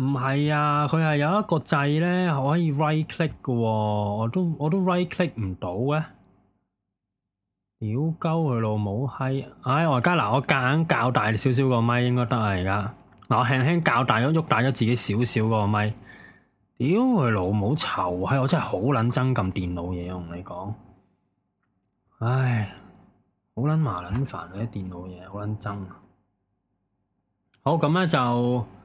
唔係啊，佢係有一個掣咧可以 right click 嘅喎，我都我都 right click 唔到嘅。屌鳩佢老母閪，哎啊啊啊哎！唉，我而家嗱，我夾硬校大少少個咪應該得啊。而家嗱，我輕輕校大咗，喐大咗自己少少個咪。屌佢老母臭閪！我真係好撚憎撳電腦嘢，我同你講。唉，好撚麻撚煩啊！啲電腦嘢好撚憎啊。好，咁咧就。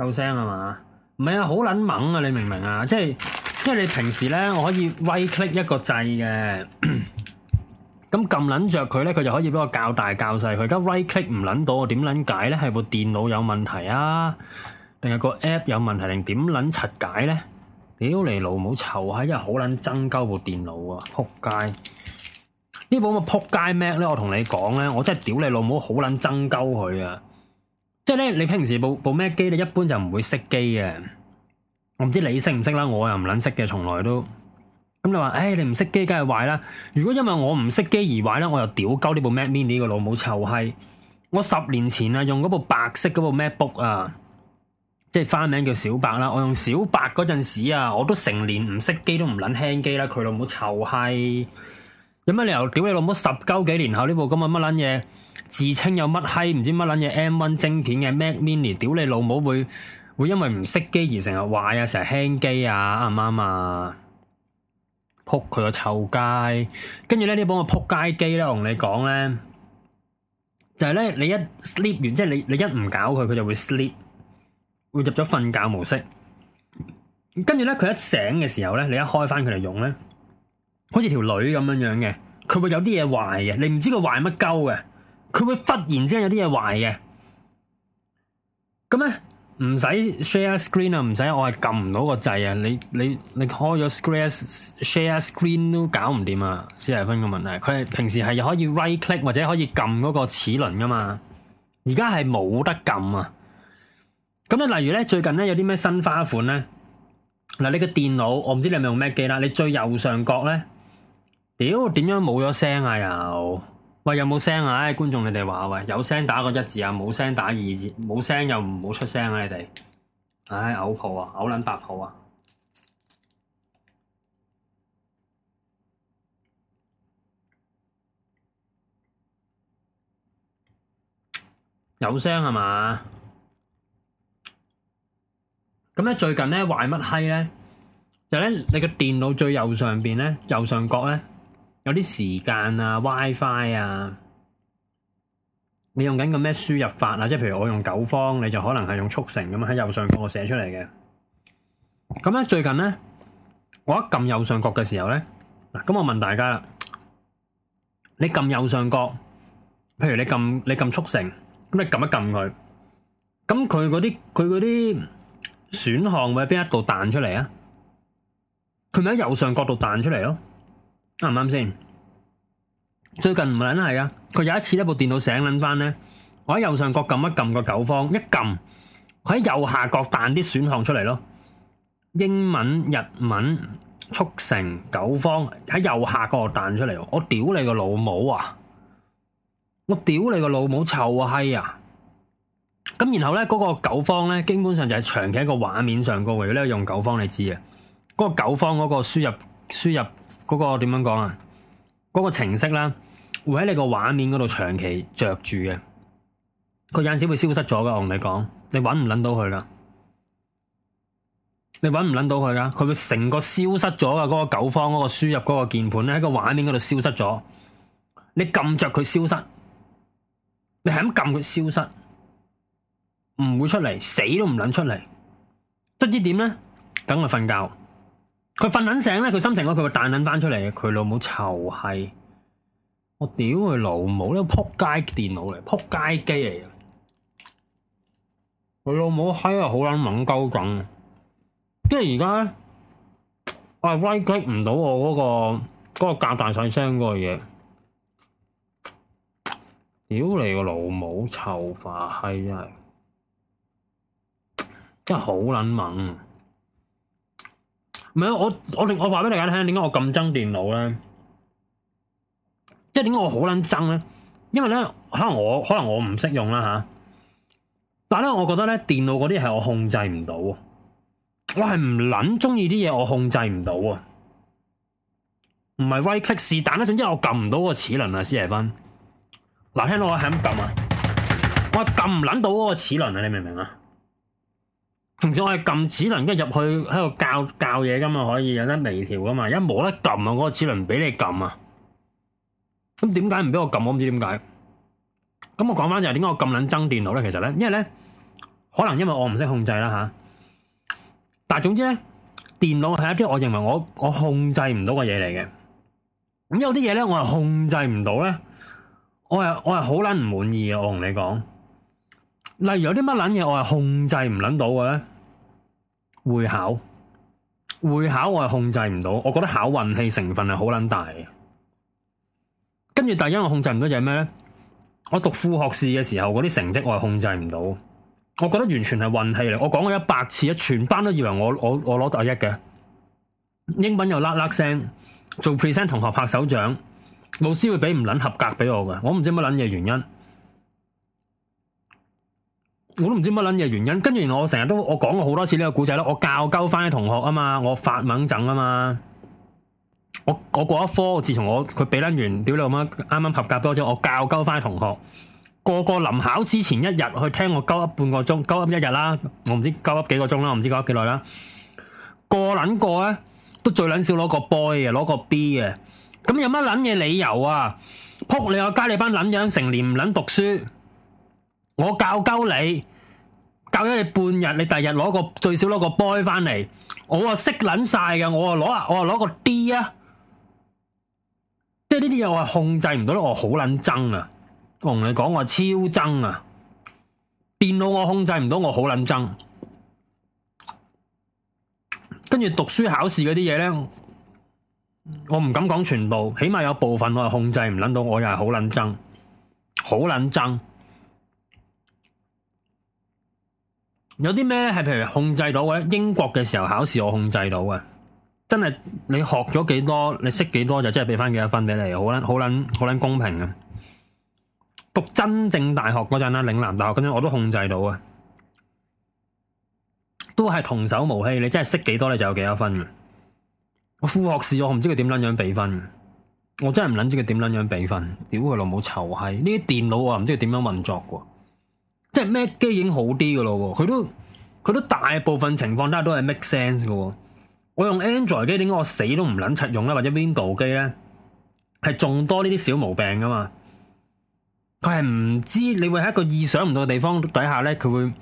夠聲吖嘛？唔係啊，好撚猛啊！你明唔明啊？即係即係你平時咧，我可以 right click 一個掣嘅，咁撳捻著佢咧，佢就可以俾我較大較細佢。而家 right click 唔捻到，我點捻解咧？係部電腦有問題啊，定係個 app 有問題？定點捻柒解咧？屌你老母臭閪！因為好撚憎鳩部電腦啊，扑街！呢部咁啊扑街咩咧？我同你講咧，我真係屌你老母，好撚憎鳩佢啊！即係咧，你平時部部 Mac 機咧，一般就唔會熄機嘅。我唔知你識唔識啦，我又唔卵識嘅，從來都。咁你話，誒、哎，你唔熄機梗係壞啦。如果因為我唔熄機而壞咧，我又屌鳩呢部 Mac Mini 個老母臭閪。我十年前啊，用嗰部白色嗰部 MacBook 啊，即係花名叫小白啦。我用小白嗰陣時啊，我都成年唔熄機都唔卵輕機啦，佢老母臭閪。有乜理由屌你老母十鳩幾年後呢部咁啊乜卵嘢？自稱有乜閪唔知乜捻嘢 M1 晶片嘅 Mac Mini，屌你老母會會因為唔熄機而成日壞啊，成日輕機啊啱唔啱啊？撲佢個臭街！跟住咧，呢部個撲街機咧，我同你講咧，就係咧你一 sleep 完，即係你你一唔搞佢，佢就會 sleep，會入咗瞓覺模式。跟住咧，佢一醒嘅時候咧，你一開翻佢嚟用咧，好似條女咁樣樣嘅，佢會有啲嘢壞嘅，你唔知佢壞乜鳩嘅。佢會忽然之間有啲嘢壞嘅，咁咧，唔使 share screen 啊，唔使，我係撳唔到個掣啊！你你你開咗 share share screen 都搞唔掂啊！史提芬嘅問題，佢係平時係可以 right click 或者可以撳嗰個齒輪噶嘛，而家係冇得撳啊！咁啊，例如咧，最近咧，有啲咩新花款咧？嗱，你個電腦，我唔知你係咪用 Mac 機啦，你最右上角咧，屌點樣冇咗聲啊又？喂，有冇聲啊？唉、哎，觀眾你哋話喂，有聲打個一字啊，冇聲打二字，冇聲又唔好出聲啊，、哎、啊！你哋，唉，嘔泡啊，嘔撚白泡啊，有聲係嘛？咁咧，最近咧壞乜閪咧？就咧、是，你個電腦最右上邊咧，右上角咧。有啲時間啊，WiFi 啊，你用緊個咩輸入法啊？即係譬如我用九方，你就可能係用速成咁喺右上角寫出嚟嘅。咁、嗯、咧最近咧，我一撳右上角嘅時候咧，嗱，咁我問大家啦，你撳右上角，譬如你撳你撳速成，咁你撳一撳佢，咁佢嗰啲佢嗰啲選項會喺邊一度彈出嚟啊？佢咪喺右上角度彈出嚟咯？啱唔啱先？最近唔撚係啊！佢有一次咧，部電腦醒撚翻咧，我喺右上角撳一撳個九方，一撳佢喺右下角彈啲選項出嚟咯。英文、日文、速成、九方喺右下角彈出嚟，我屌你個老母啊！我屌你個老母臭閪啊！咁然後咧，嗰、那個九方咧，基本上就係長期喺個畫面上嗰個，如果你用九方你知啊，嗰、那個九方嗰個輸入。輸入嗰個點樣講啊？嗰個程式啦，會喺你個畫面嗰度長期着住嘅。佢有陣時會消失咗噶，我同你講，你搵唔捻到佢噶，你搵唔捻到佢噶，佢會成個消失咗噶。嗰個九方嗰個輸入嗰個鍵盤咧，喺個畫面嗰度消失咗。你撳着佢消失，你係咁撳佢消失，唔會出嚟，死都唔捻出嚟。不知點咧，等佢瞓覺。佢瞓撚醒咧，佢心情咯，佢會彈撚翻出嚟嘅。佢老母臭閪，我屌佢老母呢個撲街電腦嚟，撲街機嚟嘅。佢老母閪啊，好撚懵鳩緊，即係而家，我係威雞唔到我嗰個嗰個夾大細聲嗰個嘢，屌你個老母臭化閪啊，真係真係好撚懵。唔係啊！我我令我話俾大家聽，點解我咁憎電腦咧？即係點解我好捻憎咧？因為咧，可能我可能我唔識用啦吓。但係咧，我覺得咧，電腦嗰啲係我控制唔到，我係唔捻中意啲嘢，我控制唔到啊！唔係威曲是、right，但係總之我撳唔到個齒輪啊，斯爺芬。嗱，聽到我係咁撳啊！我撳唔捻到嗰個齒輪啊，你明唔明啊？平時我係撳齒輪，一入去喺度教教嘢噶嘛，可以有得微調噶嘛，一冇得撳啊，嗰個齒輪唔俾你撳啊。咁點解唔俾我撳？我唔知點解。咁我講翻就係點解我咁撚憎電腦咧？其實咧，因為咧，可能因為我唔識控制啦吓。但係總之咧，電腦係一啲我認為我我控制唔到嘅嘢嚟嘅。咁有啲嘢咧，我係控制唔到咧，我係我係好撚唔滿意啊！我同你講，例如有啲乜撚嘢，我係控制唔撚到嘅咧。會考，會考我係控制唔到，我覺得考運氣成分係好捻大嘅。跟住，但係因為控制唔到就係咩咧？我讀副學士嘅時候，嗰啲成績我係控制唔到，我覺得完全係運氣嚟。我講過一百次，全班都以為我我我攞第一嘅。英文又啦啦聲，做 present 同學拍手掌，老師會俾唔捻合格俾我嘅，我唔知乜捻嘢原因。我都唔知乜捻嘢原因，跟住我成日都我講過好多次呢個故仔啦。我教鳩翻啲同學啊嘛，我發猛憎啊嘛，我我過一科自從我佢俾捻完屌你媽，啱啱合格俾我。我教鳩翻啲同學，個個臨考之前一日去聽我鳩噏半個鐘，鳩噏一日啦，我唔知鳩噏幾個鐘啦，我唔知鳩噏幾耐啦，個捻個咧都最捻少攞個，個 Boy 嘅，攞個 B 嘅，咁有乜捻嘢理由啊？仆你個街，你班捻樣成年唔捻讀書，我教鳩你。教咗你半日，你第日攞個最少攞個 buy 翻嚟，我啊識捻晒嘅，我啊攞啊，我啊攞個 d 啊，即係呢啲嘢我係控制唔到，我好捻憎啊！我同你講我超憎啊！電腦我控制唔到，我好捻憎。跟住讀書考試嗰啲嘢咧，我唔敢講全部，起碼有部分我係控制唔捻到，我又係好捻憎。好捻憎。有啲咩咧？係譬如控制到嘅，英國嘅時候考試我控制到啊！真係你學咗幾多，你識幾多就真係俾翻幾多分俾你，好捻，好捻好捻公平啊！讀真正大學嗰陣啦，嶺南大學嗰陣我都控制到啊！都係童叟無欺，你真係識幾多你就有幾多分。我副學士我唔知佢點捻樣俾分，我真係唔捻知佢點捻樣俾分。屌佢老母，臭閪！呢啲電腦我唔知佢點樣運作嘅。即係 Mac 機已經好啲噶咯，佢都佢都大部分情況底下都係 make sense 噶。我用 Android 機，點解我死都唔捻柒用咧？或者 Windows 機咧，係仲多呢啲小毛病噶嘛？佢係唔知你會喺一個意想唔到嘅地方底下咧，佢會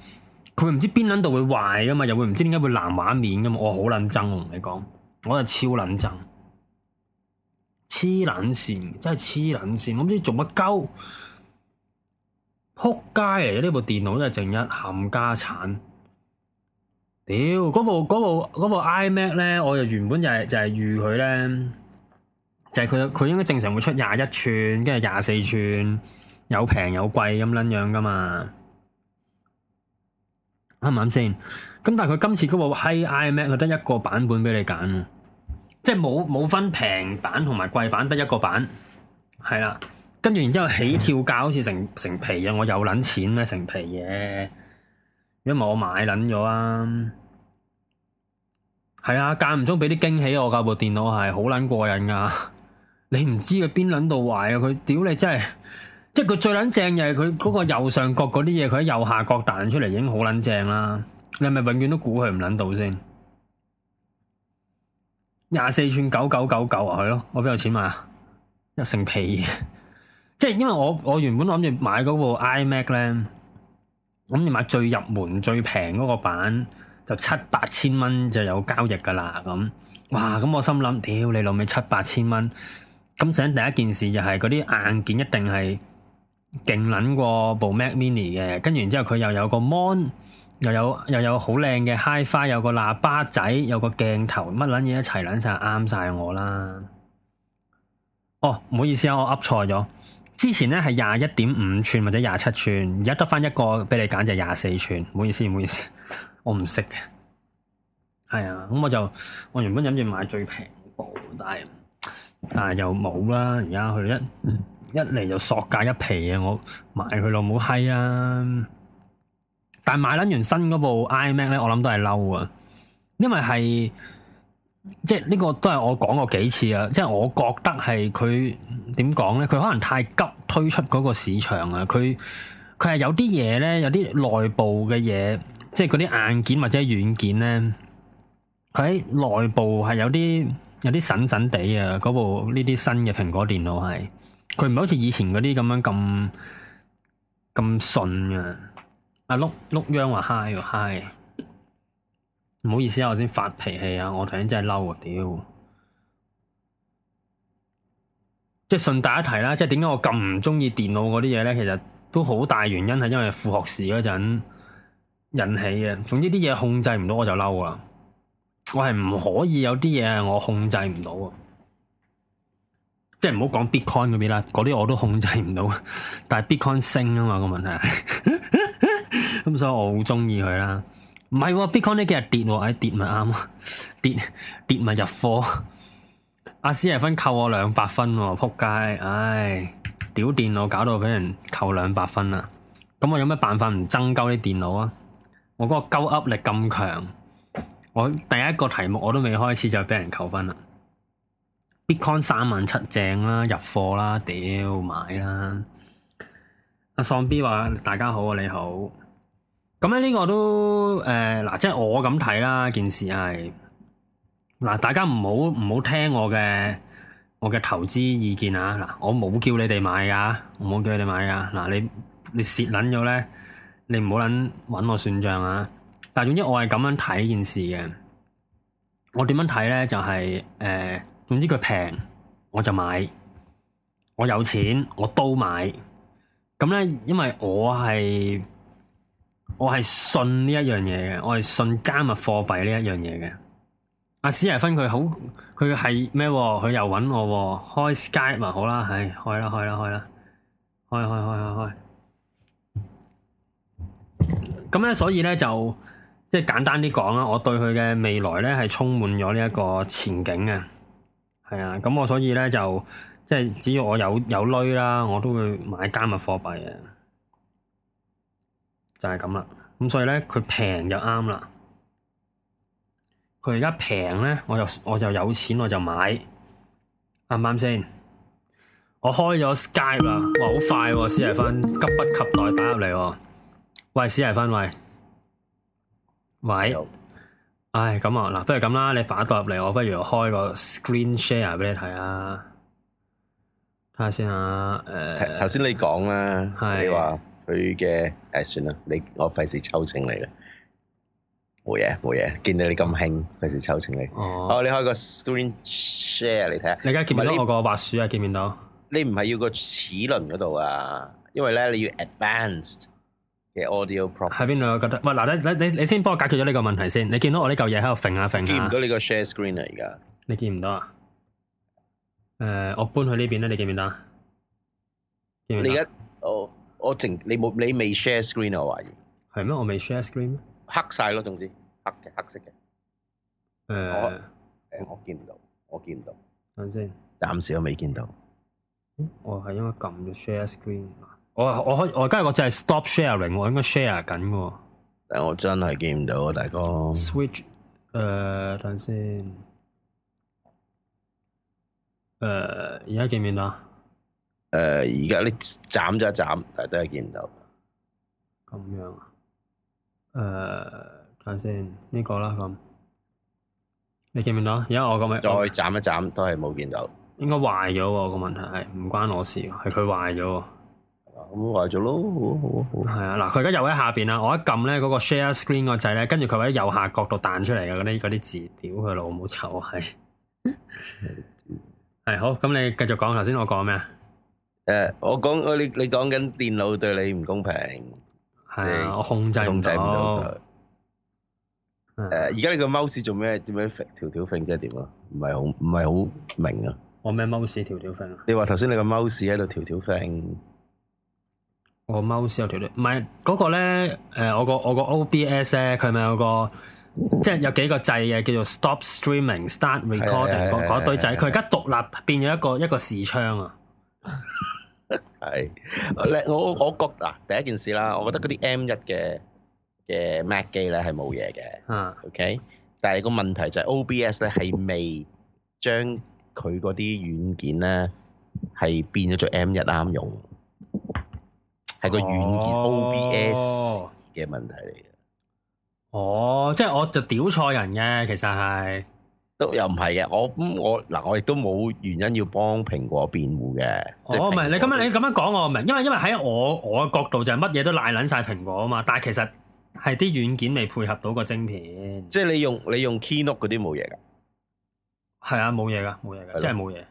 佢唔知邊捻度會壞噶嘛？又會唔知點解會藍畫面噶嘛？我好捻憎，同你講，我就超捻憎，黐捻線，真係黐捻線，我唔知做乜鳩。撲街嚟嘅呢部電腦都係淨一冚家產。屌、哎，嗰部部部 iMac 咧，我就原本就係就係預佢咧，就係佢佢應該正常會出廿一寸，跟住廿四寸，有平有貴咁捻樣噶嘛？啱唔啱先？咁但係佢今次嗰部係 iMac 佢得一個版本俾你揀，即係冇冇分平版同埋貴版，得一個版，係啦。跟住，然之後起跳價好似成成皮嘢，我又捻錢咩？成皮嘢，因為我買捻咗啊。係啊，間唔中俾啲驚喜我㗎，部電腦係好捻過癮噶。 你唔知佢邊捻到壞啊？佢屌你真係，即係佢最捻正就係佢嗰個右上角嗰啲嘢，佢喺右下角彈出嚟已經好捻正啦。你係咪永遠都估佢唔捻到先？廿四寸九九九九啊，佢咯，我邊有錢買啊？一成皮即係因為我我原本諗住買嗰部 iMac 咧，咁要買最入門最平嗰個版，就七八千蚊就有交易噶啦咁。哇！咁我心諗，屌、哎、你老味七八千蚊。咁想第一件事就係嗰啲硬件一定係勁捻過部 Mac Mini 嘅。跟住之後佢又有個 Mon，又有又有好靚嘅 HiFi，有個喇叭仔，有個鏡頭，乜捻嘢一齊捻晒啱晒我啦。哦，唔好意思啊，我噏錯咗。之前咧係廿一點五寸或者廿七寸，而家得翻一個俾你揀就廿四寸，唔好意思，唔好意思，我唔識嘅，係啊，咁我就我原本諗住買最平部，但係但係又冇啦，而家佢一一嚟就索價一皮啊，我買佢咯，冇閪啊！但係買捻完新嗰部 iMac 咧，我諗都係嬲啊，因為係。即係呢個都係我講過幾次啊！即係我覺得係佢點講呢？佢可能太急推出嗰個市場啊！佢佢係有啲嘢呢，有啲內部嘅嘢，即係嗰啲硬件或者軟件呢。佢喺內部係有啲有啲神神地啊！嗰部呢啲新嘅蘋果電腦係，佢唔係好似以前嗰啲咁樣咁咁順啊！阿碌碌央話嗨又嗨。嗨唔好意思啊，我先發脾氣啊，我頭先真係嬲啊，屌！即係順帶一提啦，即係點解我咁唔中意電腦嗰啲嘢咧？其實都好大原因係因為副學士嗰陣引起嘅。總之啲嘢控制唔到我就嬲啊！我係唔可以有啲嘢我控制唔到啊！即係唔好講 Bitcoin 嗰邊啦，嗰啲我都控制唔到，但係 Bitcoin 升啊嘛，個問題係，咁 所以我好中意佢啦。唔係喎，bitcoin 呢幾日跌喎，啊哎，跌咪啱，跌跌咪入貨。阿、啊、斯耶芬扣我兩百分喎，啊，仆街！唉，屌電腦搞到畀人扣兩百分啦，啊。咁我有咩辦法唔增交啲電腦啊？我嗰個鳩噏力咁強，我第一個題目我都未開始就俾人扣分啦。bitcoin 三萬七正啦，啊，入貨啦，啊，屌買啦，啊。阿、啊、喪 B 話：大家好啊，你好。咁咧呢個都誒嗱，即係我咁睇啦件事係嗱，大家唔好唔好聽我嘅我嘅投資意見啊嗱，我冇叫你哋買噶，唔好叫你哋買噶嗱，你你蝕撚咗咧，你唔好撚揾我算賬啊！但係總之我係咁樣睇件事嘅，我點樣睇咧就係、是、誒、呃，總之佢平我就買，我有錢我都買，咁咧因為我係。我係信呢一樣嘢嘅，我係信加密貨幣呢一樣嘢嘅。阿、啊、史亞芬佢好，佢係咩？佢又揾我，開 Skype 咪好啦，唉，開啦，開啦，開啦，開啦開開開開。咁咧，所以咧就即係簡單啲講啦，我對佢嘅未來咧係充滿咗呢一個前景嘅。係啊，咁我所以咧就即係只要我有有鐳啦，我都會買加密貨幣啊。就係咁啦，咁所以咧，佢平就啱啦。佢而家平咧，我就我就有錢，我就買，啱唔啱先？我開咗 Skype 啦，哇，好快喎，史提芬，急不及待打入嚟、啊。喂，史提芬，喂，喂有，唉，咁啊，嗱，不如咁啦，你反一度入嚟，我不如我開個 screen share 俾你睇下、啊，睇下先啊，誒、呃，頭先你講啦，是你話。佢嘅誒，算啦，你我費事抽請你啦，冇嘢冇嘢，見到你咁興，費事抽請你。哦，我、哦、你開個 screen share 你睇下。你而家見唔見到是我個滑鼠啊？見唔見到？你唔係要個齒輪嗰度啊？因為咧你要 advanced 嘅 audio problem 喺邊度？我覺得，喂，嗱，你你先幫我解決咗呢個問題先。你見，見到我呢嚿嘢喺度揈啊揈啊？見唔到你個 share screen 啊？而家你見唔到啊？誒、呃，我搬去呢邊咧，你見唔見到啊？見唔見到你而家好。哦我淨你冇你未 share screen 我懷疑係咩？我未 share screen？黑晒咯，總之黑嘅黑色嘅。誒誒、呃，我見唔到，我見唔到。等陣先等，暫時我未見到。我係因為撳咗 share screen 我我可我今日我就係 stop sharing，我應該 share 緊嘅。但我真係見唔到啊，大哥。Switch 誒、呃、等陣先誒而家見面啦！誒，而家、uh, 你斬咗一斬，但係都係見唔到。咁樣啊？誒，睇下先呢個啦。咁你見唔見到？而家、uh, 這個、我咁樣再斬一斬，都係冇見到。應該壞咗。個問題係唔關我事，係佢壞咗。咁壞咗咯？好好好，係啊，嗱，佢而家又喺下邊啦。我一撳咧嗰個 Share Screen 個掣咧，跟住佢喺右下角度彈出嚟嘅，嗰啲啲字，屌佢老母臭閪！係 好，咁你繼續講，頭先我講咩啊？誒，我講我你你講緊電腦對你唔公平，係我控制唔到。誒，而家你個 mouse 做咩做咩條條揈即係點啊？唔係好唔係好明啊！我咩 mouse 條條揈啊？你話頭先你個 mouse 喺度條條揈我個 mouse 有條條，唔係嗰個咧？誒，我個我個 O B S 咧，佢咪有個即係有幾個掣嘅，叫做 Stop Streaming、Start Recording 嗰嗰堆掣，佢而家獨立變咗一個一個視窗啊！係， 我我覺得、啊、第一件事啦，我覺得嗰啲 M 一嘅嘅 Mac 機咧係冇嘢嘅，OK。但係個問題就係 OBS 咧係未將佢嗰啲軟件咧係變咗做 M 一啱用，係個軟件 OBS 嘅問題嚟嘅。哦，即係我就屌錯人嘅，其實係。都又唔係嘅，我我嗱，我亦都冇原因要幫蘋果辯護嘅。哦、我唔係，你咁樣你咁樣講我唔明，因為因為喺我我角度就係乜嘢都賴撚晒蘋果啊嘛，但係其實係啲軟件未配合到個晶片。即係你用你用 Keynote 嗰啲冇嘢㗎。係啊，冇嘢㗎，冇嘢㗎，真係冇嘢。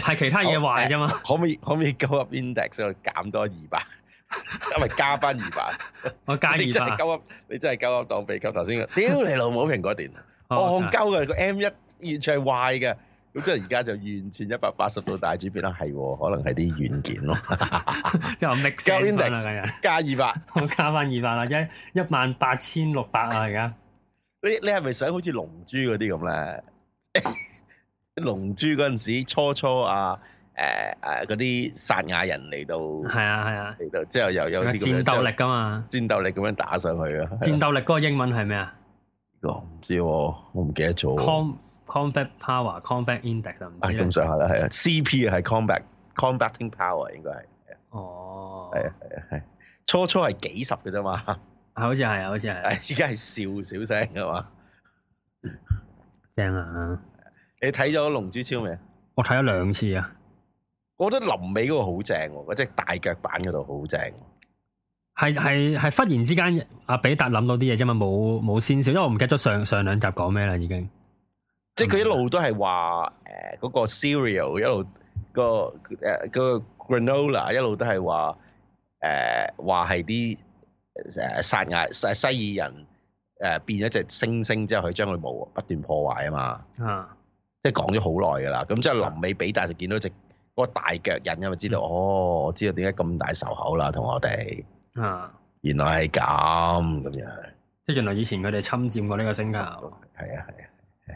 係其他嘢壞啫嘛？可唔、okay，可以可唔可以高入 index 去減多二百？因咪 加翻二萬，你真係鳩鴨，你真係鳩鴨擋鼻溝。頭先，屌你老母蘋果電戇鳩嘅個 M 一完全壞嘅，咁即係而家就完全一百八十度大轉變啦。係、啊啊、可能係啲軟件咯，哈哈哈哈 就係歷加二百，我 加翻二萬啦，一一萬八千六百啊！而家你你係咪想好似龍珠嗰啲咁咧？龍 珠嗰陣時初初啊～誒誒，嗰啲撒亞人嚟到，係啊係啊，嚟、啊、到之後又有啲咁戰鬥力噶嘛，戰鬥力咁樣打上去啊？戰鬥力嗰個英文係咩啊？呢個唔知喎、啊，我唔記得咗、啊。combat power, combat index，唔知咁上下啦，係啊，啊，CP 係 combat, combating power 應該係。啊、哦，係啊係啊係，初初係幾十嘅啫嘛，好似係啊好似係。依家係少少聲嘅嘛，正啊！你睇咗《龍珠超》未啊？我睇咗兩次啊。我覺得臨尾嗰個好正，嗰隻大腳板嗰度好正。係係係忽然之間阿、啊、比達諗到啲嘢啫嘛，冇冇先兆，因為我唔記得咗上上兩集講咩啦已經。即係佢一路都係話誒嗰個 cereal 一路、呃嗰個誒個 granola，一路都係話誒話係啲誒撒亞撒西爾人誒、呃、變咗隻猩猩之後佢將佢冇不斷破壞啊嘛。啊！即係講咗好耐噶啦，咁之後臨尾比達就見到隻個大腳印，因為知道、嗯、哦，我知道點解咁大仇口啦，同我哋啊，原來係咁咁樣，即係原來以前佢哋侵佔過呢個星球。係、哦、啊係啊，啊，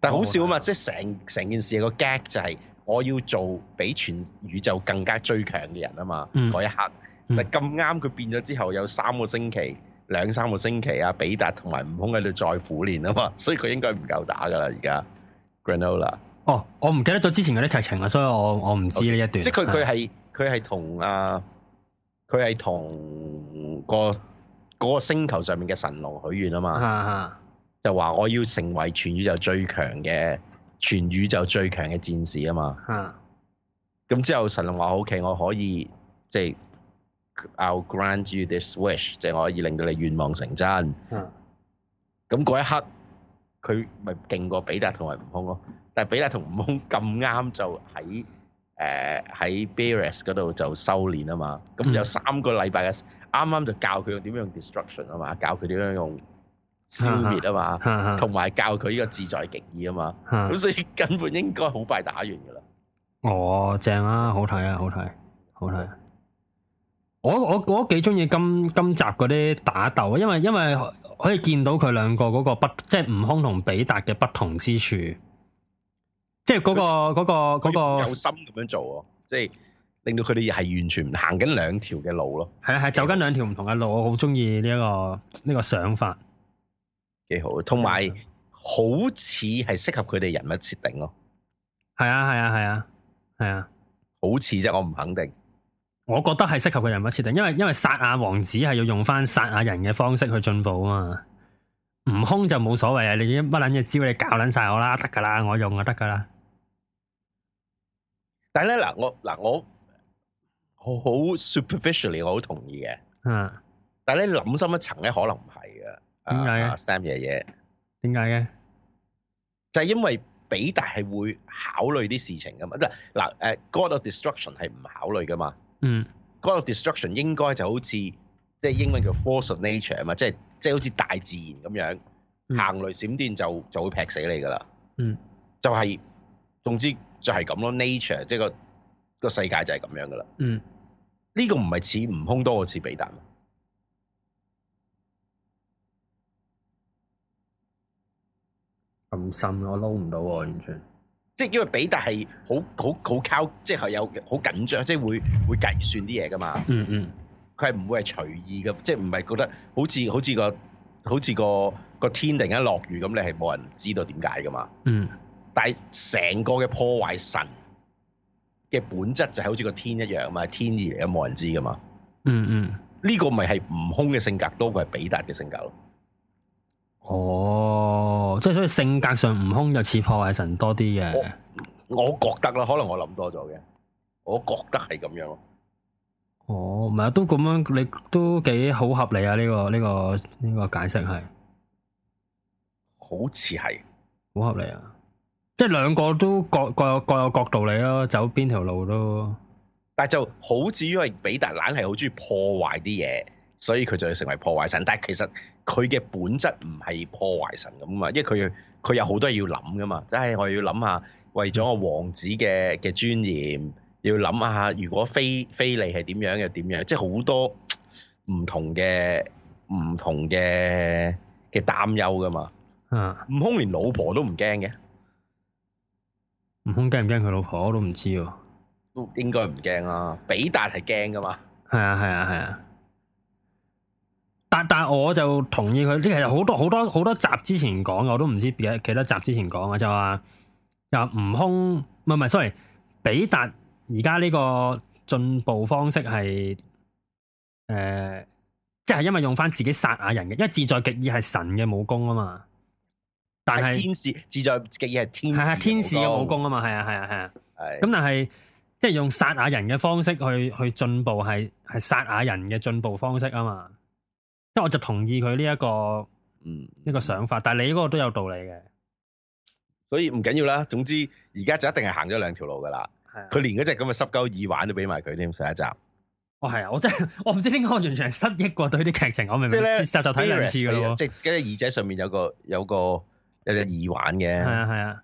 但係好笑、哦、啊嘛，即係成成件事個 gag 就係我要做比全宇宙更加最強嘅人啊嘛，嗰、嗯、一刻，嗯、但咁啱佢變咗之後有三個星期、兩三個星期啊，比達同埋悟空喺度再苦練啊嘛， 所以佢應該唔夠打㗎啦而家 Granola。哦，oh, 我唔記得咗之前嗰啲劇情啦，所以我我唔知呢一段。即係佢佢係佢係同啊，佢係同、嗰個嗰個星球上面嘅神龍許願啊嘛，是是是就話我要成為全宇宙最強嘅全宇宙最強嘅戰士啊嘛。咁是是 之後神龍話：，OK，我可以即係、即係、I'll grant you this wish，即係我可以令到你願望成真。咁嗰是是 一刻，佢咪勁過比達同埋悟空咯。但係比達同悟空咁啱就喺誒喺、呃、Beerus 嗰度就修練啊嘛，咁有三個禮拜嘅，啱啱就教佢點樣用 destruction 啊嘛，教佢點樣用消滅啊嘛，同埋、啊啊、教佢呢個自在極意啊嘛，咁、啊、所以根本應該好快打完㗎喇。哦，正啊，好睇啊，好睇、啊，好睇、啊。我我我幾鍾意今今集嗰啲打鬥，因為因為可以見到佢兩個嗰個不即係、就是、悟空同比達嘅不同之處。即係嗰、那個、嗰他、那個、嗰個有心咁樣做哦，即係令到佢哋係完全唔行緊兩條嘅路咯。係啊的，係走緊兩條唔同嘅路，我好中意呢一個呢、這個想法，幾好。同埋好似係適合佢哋人物設定咯。係啊，係啊，係啊，係啊，好似啫，我唔肯定。我覺得係適合佢人物設定，因為因為撒亞王子係要用翻撒亞人嘅方式去進步啊嘛。悟空就冇所謂啊，你乜捻嘢招你教捻晒我啦，得噶啦，我用啊得噶啦。但係咧嗱，我嗱我好好 superficially 我好同意嘅，嗯、啊。但係咧諗深一層咧，可能唔係嘅。點解嘅？Sam 爺爺點解嘅？就係因為比達係會考慮啲事情噶嘛，即係嗱誒 God of Destruction 係唔考慮噶嘛。嗯。God of Destruction、嗯、Dest 應該就好似即係英文叫 Force of Nature 啊嘛，即係即係好似大自然咁樣，行雷閃電就就會劈死你噶啦。嗯。就係、是、總之。就係咁咯，nature 即係個個世界就係咁樣噶啦。嗯，呢個唔係似悟空多過似比達嘛？咁深我撈唔到喎，完 全。即係 因為比達係好好好靠，即係有好緊張，即係會會計算啲嘢噶嘛。嗯嗯，佢係唔會係隨意嘅，即係唔係覺得好似好似個好似個個天突然間落雨咁，你係冇人知道點解噶嘛。嗯。但係成個嘅破壞神嘅本質就係好似個天一樣嘛，天意嚟嘅，冇人知噶嘛。嗯嗯，呢個咪係悟空嘅性格多過係比達嘅性格咯。哦，即係所以性格上悟空就似破壞神多啲嘅。我覺得啦，可能我諗多咗嘅，我覺得係咁樣咯。哦，唔係都咁樣，你都幾好合理啊？呢個呢個呢個解釋係，好似係好合理啊！即係兩個都各各有各有角度嚟咯，走邊條路咯。但係就好似因為比達係好中意破壞啲嘢，所以佢就要成為破壞神。但係其實佢嘅本質唔係破壞神咁啊嘛，因為佢佢有好多嘢要諗噶嘛。即、就、係、是、我要諗下為咗我王子嘅嘅尊嚴，要諗下如果菲菲利係點樣又點樣，即係好多唔同嘅唔同嘅嘅擔憂噶嘛。嗯，悟空、啊、連老婆都唔驚嘅。悟空驚唔驚佢老婆我都唔知、啊，都應該唔驚啊。比達係驚噶嘛？係啊係啊係啊！但但我就同意佢，呢其實好多好多好多集之前講嘅，我都唔知幾幾多集之前講嘅就話，又悟空唔唔，sorry，比達而家呢個進步方式係誒，即、呃、係、就是、因為用翻自己賽亞人嘅，因為自在極意係神嘅武功啊嘛。但係天使自在嘅嘢，係天使。係天使嘅武功啊嘛，係啊，係啊，係啊。咁、啊、但係即係用殺下人嘅方式去去進步，係係殺下人嘅進步方式啊嘛。即係我就同意佢呢一個嗯呢個想法，但係你嗰個都有道理嘅。所以唔緊要啦，總之而家就一定係行咗兩條路噶啦。佢、啊、連嗰隻咁嘅濕鳩耳環都俾埋佢添，上一集。哦，係啊，我真係我唔知點解，完全係失憶過對啲劇情，我未明，明就。即係就就，就睇兩次噶咯，即、就、係、是、耳仔上面有個有個。有有隻耳環嘅，係啊係啊，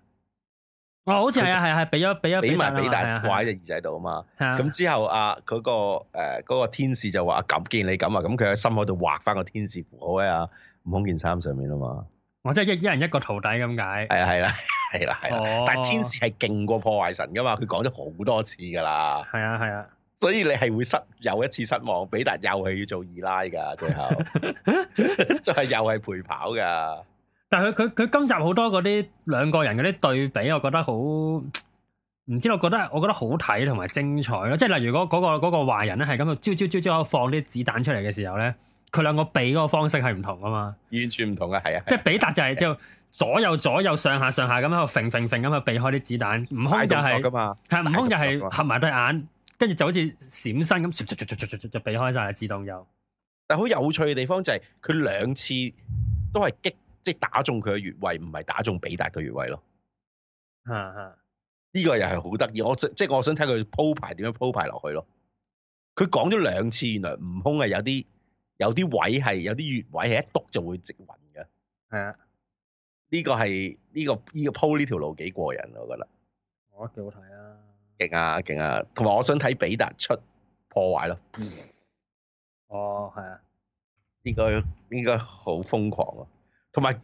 哦，好似係啊係啊，俾咗俾咗俾埋比達掛喺隻耳仔度啊嘛。咁之後啊，個誒嗰個天使就話，咁既然你咁啊，咁佢喺心口度畫翻個天使符喎啊，悟空件衫上面啊嘛，我即係一一人一個徒弟咁解。係啊係啦係啦係啦，但係天使係勁過破壞神噶嘛，佢講咗好多次噶啦，係啊係啊，所以你係會失又一次失望，比達又係要做二奶噶，最後就係又係陪跑噶。但係佢佢佢今集好多嗰啲兩個人嗰啲對比，我覺得好唔知，我覺得我覺得好睇同埋精彩咯。即係例如果嗰個嗰個壞人咧，係咁樣朝朝朝朝放啲子彈出嚟嘅時候咧，佢兩個避嗰個方式係唔同噶嘛？完全唔同啊，係啊！即係比達就係之後左右左右上下上下咁喺度揈揈揈咁去避開啲子彈。悟空就係噶嘛？係啊，悟空就係合埋對眼，跟住就好似閃身咁，就避開晒，自動游。但係好有趣嘅地方就係佢兩次都係激。即係打中佢嘅穴位，唔係打中比達嘅穴位咯。嚇嚇，呢個又係好得意。我即係我想睇佢鋪排點樣鋪排落去咯。佢講咗兩次，原來悟空係有啲有啲位係有啲穴位係一篤就會直暈嘅。係是啊，呢、這個係呢、這個呢個鋪呢條路幾過癮，我覺得。我覺得幾好睇啊，啊！勁啊勁啊！同埋我想睇比達出破壞咯。哦，係啊、嗯這個。應該應該好瘋狂啊！同埋，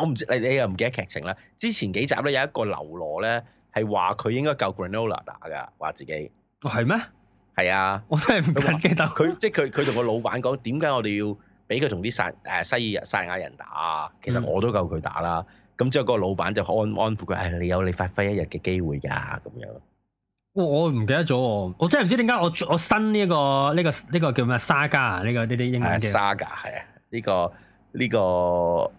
我唔知你你又唔記得劇情咧？之前幾集咧有一個流羅咧，係話佢應該夠 Granola 打噶話自己係咩？係嗎啊，我真係唔記得佢，即係佢佢同個老闆講點解我哋要俾佢同啲塞誒西爾人、賽亞人打？其實我都夠佢打啦。咁、嗯、之後嗰個老闆就安安撫佢，誒、哎，你有你發揮一日嘅機會㗎、啊，咁樣。我我唔記得咗，我真係唔知點解我我新呢、這、一個呢、這個呢、這個叫咩沙加啊？呢、這個呢啲英文叫 Saga 係啊？呢、uh, 這個。呢個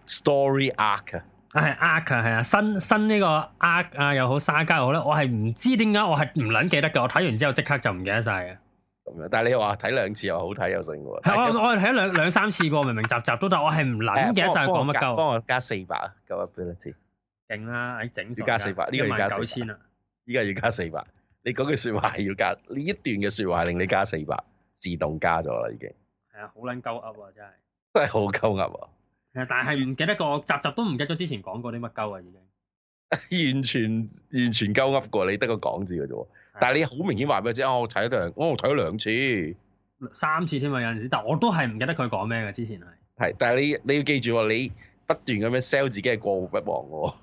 story arc 啊，係 arc 啊，係啊，新新呢個 arc 啊又好沙加又好咧，我係唔知點解，我係唔撚記得嘅。我睇完之後即刻就唔記得晒嘅。咁樣，但係你話睇兩次又好睇又成喎。我我睇兩兩三次過，明明集集都得，我係唔撚記得晒個乜鳩。幫我加四百啊，ability。勁啦，喺整。要加四百，呢個要加九千啦。依家要加四百，你嗰句説話係要加，呢一段嘅説話令你加四百，自動加咗啦已經。係啊，好撚鳩噏啊，真係。真係好鳩噏啊！係啊，但係唔記得個集集都唔記得之前講過啲乜鳩啊，已經完全完全鳩噏過，你得個講字嘅啫的、哦哦。但係你好明顯話俾我知，我睇咗兩，我睇咗兩次，三次添啊！有陣時，但係我都係唔記得佢講咩嘅之前係。係，但係你你要記住，你不斷咁樣 sell 自己係過目不忘嘅。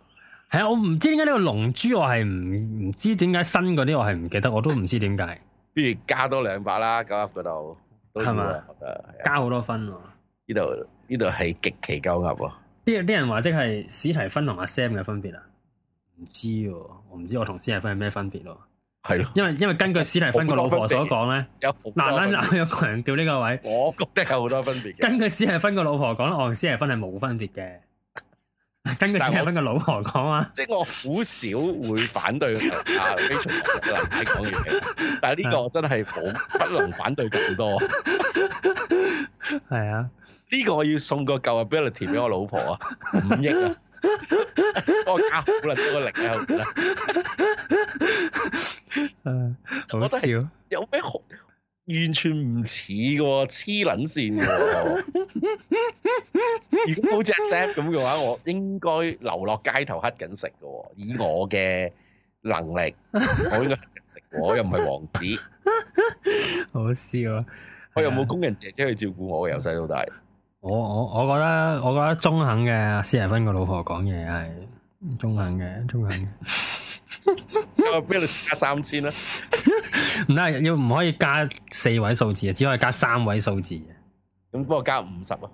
係啊，我唔知點解呢個龍珠我，我係唔唔知點解新嗰啲，我係唔記得，我都唔知點解。不 如加多兩把啦，鳩噏嗰度係嘛？好啊、吧加好多分、啊。呢度呢度係極其狗咬啊！啲啲人話即係史提芬同阿 Sam 嘅分別啊？唔知我唔知我同史提芬係咩分別咯？係咯？因為因為根據史提芬個老婆所講咧， 有難唔有個人叫呢個位？我覺得有好多分別。 根據史提芬個老婆講，我同史提芬係冇分別嘅。根據史提芬個老婆講啊。即係我好少會反對 啊呢啲男仔講嘢，但係呢個真係冇 不能反對咁多。係啊。呢個我要送個舊 ability 俾我老婆啊，五億啊， 我搞好能到個力喺度啦。好笑， 有咩好？完全唔似嘅，黐捻線嘅。 如果好似阿 Sa 咁嘅話，我應該流落街頭乞緊食嘅。以我嘅能力，我應該乞緊食。我又唔係王子，好笑啊！我又冇工人姐姐去照顧我，由細到大。 我我我覺得我覺得中肯嘅施懿芬個老婆講嘢係中肯嘅中肯。咁我邊度加三千啦？唔係要唔可以加四位數字啊？只可以加三位數字不過啊？咁幫我加五十啊？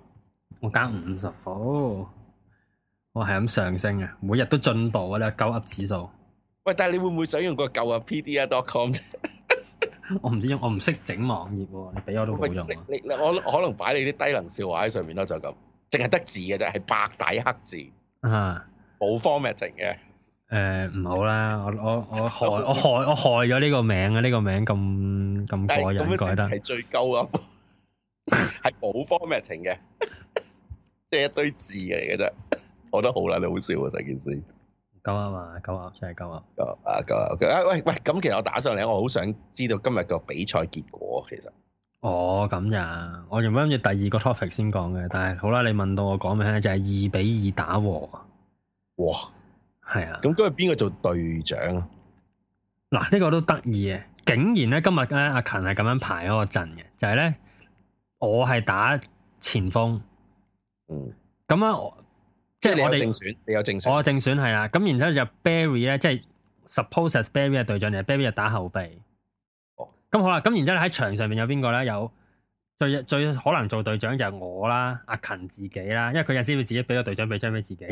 我加五十，好，我係咁上升啊，每日都進步啊！你高額指數。喂，但係你會唔會想用個舊啊？pdr.com 啫。 我唔知我唔識整網頁喎，你俾我都冇用你。你我可能擺你啲低能笑話喺上面咯，就咁，淨係得字嘅啫，係白底黑字。啊、uh，冇、huh. formatting 嘅。誒、呃，唔好啦，我我我害我害我害咗呢個名啊，呢、這個名咁咁是過癮咁改得，係最高一個，係冇 formatting 嘅，即係一堆字嚟嘅啫。我都好啦，你好笑啊，成件事。九啊嘛，九啊，真係九啊！啊，九啊，九啊，九啊！喂喂，咁其實我打上嚟，我好想知道今日個比賽結果。其實，哦，咁呀，我原本諗住第二個 topic 先講嘅，但係好啦，你問到我講咩咧，就係二比二打和。哇，係啊！咁今日邊個做隊長啊？嗱，呢個都得意啊！竟然咧今日咧阿勤係咁樣排嗰個陣嘅，就係咧我係打前鋒。嗯，咁啊。即係我哋正選，你有正選。我正選係啦，咁 然之後就 Barry 咧，即係 suppose 係 Barry 係隊長嚟，Barry 就打後備。哦，咁 好啦，咁然之後喺場上面有邊個咧？有最最可能做隊長就係我啦，阿、啊、勤自己啦，因為佢又知道自己俾個隊長臂章俾自己，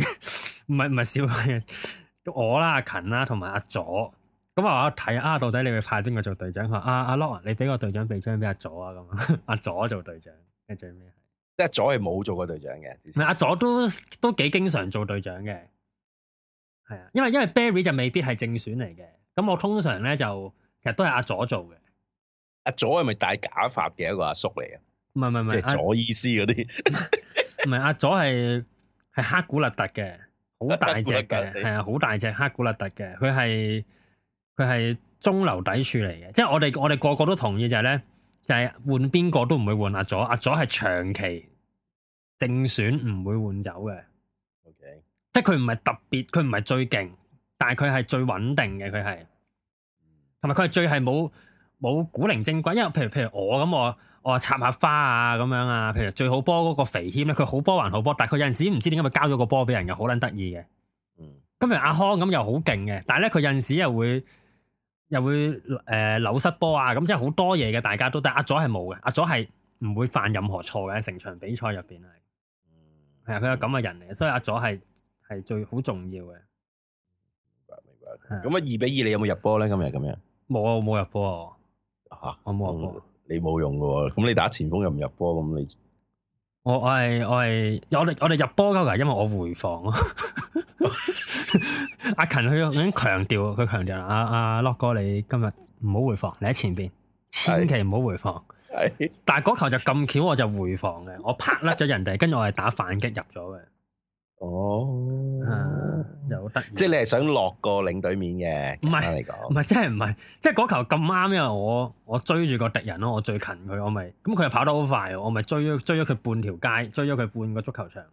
唔係唔係笑我啦，阿勤啦，同埋阿佐。咁啊，我睇啊，到底你會派邊個做隊長？啊，阿、啊、lock，、ok, 你俾個隊長臂章俾阿佐啊，咁阿佐做隊長，跟住咩？即係佐係冇做過隊長嘅？唔係阿佐都都幾經常做隊長嘅，係啊，因為因為 Barry 就未必係正選嚟嘅，咁我通常咧就其實都係阿佐做嘅。阿佐係咪戴假髮嘅一個阿叔嚟啊？唔係唔係唔係，即係佐意思嗰啲，唔係阿佐係係黑古勒特嘅，好大隻嘅，係啊，好大隻黑古勒特嘅，佢係佢係中流砥柱嚟嘅，即係我哋我哋個個都同意就係，就係咧。就係換邊個都唔會換阿佐，阿佐係長期正選唔會換走嘅。OK，即係佢唔係特別，佢唔係最勁，但係佢係最穩定嘅。佢係同埋佢係最係冇冇古靈精怪。因為譬如譬如我咁，我我插下花啊咁樣啊。譬如最好波嗰個肥謙咧，佢好波還好波，但係佢有陣時唔知點解咪交咗個波俾人又好捻得意嘅。嗯，咁譬如阿康咁又好勁嘅，但係咧佢有陣時又會。就會誒，扭、呃、失波啊，咁即係好多嘢嘅，大家都得。阿佐係冇嘅，阿佐係唔會犯任何錯嘅，成場比賽入邊係係啊，佢係咁嘅人嚟，所以阿佐係係最好重要嘅。明白明白。咁的啊，二比二，你有冇入波咧？今日咁樣？冇啊，冇入波。吓，我冇入波。你冇用嘅，咁你打前鋒又唔入波，咁你？我我係我係我哋我哋入波嘅，因為我回防啊。 阿勤佢已經強調，佢強調阿阿洛哥，你今日唔好回防，你喺前邊，千祈唔好回防。係，但係嗰球就咁巧，我就回防嘅，我拍甩咗人哋，跟住我係打反擊入咗嘅。哦、啊，又得，即係你係想落個領隊面嘅。唔係唔係，真係唔係，即係嗰球咁啱，因為我我追住個敵人咯，我最近佢，我咪，咁佢又跑得好快，我咪追咗追咗佢半條街，追咗佢半個足球場。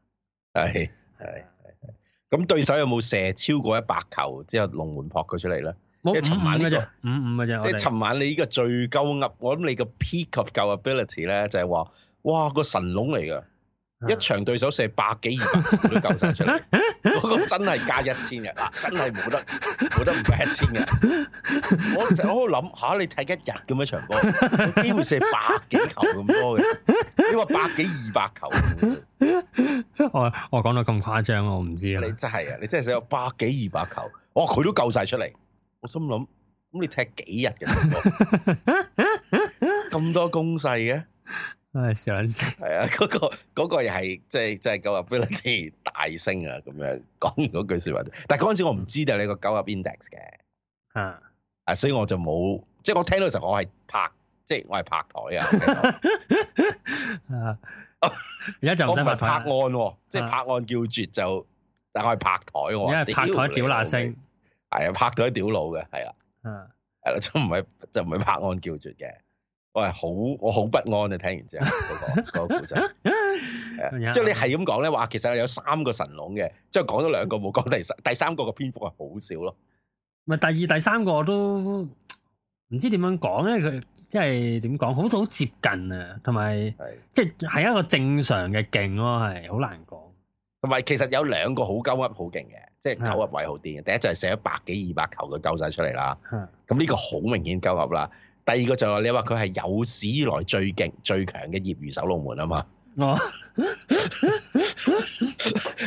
係係係，咁對手有冇射超過一百球之後龍門撲佢出嚟咧？冇。哦，五五嘅啫。5, 5 5, 5即係尋晚你呢個最夠噏，我諗你個 peak goal ability 咧就係、是、話，哇、個神龍嚟噶。一場對手射百幾二百球都夠晒出嚟，嗰個 真係加一千人，嗱真係冇得冇得唔加一千人。我喺度諗吓，你踢一日咁樣場波，邊會射百幾球咁多嘅，你話百幾二百球 我，我我講到咁誇張，我唔知啊。 你真係啊，你真係有百幾二百球，哇、哦，佢都夠晒出嚟。我心諗，咁你踢幾日嘅？咁多攻勢嘅、啊？啊！上次係啊，嗰個個又係即係即係九入 bridge 大聲啊，咁樣講完嗰句說話。但係嗰陣時我唔知道你個九入 index 嘅，啊啊，所以我就冇即係我聽到時候我係拍即係我係拍台啊。而家就我唔係拍案，即係拍案叫絕就，但係我係拍台，我因為拍台屌辣聲，係啊，拍台屌老嘅，係啦，嗯，係啦，就唔係就唔係拍案叫絕嘅。我係好，我好不安啊！聽完之後，個個故事，即係你係咁講咧，話其實有三個神龍嘅，即係講咗兩個冇講第三，第三個嘅篇幅係好少咯。咪第二、第三個都唔知點樣講咧，佢因為點講，好似好接近啊，同埋即係係一個正常嘅勁咯，係好難講。同埋其實有兩個好鳩噏好勁嘅，即係鳩噏位好啲嘅。第一就係寫一百幾、二百球就鳩晒出嚟啦。咁呢個好明顯鳩噏啦。第二個就係你話佢係有史以來最勁、最強嘅業餘守龍門啊嘛！哦，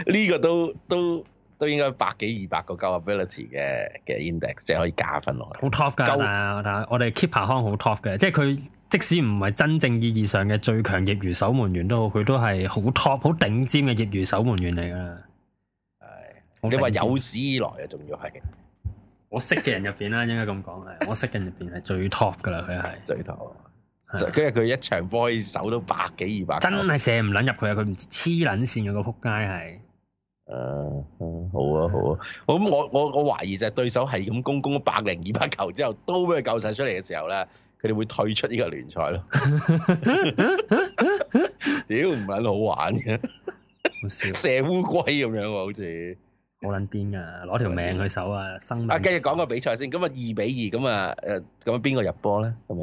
呢 個都都都應該百幾二百個 capability 嘅嘅 index 即係可以加分落去。好 top 㗎，高我睇下我哋 keeper 康好 top 嘅，即係佢即使唔係真正意義上嘅最強業餘守門員都好，佢都係好 top、好頂尖嘅業餘守門員嚟㗎啦。係對，你話有史以來啊，仲要係。我識嘅人入邊啦，應該咁講係，我識嘅人入邊係最 top 噶啦，佢係最 top 頭。跟住佢一場波可以守到百幾二百，真係射唔撚入佢啊！佢唔知黐撚線嘅個撲街係。誒、uh, 嗯，好啊好啊，咁、啊啊、我我我懷疑就係對手係咁攻攻百零二百球之後，都俾佢救晒出嚟嘅時候咧，佢哋會退出呢個聯賽咯。屌唔撚好玩嘅， 射烏龜咁樣喎好似。冇撚邊噶，攞條命去守，命去守啊！生啊，繼續講個比賽先。咁啊，二比二咁啊，誒咁邊個入波咧？今日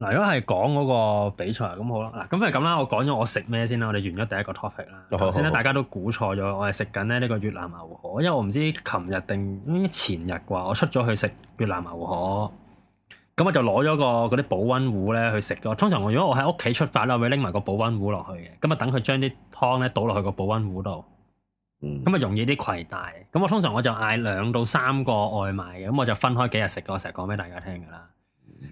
嗱，如果係講嗰個比賽咁好啦，嗱，咁不如咁啦。我講咗我食咩先啦？我哋完咗第一個 topic 啦，頭先啦，大家都估錯咗。我係食緊咧呢個越南牛河，因為我唔知琴日定前日啩，我出咗去食越南牛河。咁我就攞咗個嗰啲保溫壺咧去食咗。通常我如果我喺屋企出發咧，我會拎埋個保溫壺落去嘅。咁啊，等佢將啲湯咧倒落去個保溫壺度。咁啊、嗯、容易啲攜帶，咁我通常我就嗌兩到三個外賣嘅，咁我就分開幾日食，我成日講俾大家聽噶啦。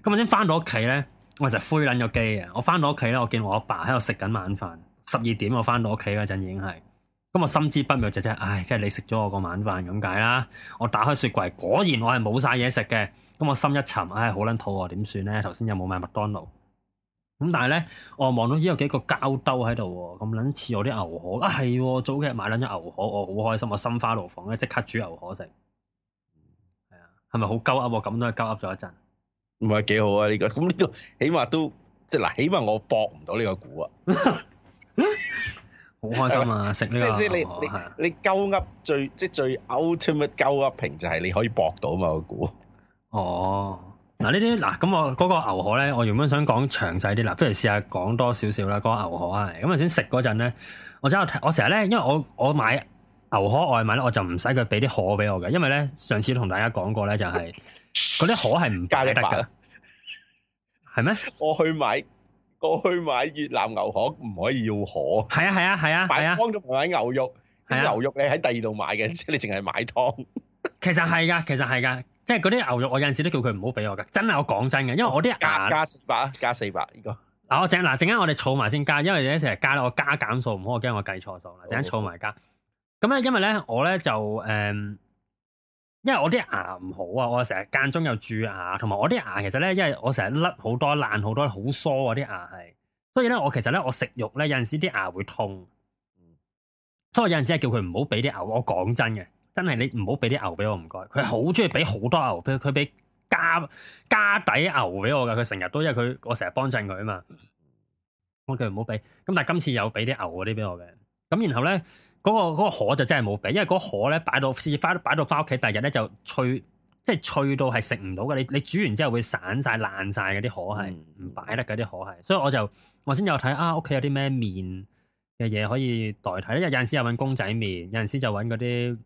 咁我先翻到屋企咧，我實灰撚咗機嘅。我翻到屋企咧，我見我阿爸喺度食緊晚飯，十二點我翻到屋企嗰陣已經係，咁我心知不妙，就即、是、係，唉，即係你食咗我個晚飯咁解啦。我打開雪櫃，果然我係冇晒嘢食嘅，咁我心一沉，唉，好撚肚餓，點算咧？頭先又冇買麥當勞。咁但係咧，我望到依有幾個膠兜喺度，咁捻似我啲牛河啊，係早幾日買兩隻牛河，我好開心，我心花怒放咧，即刻煮牛河食，係啊，係咪好鳩噏啊？咁都係鳩噏咗一陣，唔係幾好啊？呢、這個咁呢個起碼都即係嗱，起碼我博唔到呢個股啊，好 開心啊！食呢的個牛河係啊，你鳩噏最即係、就是、最 ultimate 鳩噏平就係你可以搏到嘛個股哦。 嗱，呢啲嗱，咁我嗰個牛河咧，我原本想講詳細啲，嗱，不如試下講多少少啦，講、那個、牛河啦。咁頭先食嗰陣咧，我真係我成日咧，因為我我買牛河外賣咧，我就唔使佢俾啲河俾我嘅，因為咧上次同大家講過咧、就是，就係嗰啲河係唔加你得噶，係咩？嗎我去買，我去買越南牛河唔可以要河，係啊係啊係啊，係啊，幫咗、啊啊啊、牛肉買，牛肉你喺第二度買嘅，即係你淨係買湯。其實係噶，其實係噶。即係嗰啲牛肉，我有陣時都叫佢唔好俾我噶，真係我講真嘅，因為我啲牙加四百，加四百呢個嗱，啊、我嗱，陣間我哋儲埋先加，因為有啲成日加我加減數唔好，我驚我計錯數，陣間儲埋加咁咧，好因為咧我咧就誒、嗯，因為我啲牙唔好啊，我成日間中有蛀牙，同埋我啲牙其實咧，因為我成日甩好多爛好多好疏嗰、啊、啲牙係，所以咧我其實咧我食肉咧有陣時啲牙會痛，所以我有陣時係叫佢唔好俾啲牛，我講真嘅。真係你唔好俾啲牛俾我唔該，佢好中意俾好多牛，佢佢俾加加底牛俾我㗎，佢成日都因為佢我成日幫襯佢啊嘛，我叫佢唔好俾，咁但係今次有俾啲牛嗰啲俾我嘅，咁然後咧嗰個嗰個河就真係冇俾，因為嗰河咧擺到先翻，擺到返屋企第二日咧就脆，即係脆到係食唔到嘅。你你煮完之後會散晒爛晒嗰啲河係唔擺得嘅啲河係，所以我就我先有睇啊屋企有啲咩麵嘅嘢可以代替咧，有陣時有揾公仔麵，有陣時就揾嗰啲。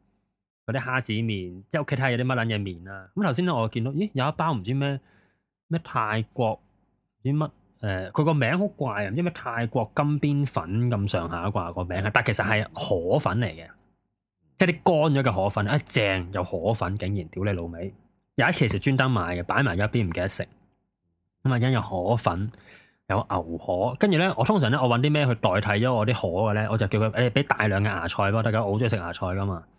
啲蝦子麵，即係屋企睇下有啲乜捻嘢麵啊！咁頭先咧，我見到咦有一包唔知咩咩泰國啲乜誒，佢個、呃、名好怪啊！唔知咩泰國金邊粉咁上下啩個名，但其實係河粉嚟嘅，即係啲乾咗嘅河粉一、哎、正有河粉，竟然屌你老味。有一期係專登買嘅，擺埋一邊唔記得食。咁啊，因有河粉有牛河。跟住咧我通常咧我搵啲咩去代替咗我啲河嘅咧，我就叫佢誒俾大量嘅芽菜咯，大家好中意食芽菜噶嘛～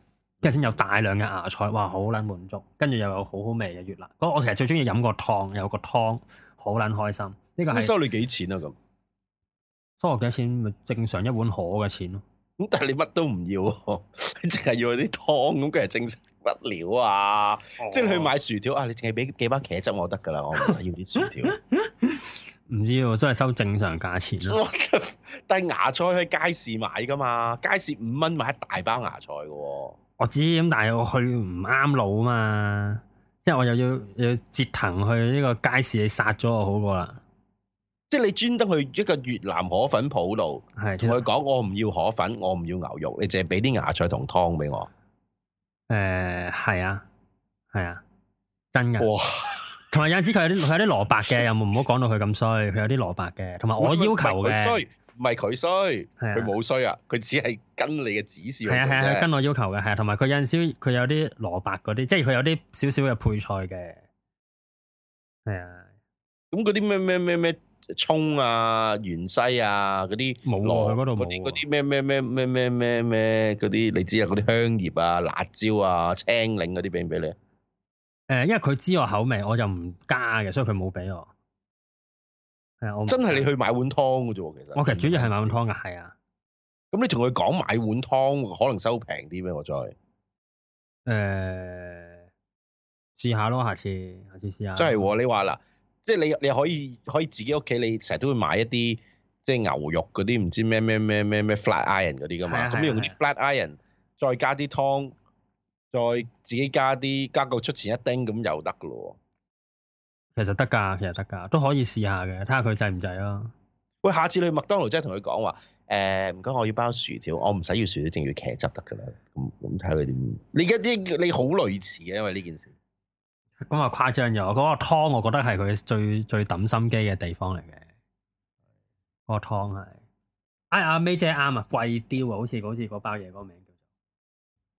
即係先有大量嘅芽菜，哇，好撚滿足。跟住又有好好味嘅越南。我成日最中意飲個湯，有個湯好撚開心。呢、這個係收你幾錢啊？咁收我幾錢咪、就是、正常一碗河嘅錢咯。咁但係你乜都唔要、啊，你淨係要啲湯，咁梗係正常不了啊！哦、即係你去買薯條啊，你淨係俾幾包茄汁我得噶啦，我唔使要啲薯條。唔 知喎、啊，真係收正常價錢、啊。但係芽菜去街市買噶嘛？街市五蚊買一大包芽菜噶、啊。我知但係我去唔啱路啊嘛，因為我又要要折騰去呢個街市，你殺咗我好過啦。即係你專登去一個越南河粉鋪度，同佢講我唔要河粉，我唔要牛肉，你淨係畀啲芽菜同湯畀我。誒、呃，係啊，係啊，真噶。哇！同埋有陣時佢有啲佢有啲蘿蔔嘅，又唔好講到佢咁衰。佢有啲蘿蔔嘅，同埋我要求嘅。唔係佢衰，佢冇衰啊！佢只係跟你嘅指示，係啊，係啊，跟我要求嘅係啊。同埋佢有陣時佢有啲蘿蔔嗰啲，即係佢有啲少少嘅配菜嘅。係啊，咁嗰啲咩咩咩咩葱啊、芫茜啊嗰啲冇落去嗰度。嗰啲咩咩咩咩咩咩咩嗰啲，你知啊？嗰啲香葉啊、辣椒啊、青檸嗰啲俾唔俾你？誒，因為佢知我口味，我就唔加嘅，所以佢冇俾我。真係你去買碗湯嘅啫，其實我其實主要係買碗湯噶，係啊。咁你同佢講買碗湯，可能收平啲咩？我再誒、呃，試下咯，下次下次試下。真係你話嗱，即係你你可以可以自己屋企，你成日都會買一啲即係牛肉嗰啲，唔知咩咩咩咩咩 flat iron 嗰啲噶嘛？咁對你用啲 flat iron，對對，再加啲湯，再自己加啲加個出前一丁咁又得噶咯。其實得噶，其實得噶，都可以試下嘅，睇下佢制唔制咯。喂，下次你去麥當勞，即係同佢講話，誒，唔該，我要包薯條，我唔使要薯條，淨要茄汁得噶啦。咁咁睇下佢點。你而家啲你好類似嘅，因為呢件事咁啊誇張咗，嗰、嗰個湯，我覺得係佢最最抌心機嘅地方嚟嘅。嗰個湯係，哎阿 May 姐啱啊，貴雕啊，好似好似嗰包嘢，嗰個名叫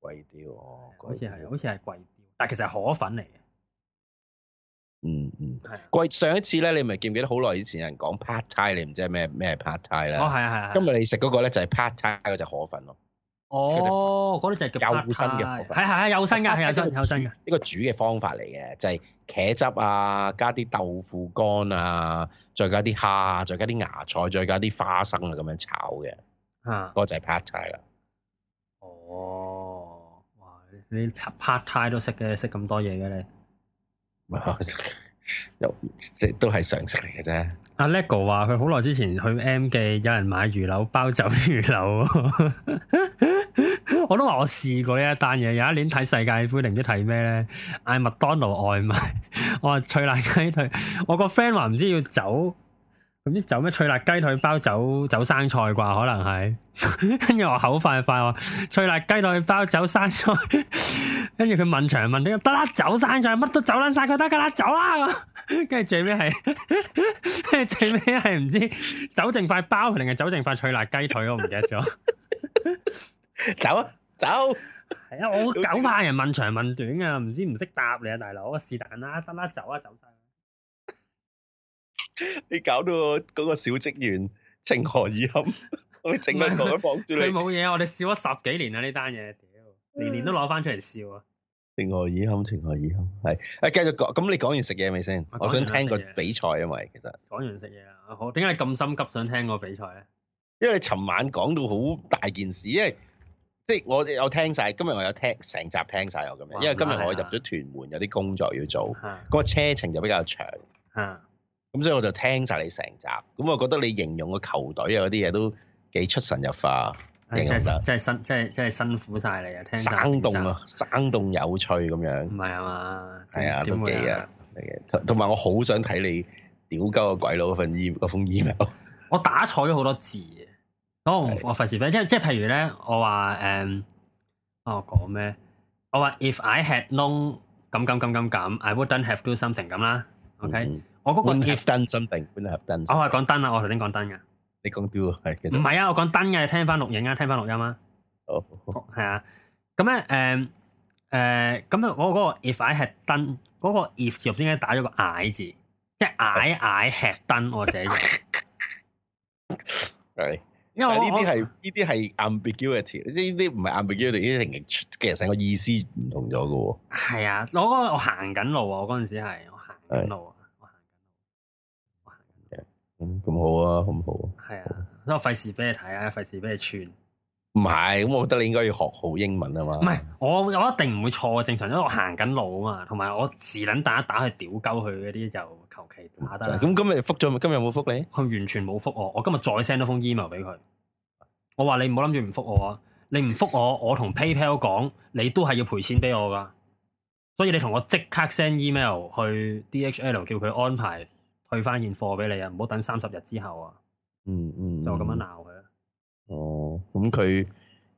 做貴雕，哦，好似係、哦，好似係貴雕，但其實係河粉嚟嘅。嗯嗯係貴的上一次咧，你咪記唔記得好耐以前有人講 Pad Thai，你唔知係咩咩 Pad Thai 啦。哦係啊係啊。今日你食嗰個咧就係 Pad Thai 嗰隻河粉咯。哦，嗰啲就係叫 Pad Thai。係係係，幼身噶，係幼身，係幼身噶，係幼身係幼身呢個煮嘅方法嚟嘅，就係、是、茄汁啊，加啲豆腐乾啊，再加啲蝦，再加啲芽菜，再加啲花生啊，咁樣炒嘅。吓、啊，嗰個就係 Pad Thai 啦。哦，哇，你 Pad Thai 都食嘅，食咁多嘢嘅你。即 都係常識嚟嘅啫。阿 Lego 話佢好耐之前去 M 記，有人買魚柳包走魚柳， 我都話我試過呢一單嘢。有一年睇世界杯，定唔知睇咩咧？嗌麥當勞外賣， 我話脆辣雞腿。我個 friend 話唔知要走。唔知走咩脆辣雞腿包走走生菜啩，可能係跟住我口快快，脆辣雞腿包走生菜，跟住佢問長問短，得啦走生菜，乜都走甩晒佢得噶啦，走啦！跟 住最尾係 最尾係唔知走剩塊包，定係走剩塊脆辣雞腿，我唔記得咗。 走啊走！係 啊，我九怕人問長問短啊，唔知唔識答你啊，大佬！是但啦，得啦，走啦、啊，走曬、啊。走啊你搞到個小職員情何以堪？ 我哋整乜鬼放住你？佢冇嘢，我哋笑咗十幾年啦呢單嘢，屌年年都攞翻出嚟笑啊 ！情何以堪，情何以堪？係、啊、誒，繼續講，咁你講完食嘢未先？啊、我想聽個比賽啊嘛，因為其實講完食嘢啊，好，點解你咁心急想聽個比賽咧？因為你尋晚講到好大件事，因為即係我，我，我有聽晒，今日我有聽成集聽晒我今日，哇因為今日我入咗屯門，的有啲工作要做， 個車程就比較長。 咁所以我就聽晒你成集，咁我覺得你形容個球隊啊嗰啲嘢都幾出神入化，係、啊就是就是、真真真真真辛苦晒你啊！聽生動啊，立生動有趣咁樣，唔係啊嘛，係啊、哎呀，都幾啊，同埋我好想睇你屌鳩個鬼佬份 e 封 email， 我打錯咗好多字，我唔的我費事俾，即係即係譬如咧，我話誒、um, 哦，我講咩？我話 If I had known 咁咁咁咁咁，I wouldn't would have do something 咁啦，OK, okay？ 我嗰個 if 燈生病， oh, done, 我係講燈啊！我頭先講燈噶，你講掉係其實唔係啊！我講燈嘅，聽翻錄影啊，聽翻錄音啊。哦，係啊，咁咧，誒，誒，咁啊，我嗰個 if I 係燈，嗰個 if 字入邊咧打咗個矮字，即係矮矮吃燈，我寫、 right。係，因為呢啲係呢啲係 ambiguity，即係呢啲唔係 ambiguity，呢啲其實成個意思唔同咗噶。係 啊，我嗰個我，我，我，我行緊路啊，我嗰陣時係我行緊路咁、嗯、好啊，好唔好，好，好啊，係啊，都費事俾你睇啊，費事俾你串。唔係，咁我覺得你應該要學好英文啊嘛。唔係，我我一定唔會錯啊，正常，因為我行緊路啊嘛，同埋我時撚打一打去屌鳩佢嗰啲就求其打得。咁今日復咗咪？今日有冇復你？佢完全冇復我，我今日再 send 一封 email 俾佢，我話你唔好諗住唔復我啊！你唔復我，我同 PayPal 講，你都係要賠錢俾我噶。所以你同我即刻 send email 去 DHL 叫佢安排。退翻現貨俾你啊！唔好等三十日之後啊、嗯，嗯嗯，就咁樣鬧佢。哦，咁佢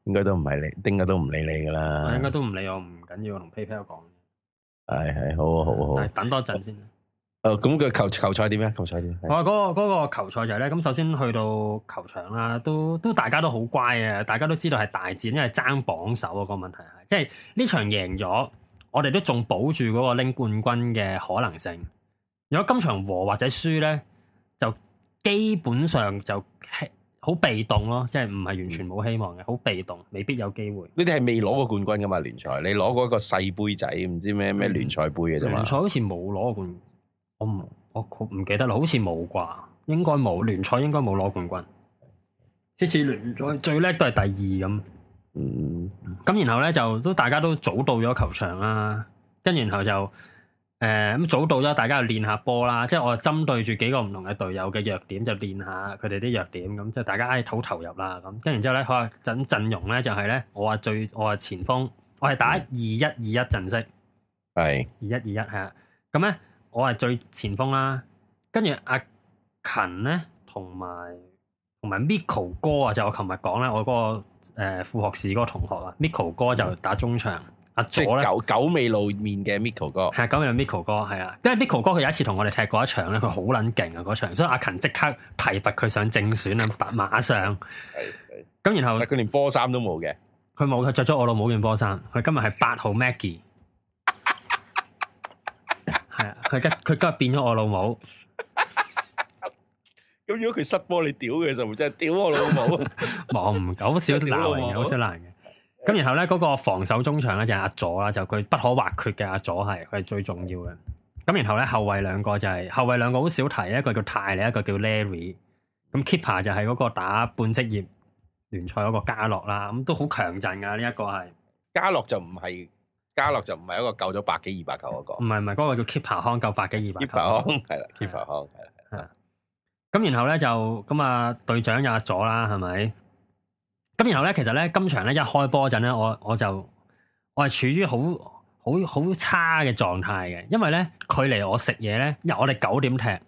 應該都唔係你，應該都唔理你噶啦。我應該都唔理我，唔緊要，同 PayPal 講。係係、哎哎，好好好。好等多陣先。誒、哦，咁、哦那個那個球球賽點啊？球賽點？我話嗰個個球賽就係咧，咁首先去到球場啦，都都大家都好乖啊！大家都知道係大戰，因為爭榜首啊個問題係，即係呢場贏咗，我哋都仲保住嗰個拎冠軍嘅可能性。如果今場和或者輸咧，就基本上就好被動咯，即係唔係完全冇希望嘅，好被動，未必有機會。你哋係未攞過冠軍噶嘛聯賽，你攞過一個細杯仔，唔知咩咩聯賽杯嘅啫嘛？聯賽好似冇攞過冠，我唔我唔記得啦，好似冇啩，應該冇聯賽，聯賽應該冇攞冠軍，即係聯賽最叻都係第二咁。嗯，咁然後咧就都大家都早到咗球場啦，跟然後就。誒，咁、嗯、早到咗，大家就練下波啦，即係我針對住幾個唔同嘅隊友嘅弱點就練下佢哋啲弱點，咁即係大家唉好投入啦，咁跟然之後咧，我陣陣容咧就係咧，我話最我話前鋒，我係打二一二一陣式，係二一二一係啊，咁咧我係最前鋒啦，跟住阿勤咧同埋同埋 Miko 哥啊，哥就是、我琴日講咧，我嗰、那個誒、呃、副學士嗰個同學啊，Miko 哥就打中場。阿九九尾露面嘅 Miko 哥，係九尾嘅 Miko 哥，係啊，因為 Miko 哥佢有一次同我哋踢過一場咧，佢好撚勁啊！嗰場，所以阿勤即刻提拔佢上正選啊，白馬上。咁然後佢連波衫都冇嘅，佢冇，佢着咗我老母件波衫，佢今日係八號 Maggie。係啊，佢一佢今日變咗我老母。咁如果佢塞波你屌佢嘅，就真係屌我老母啊！望唔久少啲難嘅，好少難嘅。咁然後呢，嗰、那個防守中場呢就係阿佐啦，就佢、是、不可或缺嘅阿佐係，是最重要嘅。咁然後呢，後衛兩個就係、是、後衛兩個好少提一個叫泰，另一個叫 Larry。咁 keeper 就係嗰個打半職業聯賽嗰個加洛啦，咁、這個、都好強陣噶呢、這個、一個係。加洛就唔係，加洛就唔係一個夠咗百幾二百球嗰個。唔係唔係，嗰、那個叫 keeper 康，夠百幾二百。keeper 康係啦 keeper 康咁然後呢，就咁啊，隊長就是阿佐啦，係咪？咁然後咧，其實咧，今場咧一開波嗰陣咧，我我就我係處於好好好差嘅狀態嘅，因為咧距離我食嘢咧，因為我哋九點踢，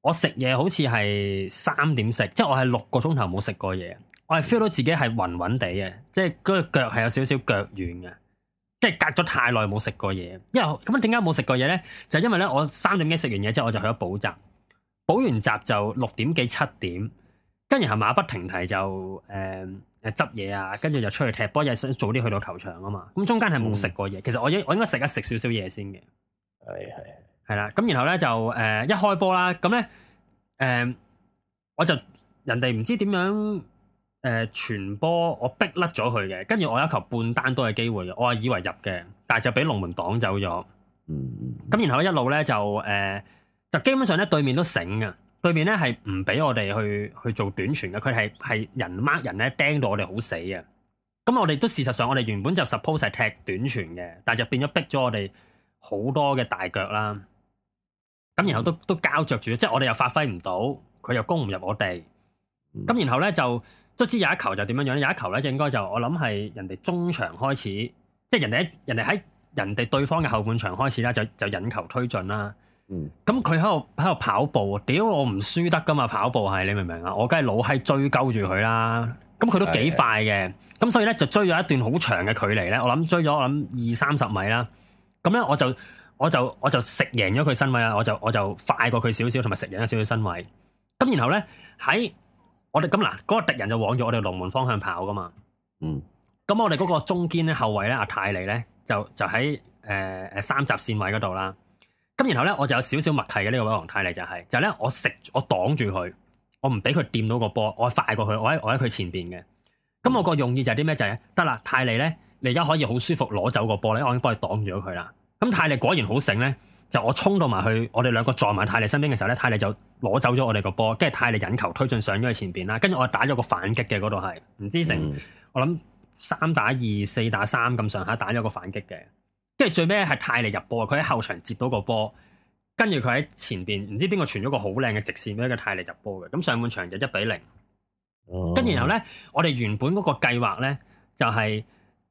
我食嘢好似係三點食，即係我係六個鐘頭冇食過嘢，我係 feel 到自己係暈暈地嘅，即係嗰個腳係有少少腳軟嘅，即係隔咗太耐冇食過嘢。因為咁點解冇食過嘢咧？就因為咧我三點幾食完嘢之後，我就去咗補習，補完習就六點幾七點，跟然後馬不停蹄就誒。嗯。誒，執嘢啊，跟住就出去踢波，又想早啲去到球場啊嘛。咁中間係冇食過嘢，嗯、其實我應我應該食一食少少嘢先嘅。係係係啦，咁然後咧就誒、呃、一開波啦，咁咧誒我就人哋唔知點樣誒傳波，呃、我逼甩咗佢嘅。跟住我有一球半單刀嘅機會，我係以為入嘅，但係就俾龍門擋走咗。嗯，咁然後一路咧就誒、呃、就基本上咧對面都醒嘅。對面咧係唔俾我哋去去做短傳嘅，佢係係人掹人咧釘到我哋好死啊！咁我哋都事實上，我哋原本就 suppose 係踢短傳嘅，但係就變咗逼咗我哋好多嘅大腳啦。咁然後都都膠着住，即係我哋又發揮唔到，佢又攻唔入我哋。咁、嗯、然後咧就卒之有一球就點樣樣，有一球咧就應該就我諗係人哋中場開始，即係人哋人哋喺人哋對方嘅後半場開始啦，就就引球推進啦。咁佢喺度喺度跑步，屌我唔輸得噶嘛？跑步係你明唔明啊？我梗係老係追鳩住佢啦。咁佢、嗯、都幾快嘅，咁的所以咧就追咗一段好長嘅距離咧。我諗追咗我諗二三十米啦。咁咧我就我就我就食贏咗佢身位啦。我就我就快過佢少少，同埋食贏咗少少身位。咁然後咧喺我哋咁嗱，嗰個敵人就往咗我哋龍門方向跑噶嘛。嗯。咁我哋嗰個中堅咧後衛咧阿泰利咧就就喺誒誒三集線位嗰度啦。咁然後咧，我就有少少默契嘅呢、這個位。王泰利就係、是，就係、是、咧我食我擋住佢，我唔俾佢掂到個波，我快過去，我喺我喺佢前邊嘅。咁我個用意就係啲咩？就係得啦，泰利咧，你而家可以好舒服攞走個波咧，我已經幫你擋住咗佢啦。咁泰利果然好醒咧，就我衝到埋去，我哋兩個撞埋泰利身邊嘅時候咧，泰利就攞走咗我哋個波，跟住泰利引球推進上咗去前邊啦。跟住我打咗個反擊嘅嗰度係，唔知成、嗯、我諗三打二四打三咁上下打咗個反擊嘅。即係最尾係泰利入波，佢喺後場到接到個波，跟住佢喺前邊唔知邊個傳咗個好靚嘅直線俾個泰利入波嘅。咁上半場就一比零，哦，跟住，然後咧，我哋原本嗰個計劃咧就係、是、誒、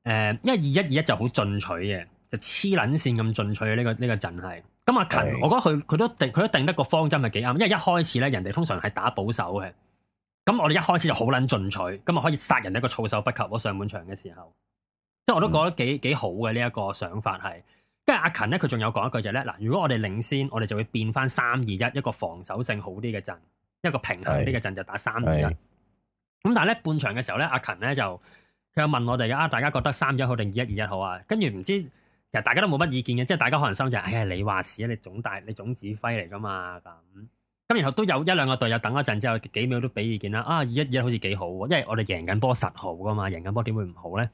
呃，因為二一二一就好進取嘅，就黐捻線咁進取呢，這個呢，這個陣係。咁阿勤，是我覺得佢佢都定佢都定得個方針係幾啱，因為一開始咧人哋通常係打保守嘅，咁我哋一開始就好捻進取，咁啊可以殺人一個措手不及我上半場嘅時候。即係我都覺得幾幾好嘅呢一個想法係，跟住阿勤咧，佢仲有講一句就係咧，嗱，如果我哋領先，我哋就會變翻三二一，一個防守性好啲嘅陣，一個平衡啲嘅陣就打三二一。咁是的、嗯、但係咧，半場嘅時候咧，阿勤咧就佢有問我哋啊，大家覺得三一好定二一二一好啊？跟住唔知其實大家都冇乜意見嘅，即係大家可能心就係，哎呀，你話事啊，你總大你總指揮嚟噶嘛咁。咁、嗯、然後都有一兩個隊友等嗰陣之後幾秒都俾意見啦，啊二一二一好似幾好，因為我哋贏緊波實好噶嘛，贏緊波點會唔好咧？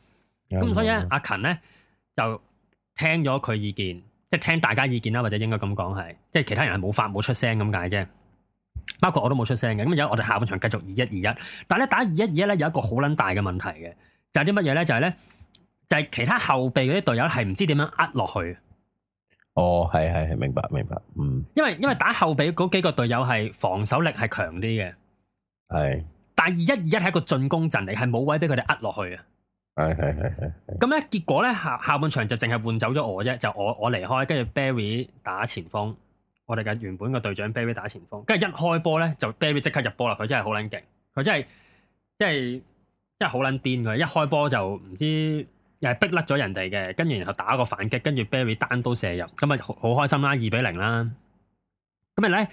咁所以阿阿勤咧就聽咗佢意見，即係聽大家意見啦，或者應該咁講係，即係其他人係冇發冇出聲咁解啫。包括我都冇出聲嘅。咁有我哋下半場繼續二一二一，但係咧打二一二一咧有一個好捻大嘅問題嘅，就係啲乜嘢咧？就係咧，就係其他後備嗰啲隊友係唔知點樣壓落去。哦，係係係，明白明白，嗯。因為因為打後備嗰幾個隊友係防守力係強啲嘅，係。但係二一二一係一個進攻陣，你係冇位俾佢哋壓落去啊。係係係係，咁咧、嗯、結果咧下下半場就淨係換走咗我啫，就我我離開，跟住 Barry 打前鋒，我哋嘅原本嘅隊長 Barry 打前鋒，跟住一開波咧就 Barry 即刻入波啦，佢真係好捻勁，佢真係真係真係好捻癲，佢、即係即係即係、一開波就唔知又係逼甩咗人哋嘅，跟住然後打個反擊，跟住 Barry 單刀射入，咁啊好開心啦，二比零啦，咁啊咧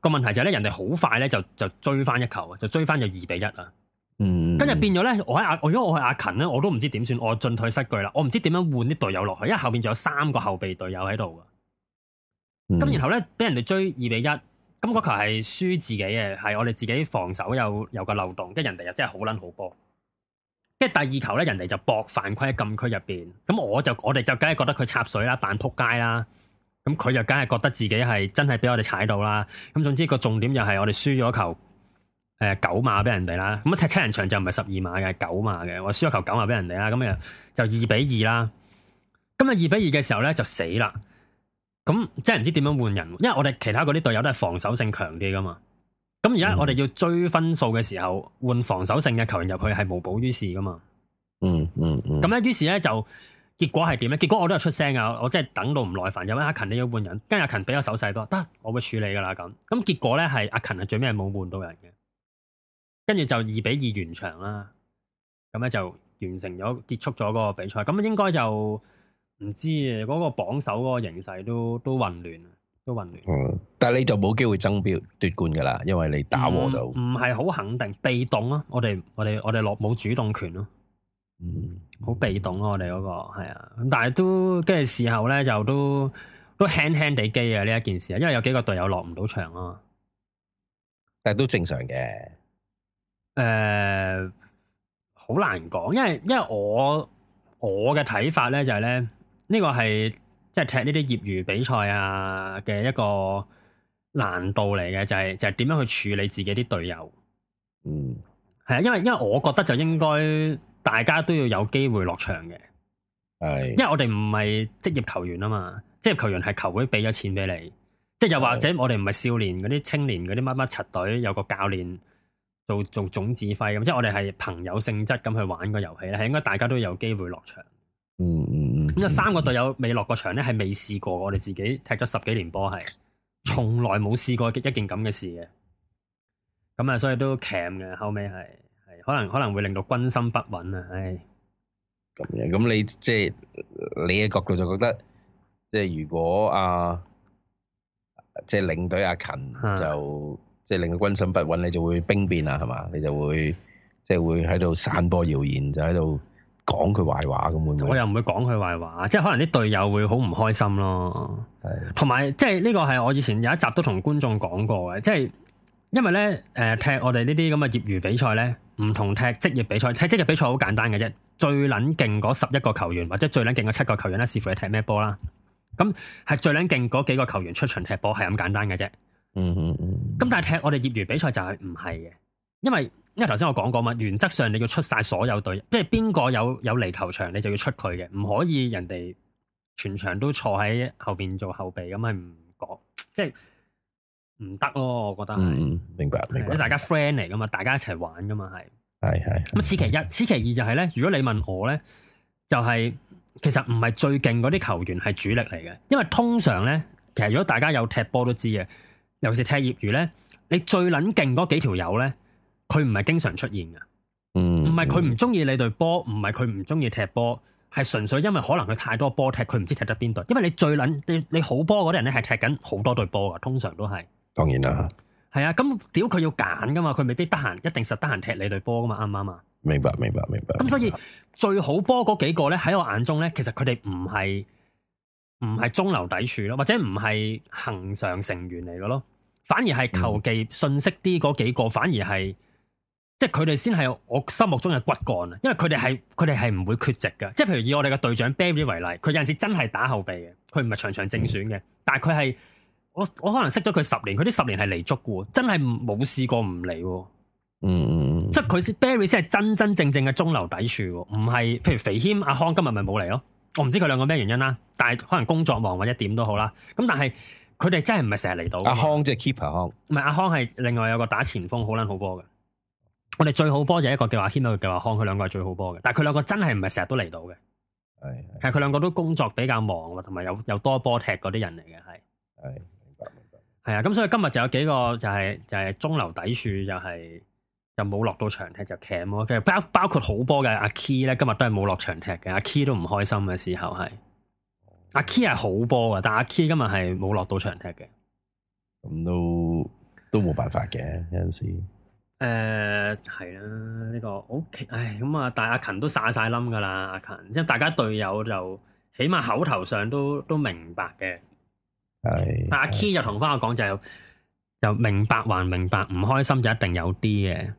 個問題就係咧，人哋好快咧就就追翻一球，就追翻就二比一啦。跟住、嗯、變咗咧，我喺阿如果我係阿勤咧，我都唔知點算，我進退失據啦，我唔知點樣換啲隊友落去，因為後邊仲有三個後備隊友喺度。咁、嗯、然後咧，俾人哋追二比一，咁嗰球係輸自己嘅，係我哋自己防守有有個漏洞，跟住人哋又真係好捻好波。跟住第二球咧，人哋就搏犯規喺禁區入邊，咁我就我哋就梗係覺得佢插水啦，扮撲街啦。咁佢就梗係覺得自己係真係俾我哋踩到啦。咁總之個重點就係我哋輸咗球。誒，九碼俾人哋啦，咁踢七人場就唔係十二碼嘅，係九碼嘅，我輸咗球九碼俾人哋啦，咁又就二比二啦。咁咪二比二嘅時候咧就死啦，咁即係唔知點樣換人，因為我哋其他嗰啲隊友都係防守性強啲噶嘛，咁而家我哋要追分數嘅時候換防守性嘅球員入去係無補於事噶嘛。嗯嗯嗯。咁咧於是咧就結果係點咧？結果我都有出聲啊，我真係等到唔耐煩，有冇阿勤你要換人？跟阿勤俾個手勢都得，我會處理噶啦咁。咁結果咧係阿勤係最尾係冇換到人嘅。跟住就二比二完場啦，咁咧就完成咗結束咗嗰個比賽，咁應該就唔知嗰個榜首嗰個形勢都都混亂，都混亂。混亂嗯，但係你就冇機會爭標奪冠噶啦，因為你打和就唔係好肯定被動啊，我哋我哋我哋落冇主動權咯、啊，嗯，好被動啊，我哋嗰個係啊，但係都跟住時候咧就都都輕輕地機啊呢一件事啊，因為有幾個隊友落唔到場啊嘛，但係都正常嘅。誒，好、uh, 難講，因為因為我我嘅睇法咧就係、是、咧，呢個係即係踢呢啲業餘比賽啊嘅一個難度嚟嘅，就係、是、就係、是、點樣去處理自己啲隊友。嗯，係啊，因為因為我覺得就應該大家都要有機會落場嘅，係，是的 因為我哋唔係職業球員啊嘛，職業球員係球會俾咗錢俾你，即係又或者我哋唔係少年嗰啲青年嗰啲乜乜柒隊，有個教練。做做總指揮咁，即係我哋係朋友性質咁去玩個遊戲咧，係應該大家都有機會落場。嗯嗯嗯。咁、嗯、啊，嗯、三個隊友未落過場咧，係未試過。我哋自己踢咗十幾年波，係從來冇試過一件咁嘅事嘅。咁、嗯、啊，所以都 cam 嘅，後尾係係可能可能會令到軍心不穩啊。唉，咁樣咁你即係、就是、你嘅角度就覺得，即、就、係、是、如果阿即係領隊阿勤就。啊即係令佢軍心不穩，你就會兵變啊，係嘛？你就會即係會喺度散播謠言，就喺度講佢壞話咁會唔會？我又唔會講佢壞話，即係可能啲隊友會好唔開心咯。係同埋即係呢個係我以前有一集都同觀眾講過嘅，即係因為咧，誒，踢我哋呢啲咁嘅業餘比賽咧，唔同踢職業比賽。踢職業比賽好簡單嘅啫，最捻勁嗰十一個球員或者最捻勁嘅七個球員咧，視乎你踢咩波啦。咁係最捻勁嗰幾個球員出場踢波係咁簡單嘅啫。嗯嗯嗯，咁、嗯、但係踢我哋業餘比賽就係唔係嘅，因為因為頭先我講過嘛，原則上你要出晒所有隊，即係邊個有有嚟球場，你就要出佢嘅，唔可以人哋全場都坐喺後邊做後備，咁係唔講，即係唔得咯，我覺得、嗯。明白，明白。因為大家 friend 嚟噶嘛，白大家一齊玩噶嘛，係係係。咁、嗯、此其一，此其二就係咧，如果你問我咧，就係、係、其實唔係最勁嗰啲球員係主力嚟嘅，因為通常咧，其實如果大家有踢波都知嘅。尤其是踢業餘咧，你最撚勁嗰幾條友咧，佢唔係經常出現嘅，唔係佢唔中意你隊波，唔係佢唔中意踢波，係純粹因為可能佢太多波踢，佢唔知踢得邊隊。因為你最撚你你好波嗰啲人咧，係踢緊好多隊波嘅，通常都係。當然啦，係啊，咁屌佢要揀噶嘛，佢未必得閒一定實得閒踢你隊波噶嘛，啱唔啱啊？明白，明白，明白。咁所以最好波嗰幾個咧，喺我眼中咧，其實佢哋唔係唔係中流砥柱咯，或者唔係恒常成員嚟嘅咯。反而係求技、信息啲嗰幾個，反而係即係佢哋先係我心目中嘅骨幹啊！因為佢哋係佢哋係唔會缺席嘅，即係譬如以我哋嘅隊長 Barry 為例，佢有陣時真係打後備嘅，佢唔係場場正選嘅，但係佢係我我可能識咗佢十年，佢啲十年係嚟足嘅，真係冇試過唔嚟喎。嗯，即係佢 Barry 先係真真正正嘅中流砥柱，唔係譬如肥謙阿康今日咪冇嚟咯。我唔知佢兩個咩原因啦，但係可能工作忙或者點都好啦。咁但係。佢哋真係唔係成日嚟到嘅。阿康即係 keeper 阿康，唔係阿康係另外有個打前鋒好捻好波嘅。我哋最好波就一個叫阿謙，一個叫阿康，佢兩個係最好波嘅。但係佢兩個真係唔係成日都嚟到嘅。係、哎，係佢兩個都工作比較忙，同埋有又多波踢嗰啲人嚟嘅，係。係、哎，明白明白。係啊，咁所以今日就有幾個就係、是、就係、是、中流砥柱、就是，就係就冇落到場踢就是、cam 咯。其實包包括好波嘅阿 key 咧，今日都係冇落場踢嘅，阿 key 都唔開心嘅時候係。阿 Key 係好波嘅，但阿 Key 今日係冇落到場踢嘅，咁、嗯、都都冇辦法嘅，有陣時，誒係啦，呢、啊，這個 OK，唉咁啊，但阿勤都撒晒冧噶啦，阿勤，即係大家隊友就起碼口頭上都都明白嘅，係是，阿 Key 的就同翻我講就就明白還明白，唔開心就一定有啲嘅，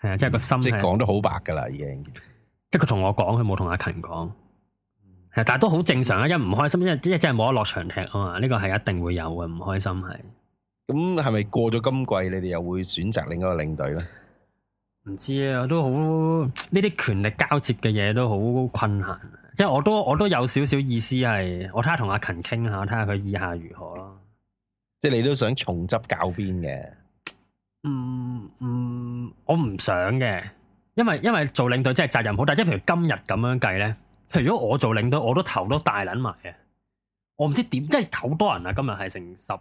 係啊，即係個心即係講得好白噶啦，已經，即係佢同我講，佢冇同阿勤講。但係都好正常啊，一唔開心，一一真係冇得落場踢啊嘛，呢個係一定會有嘅，唔開心係。咁係咪過咗今季，你哋又會選擇另一個領隊咧？唔知啊，都好呢啲權力交接嘅嘢,都好困難，因為我都我都有少少意思係，我睇下同阿勤傾下，睇下佢意下如何咯。即係你都想重執教鞭嘅？唔唔、嗯嗯，我唔想嘅，因為因為做領隊真係責任好大，即係譬如今日咁樣計咧。譬如果我做領隊，我都頭都大捻埋嘅。我唔知點，因為好多人啊，今日係成十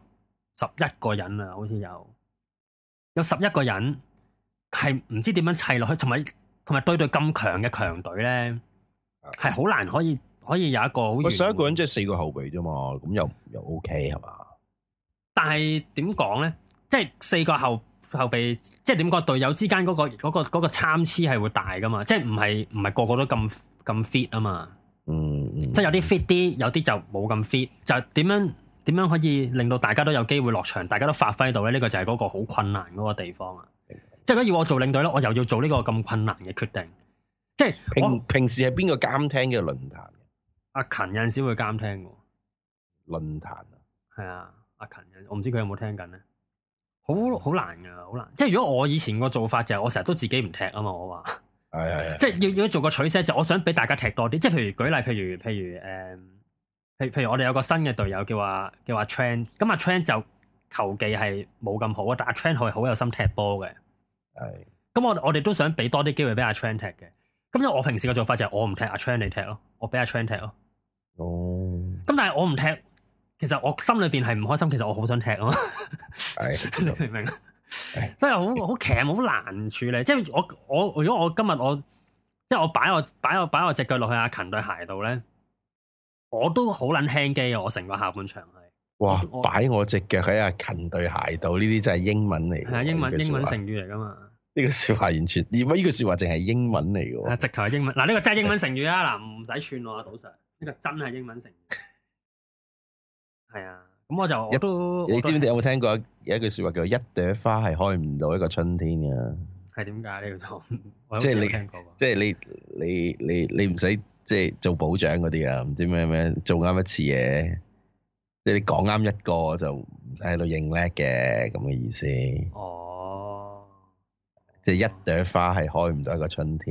十一個人啊，好似有有十一個人係唔知點樣砌落去，同埋同埋對對咁強嘅強隊咧，係好難可以可以有一個。十一一個人即係四個後備啫嘛，咁又又 OK 係嘛？但係點講咧？即係四個後後備，即係點講？隊友之間嗰個嗰個嗰個參差係會大噶嘛？即係唔係唔係個個都咁。咁 fit 啊嘛，嗯，嗯，即係有啲 fit 啲，有啲就冇咁 fit，就點樣點樣可以令到大家都有機會落場，大家都發揮到咧？呢、這個就係嗰個好困難嗰個地方啊！嗯、即係如果要我做領隊咧，我又要做呢個咁困難嘅決定，即係我平，平時係邊個監聽嘅論壇？阿勤有陣時會監聽嘅，論壇啊，係啊，阿、啊、勤，我唔知佢有冇聽緊咧，好好難噶，好難，難。即係如果我以前個做法就係、是、我成日都自己唔踢啊嘛，我話。係，即係要要做個取捨就是，我想俾大家踢多啲，即係譬如舉例，譬如譬如誒，譬如譬如我哋有個新嘅隊友叫話叫話 Trent，咁阿 Trent 就球技係冇咁好啊，但阿 Trent 佢係好有心踢波嘅。係是的、嗯，咁我我哋都想俾多啲機會俾阿 Trent 踢嘅。咁就我平時嘅做法就係我唔踢，阿 Trent，你踢咯，我俾阿 Trent 踢咯，哦，咁但係我唔踢，其實我心裏邊係唔開心，其實我好想踢咯，係 的。你真係好好好難處理。即係我我如果我今日我，即係我擺我擺我擺我隻腳落去阿勤對鞋度咧，我都好捻輕機啊！我成個下半場係哇，擺我隻腳喺阿勤對鞋度，呢啲真係英文嚟嘅，係啊，英文英文成語嚟噶嘛？呢個說話完全而唔呢個說話淨係英文嚟嘅，直頭係英文嗱，呢個真係英文成語啊嗱，唔使串我賭 Sir，呢個真係英文成語，係啊， 咁 我就我都，我都 你知唔知有冇聽過？有一句説話叫一朵花係開唔到一個春天嘅，係點解？呢個即係你，即係 你，你，你，你唔使即係做保障嗰啲啊？唔知咩咩做啱一次嘢，即係你講啱一個就唔使喺度認叻嘅咁嘅意思。哦，即係一朵花係開唔到一個春天。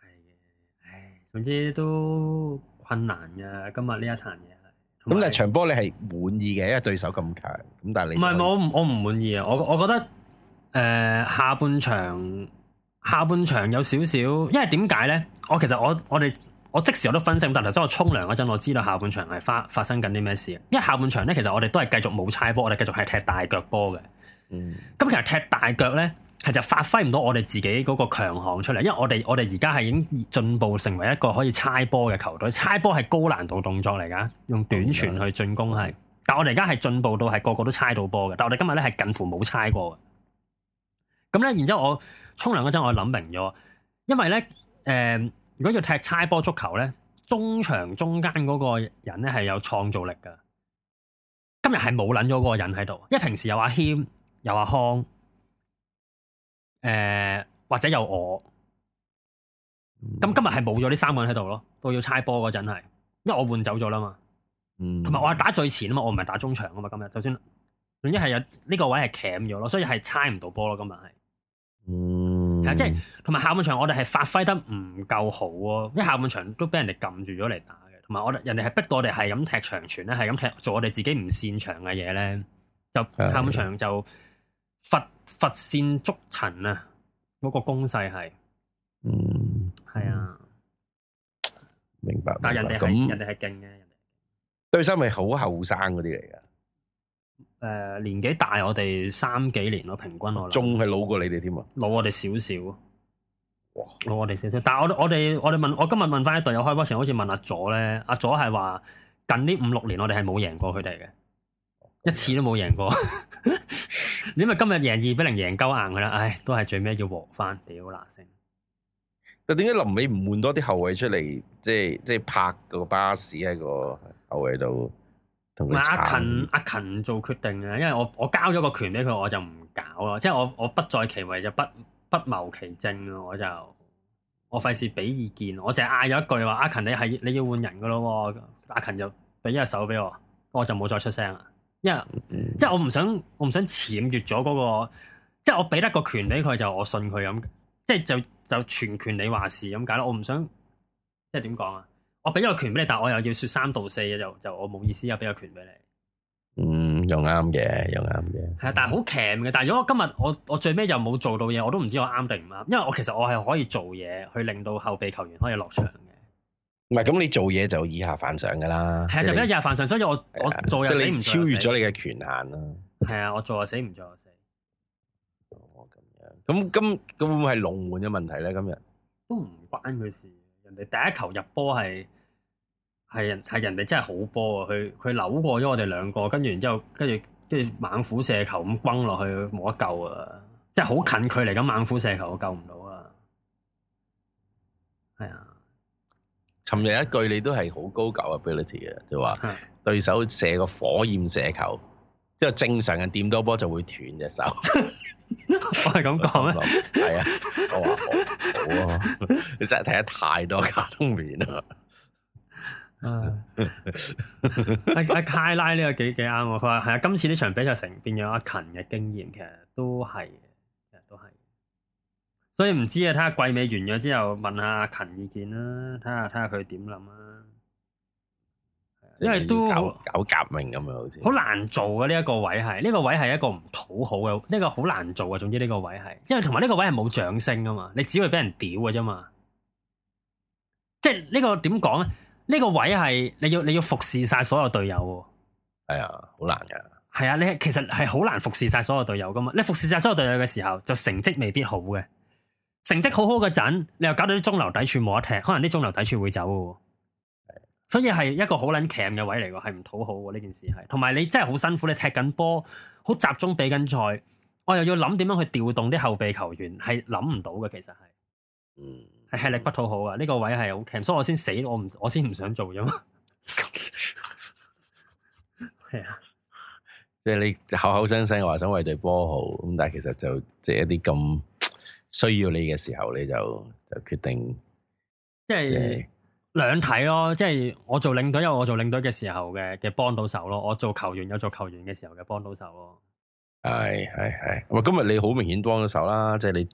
係嘅、哦，唉、哦哎，總之都困難嘅。今日呢一壇嘢。.咁但係場波你係滿意嘅，因為對手咁強，咁但係你唔係唔我我唔滿意啊！我我，我，我覺得誒、呃、下半場下半場有少少，因為點解咧？我其實我我哋我即時我都分析，但係頭先我沖涼嗰陣，我知道下半場係發發生緊啲咩事。因為下半場咧，其實我哋都係繼續冇差波，我哋繼續係踢大腳波嘅。嗯，咁其實踢大腳咧。其實發揮唔到我哋自己嗰個強項出嚟，因為我哋我哋而家係已經進步成為一個可以猜波嘅球隊，猜波係高難度動作嚟噶，用短傳去進攻係。嗯嗯、但我哋而家係進步到係個個都猜到波嘅，但我哋今日咧係近乎冇猜過。咁咧，然之後我沖涼嗰陣，我諗明咗，因為咧，誒、呃，如果要踢猜波足球咧，中場中間嗰個人咧係有創造力噶。今日係冇捻咗嗰個人喺度，因為平時有阿謙，有阿康。誒、呃，或者有我，咁今日係冇咗呢三個人喺度咯，都要猜波嗰陣係，因為我換走咗啦嘛，同埋、嗯、我係打最前啊嘛，我唔係打中場啊嘛，今日就算總之係有呢個位係鉗咗咯，所以係猜唔到波咯，今日係，係、嗯、即係同埋下半場我哋係發揮得唔夠好咯，因為下半場都俾人哋撳住咗嚟打嘅，同埋我哋人哋係逼到我哋係咁踢長傳咧，係咁踢做我哋自己唔擅長嘅嘢咧，就下半場就忽。嗯嗯佛線捉塵啊！嗰、嗰個攻勢係，嗯，係啊，明白。但係人哋係、嗯、人哋係勁嘅，對手咪好後生嗰啲嚟噶。誒、呃，年紀大我哋三幾年咯，平均我。仲係老過你哋添啊！老我哋少少，哇老我哋少少，但係我我哋我哋問我今日問翻一隊友開波上，好似問，問阿佐咧，阿佐係話近呢五六年我哋係冇贏過佢哋嘅。一次都冇贏過， 點解今日贏二比零贏鳩硬噶啦！唉，都係最尾要和翻，屌嗱聲。但係點解臨尾唔換多啲後衛出嚟？即係即係拍個巴士喺個後衛度。同阿勤阿勤做決定啊！因為我我交咗個權俾佢，我就唔搞啦。即係我我不在其位，就不不謀其政咯。我就我費事俾意見，我淨係嗌咗一句話：阿勤，你係你要換人噶咯？阿勤就俾一隻手俾我，我就冇再出聲啦。因為 Yeah,、嗯、即係我唔想我唔想僭越咗嗰、嗰個，即係我俾得個權俾佢就我信佢咁，即係就就全權你話事咁解咯。我唔想即係點講啊？我俾咗個權俾你，但係我又要說三道四嘅，就就我冇意思啊！俾個權俾你，嗯，又啱嘅，又啱嘅。係啊，但係好 cam 嘅。但係如果我今日我我最尾又冇做到嘢，我都唔知我啱定唔啱。因為我其實我係可以做嘢去令到後備球員可以落場。唔係，咁你做嘢，就以下犯上噶啦，係就咁以下犯上，所以我、啊、我做嘢，你唔超越咗你嘅權限咯。係啊，我做又死唔做又死。哦，咁樣。咁今咁會唔會係龍門嘅問題咧？今日都唔關佢事。人哋第一球入波係係係人哋真係好波啊！佢佢扭過咗我哋兩個，跟住然之後，跟住跟住猛虎射球咁崩落去，冇得救啊！即係好近距離咁猛虎射球，我救唔到啊！係啊。琴日一句你都係好高狗嘅 ability 嘅，就話、係、對手射個火焰射球，之後正常人掂多波就會斷隻手， 我係咁講咩？係 啊，我話好啊，你真係睇得太多卡通面啦！阿阿泰拉呢個幾幾啱我。佢話係啊，今、啊啊、次呢場比賽成變咗阿勤嘅經驗，其實都係。所以唔知啊，睇下季尾完咗之後，問下阿勤意見啦，睇下睇下佢點諗啦。因為都好夾命咁樣，好似好難做嘅呢、這個這個、一個位係，呢、這個位係一個唔討好嘅，呢個好難做嘅。總之呢個位係，因為同埋呢個位係冇掌聲噶嘛，你只會俾人屌嘅啫嘛。即係呢個點講咧？呢、這個位係你要你要服侍晒所有隊友。係啊、哎，好難噶。係啊，你係其實係好難服侍晒所有隊友噶嘛？你服侍晒所有隊友嘅時候，就成績未必好嘅。成績好好嗰陣，你又搞到啲中流砥柱冇得踢，可能啲中流砥柱會走嘅，的所以係一個好捻煩嘅位嚟嘅，係唔討好嘅呢件事係。同埋你真係好辛苦，你踢緊波，好集中比緊賽，我又要諗點樣去調動啲後備球員，係諗唔到嘅，其實係，係吃、嗯、力不討好啊！呢、這個位係好煩，所以我先死，我唔我先唔想做啫嘛 的。係啊，即係你口口聲聲話想為隊波好，咁但係其實就借一啲咁。需要你嘅時候你就就決定，即係是兩是睇咯，即係我做領隊，有我做領隊嘅時候嘅嘅幫到手咯。我做球員有做球員嘅時候嘅幫到手咯。係係係，喂，今日你好明顯幫到手啦，即係你，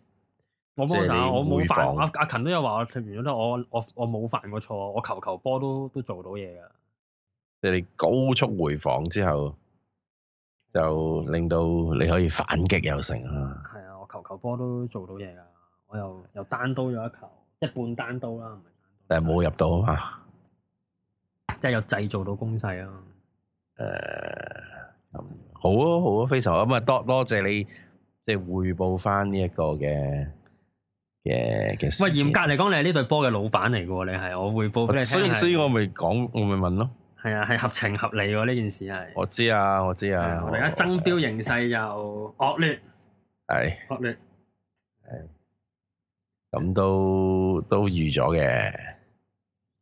我幫手，啊啊，我冇犯，阿阿勤都有話我完咗啦，我我我冇犯過錯，我球球波都都做到嘢噶。即係你高速回防之後，就令到你可以反擊又成啊！球波都做到嘢噶，我又又單刀咗一球，一半單刀啦，唔係單刀。但係冇入到啊，即係又製造到攻勢啊，誒、呃，好啊好啊，非常咁啊，多多謝你，即係匯報翻呢一個嘅嘅嘅。喂，嚴格嚟講，你係呢隊波嘅老闆嚟嘅，你係我匯報俾你所。所以所以，我咪講我咪問咯。係啊，係合情合理喎，呢件事係。我知啊，我知啊，啊，我哋而家爭標形勢又惡 劣。係咁都都預咗嘅，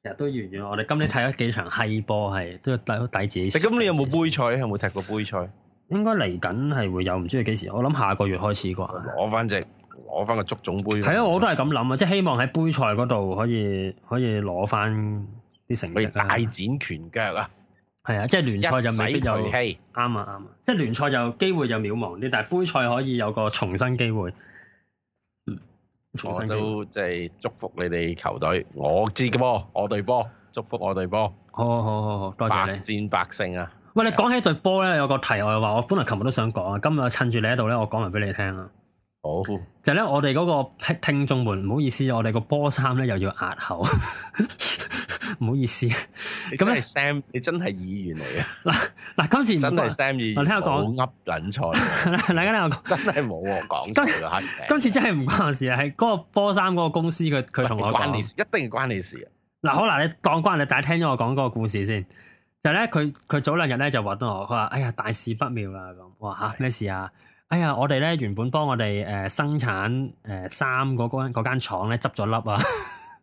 其實都預咗。我哋今年睇咗幾場係波，係都要抵抵自己。咁你有冇杯賽？有冇踢過杯賽？應該嚟緊係會有，唔知係幾時。我諗下個月開始啩，攞翻隻，攞翻個足總杯。係啊，我都係咁諗啊，即係希望喺杯賽嗰度可以可以攞翻啲成績，大展拳腳啊！係啊，啊，即係聯賽就未必就啱啊，啱啊！即係聯賽就機會就渺茫啲，但係杯賽可以有個重新機會。重新都即係祝福你哋球隊。我知波，我隊波，祝福我隊波。好好好好多謝你。百戰百勝啊！喂，的你講起隊波咧，有個題外又話，我本來琴日都想講啊，今日趁住你喺度咧，我講埋俾你聽啊。好，就咧我哋嗰個聽眾們，唔好意思，我哋個波衫咧又要壓喉，唔 好意思。咁咧，Sam，你真係 議員嚟啊？嗱嗱，今次真係 Sam 議員，我聽我講，冇噏捻錯，大家聽我講，真係冇我講。今次真係唔關我事啊！係嗰 個波衫嗰個公司，佢佢同我講，關你事，一定要關你事啊！嗱，好啦，你當關你，大家聽咗我講嗰個故事先。就咧、是，佢佢早兩日咧就搵到我，佢話哎呀大事不妙啦咁。哇吓咩、啊、事啊？ 哎呀，我哋咧原本幫我哋誒、呃、生產誒衫嗰間嗰間廠咧執咗粒啊！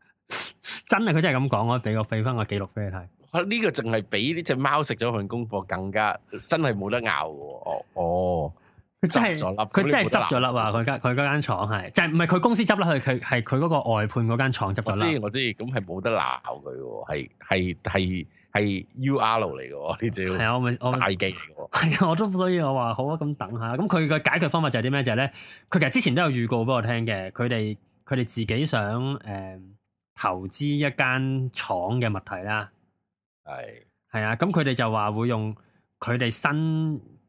真係佢真係咁講，我俾個備份個記錄俾你睇。呢個淨係俾呢隻貓食咗份功課，更加真係冇得拗嘅。哦，佢真係佢真係執咗粒啊！佢間佢嗰間廠係就係唔係佢公司執落去，佢係佢嗰個外判嗰間廠執嘅啦。我知我知，咁係冇得鬧佢，係係係。係 U R L 嚟嘅，呢隻係啊，我咪我大機嚟嘅，係啊，我， 我都所以，我話好啊，咁等下，咁佢嘅解決方法就係啲咩？就係咧，佢其實之前都有預告俾我聽嘅，佢哋佢哋自己想誒、呃、投資一間廠嘅物體啦，係係是啊，咁佢哋就話會用佢哋新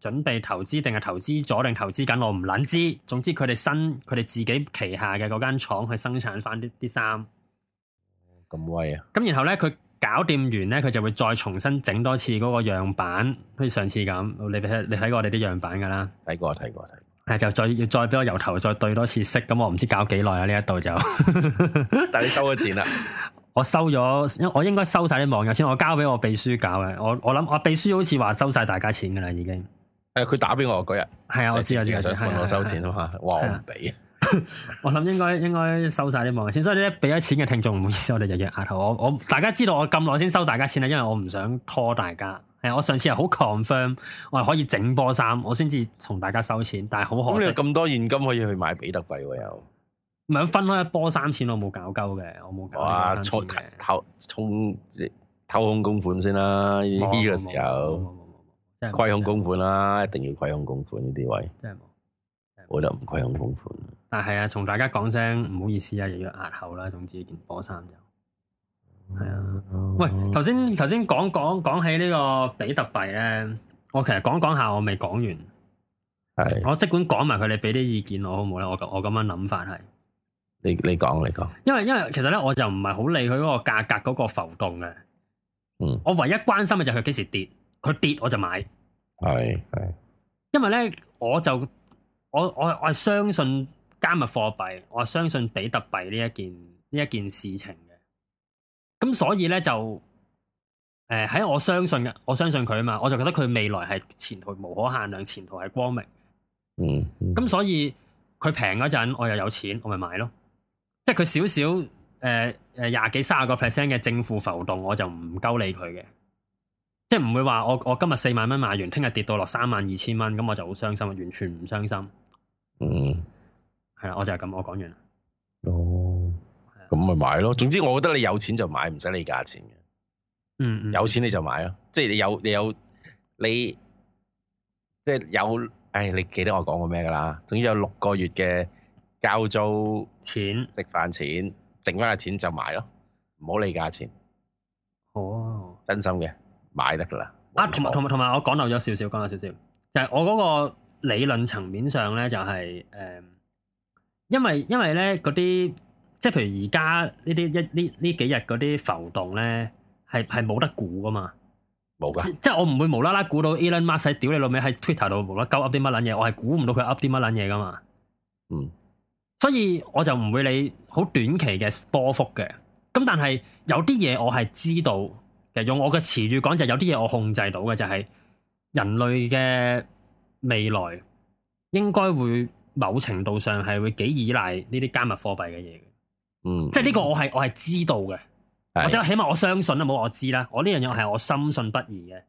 準備投資，定係投資咗，定投資緊，我唔捻知。總之佢哋新，佢哋自己旗下嘅嗰間廠去生產翻啲啲衫，咁威啊！咁然後咧佢。搞掂完咧，佢就會再重新整多次嗰個樣板，好似上次咁。你睇，你睇過我哋啲樣板噶啦？睇過，睇過，睇過。係就再要再俾我由頭再對多次色，咁我唔知搞幾耐啊？呢一度就，但係你收咗錢啦？我收咗，因我應該收晒啲網友先，我交俾我秘書搞嘅。我我諗，我秘書好似話收晒大家錢噶啦，已經。誒，佢打俾我嗰日，係啊，我知啊，想問我收錢啊嘛，話我唔俾。 我諗應該應該收晒啲網錢，所以咧，俾咗錢嘅聽眾，唔好意思，我哋就約額頭。我我大家知道我咁耐先收大家錢咧，因為我唔想拖大家。係我上次係好 confirm，我係可以整波衫，我先至同大家收錢。但係好可惜咁多現金可以去買比特幣喎又，唔係分開一波衫錢我冇搞鳩嘅，我冇。我搞充哇偷充空公款先啦呢、啊、個時候，即虧、啊啊啊啊、空公款啦、啊，一定要虧空公款呢啲位，真係冇，我哋唔虧空公款。啊，係啊，同大家講聲唔好意思啊，又要押後啦。總之，件波衫就係啊。喂，頭先頭先講講講起呢個比特幣咧，我其實講講下，我未講完。係的，我即管講埋佢，你俾啲意見我好唔好咧？我我咁樣諗法係，你你講，你講。因為因為其實咧，我就唔係好理佢嗰個價格嗰個浮動嘅。嗯，我唯一關心嘅就係佢幾時跌，佢跌我就買。係係。因為咧，我就我就我我係相信。加密貨幣，我相信比特幣呢一件呢一件事情嘅，咁所以呢，就誒喺、呃、我相信嘅，我相信佢啊嘛，我就覺得佢未來係前途無可限量，前途係光明。嗯，咁所以佢平嗰陣我又有錢，我咪買咯。即係佢少少誒誒廿幾卅個 percent 嘅正負浮動，我就唔鳩理佢嘅，即係唔會話我我今日四萬蚊買完，聽日跌到落三萬二千蚊，咁我就好傷心，完全唔傷心。嗯。係，我就係咁，我講完啦。哦、嗯，咁咪買咯。總之，我覺得你有錢就買，唔使理價錢嘅。嗯嗯。有錢你就買啦，即係你有你有你，即係有。唉、哎，你記得我講過咩㗎啦？總之有六個月嘅交租錢、食飯錢，剩翻嘅錢就買咯，唔好理價錢。哦，真心嘅買得㗎啦。啊，同埋同埋同埋，我講漏咗少少，講漏少少就係、是、我嗰個理論層面上咧、就是，就係誒。因為因為咧，嗰啲即係譬如而家呢啲一呢呢幾日嗰啲浮動咧，係係冇得估噶嘛，冇噶，即係我唔會無啦啦估到 Elon Musk 喺屌你老味喺 Twitter 度啦，搞 up 啲乜撚嘢，我係估唔到佢 up 啲乜撚嘢噶嘛，嗯，所以我就唔會理好短期嘅波幅嘅，咁但係有啲嘢我係知道其實，用我嘅詞語講就係有啲嘢我控制到嘅就係人類嘅未來應該會。某程度上係會幾依賴呢啲加密貨幣嘅嘢，嗯，即係呢個我係我係知道嘅，嗯、或者起碼我相信啦，冇我知啦，我呢樣嘢係我深信不疑嘅。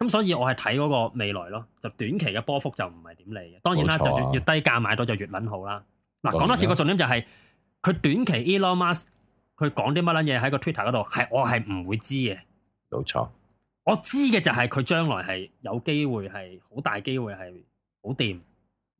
咁所以我係睇嗰個未來咯，就短期嘅波幅就唔係點嚟嘅。當然啦，啊、就越，越低價買到就越撚好啦。嗱、啊，講多次個重點就係、是、佢、嗯、短期 Elon Musk 佢講啲乜撚嘢喺個 Twitter 度，係我係唔會知嘅。冇錯錯，我知嘅就係佢將來係有機會係好大機會係好掂。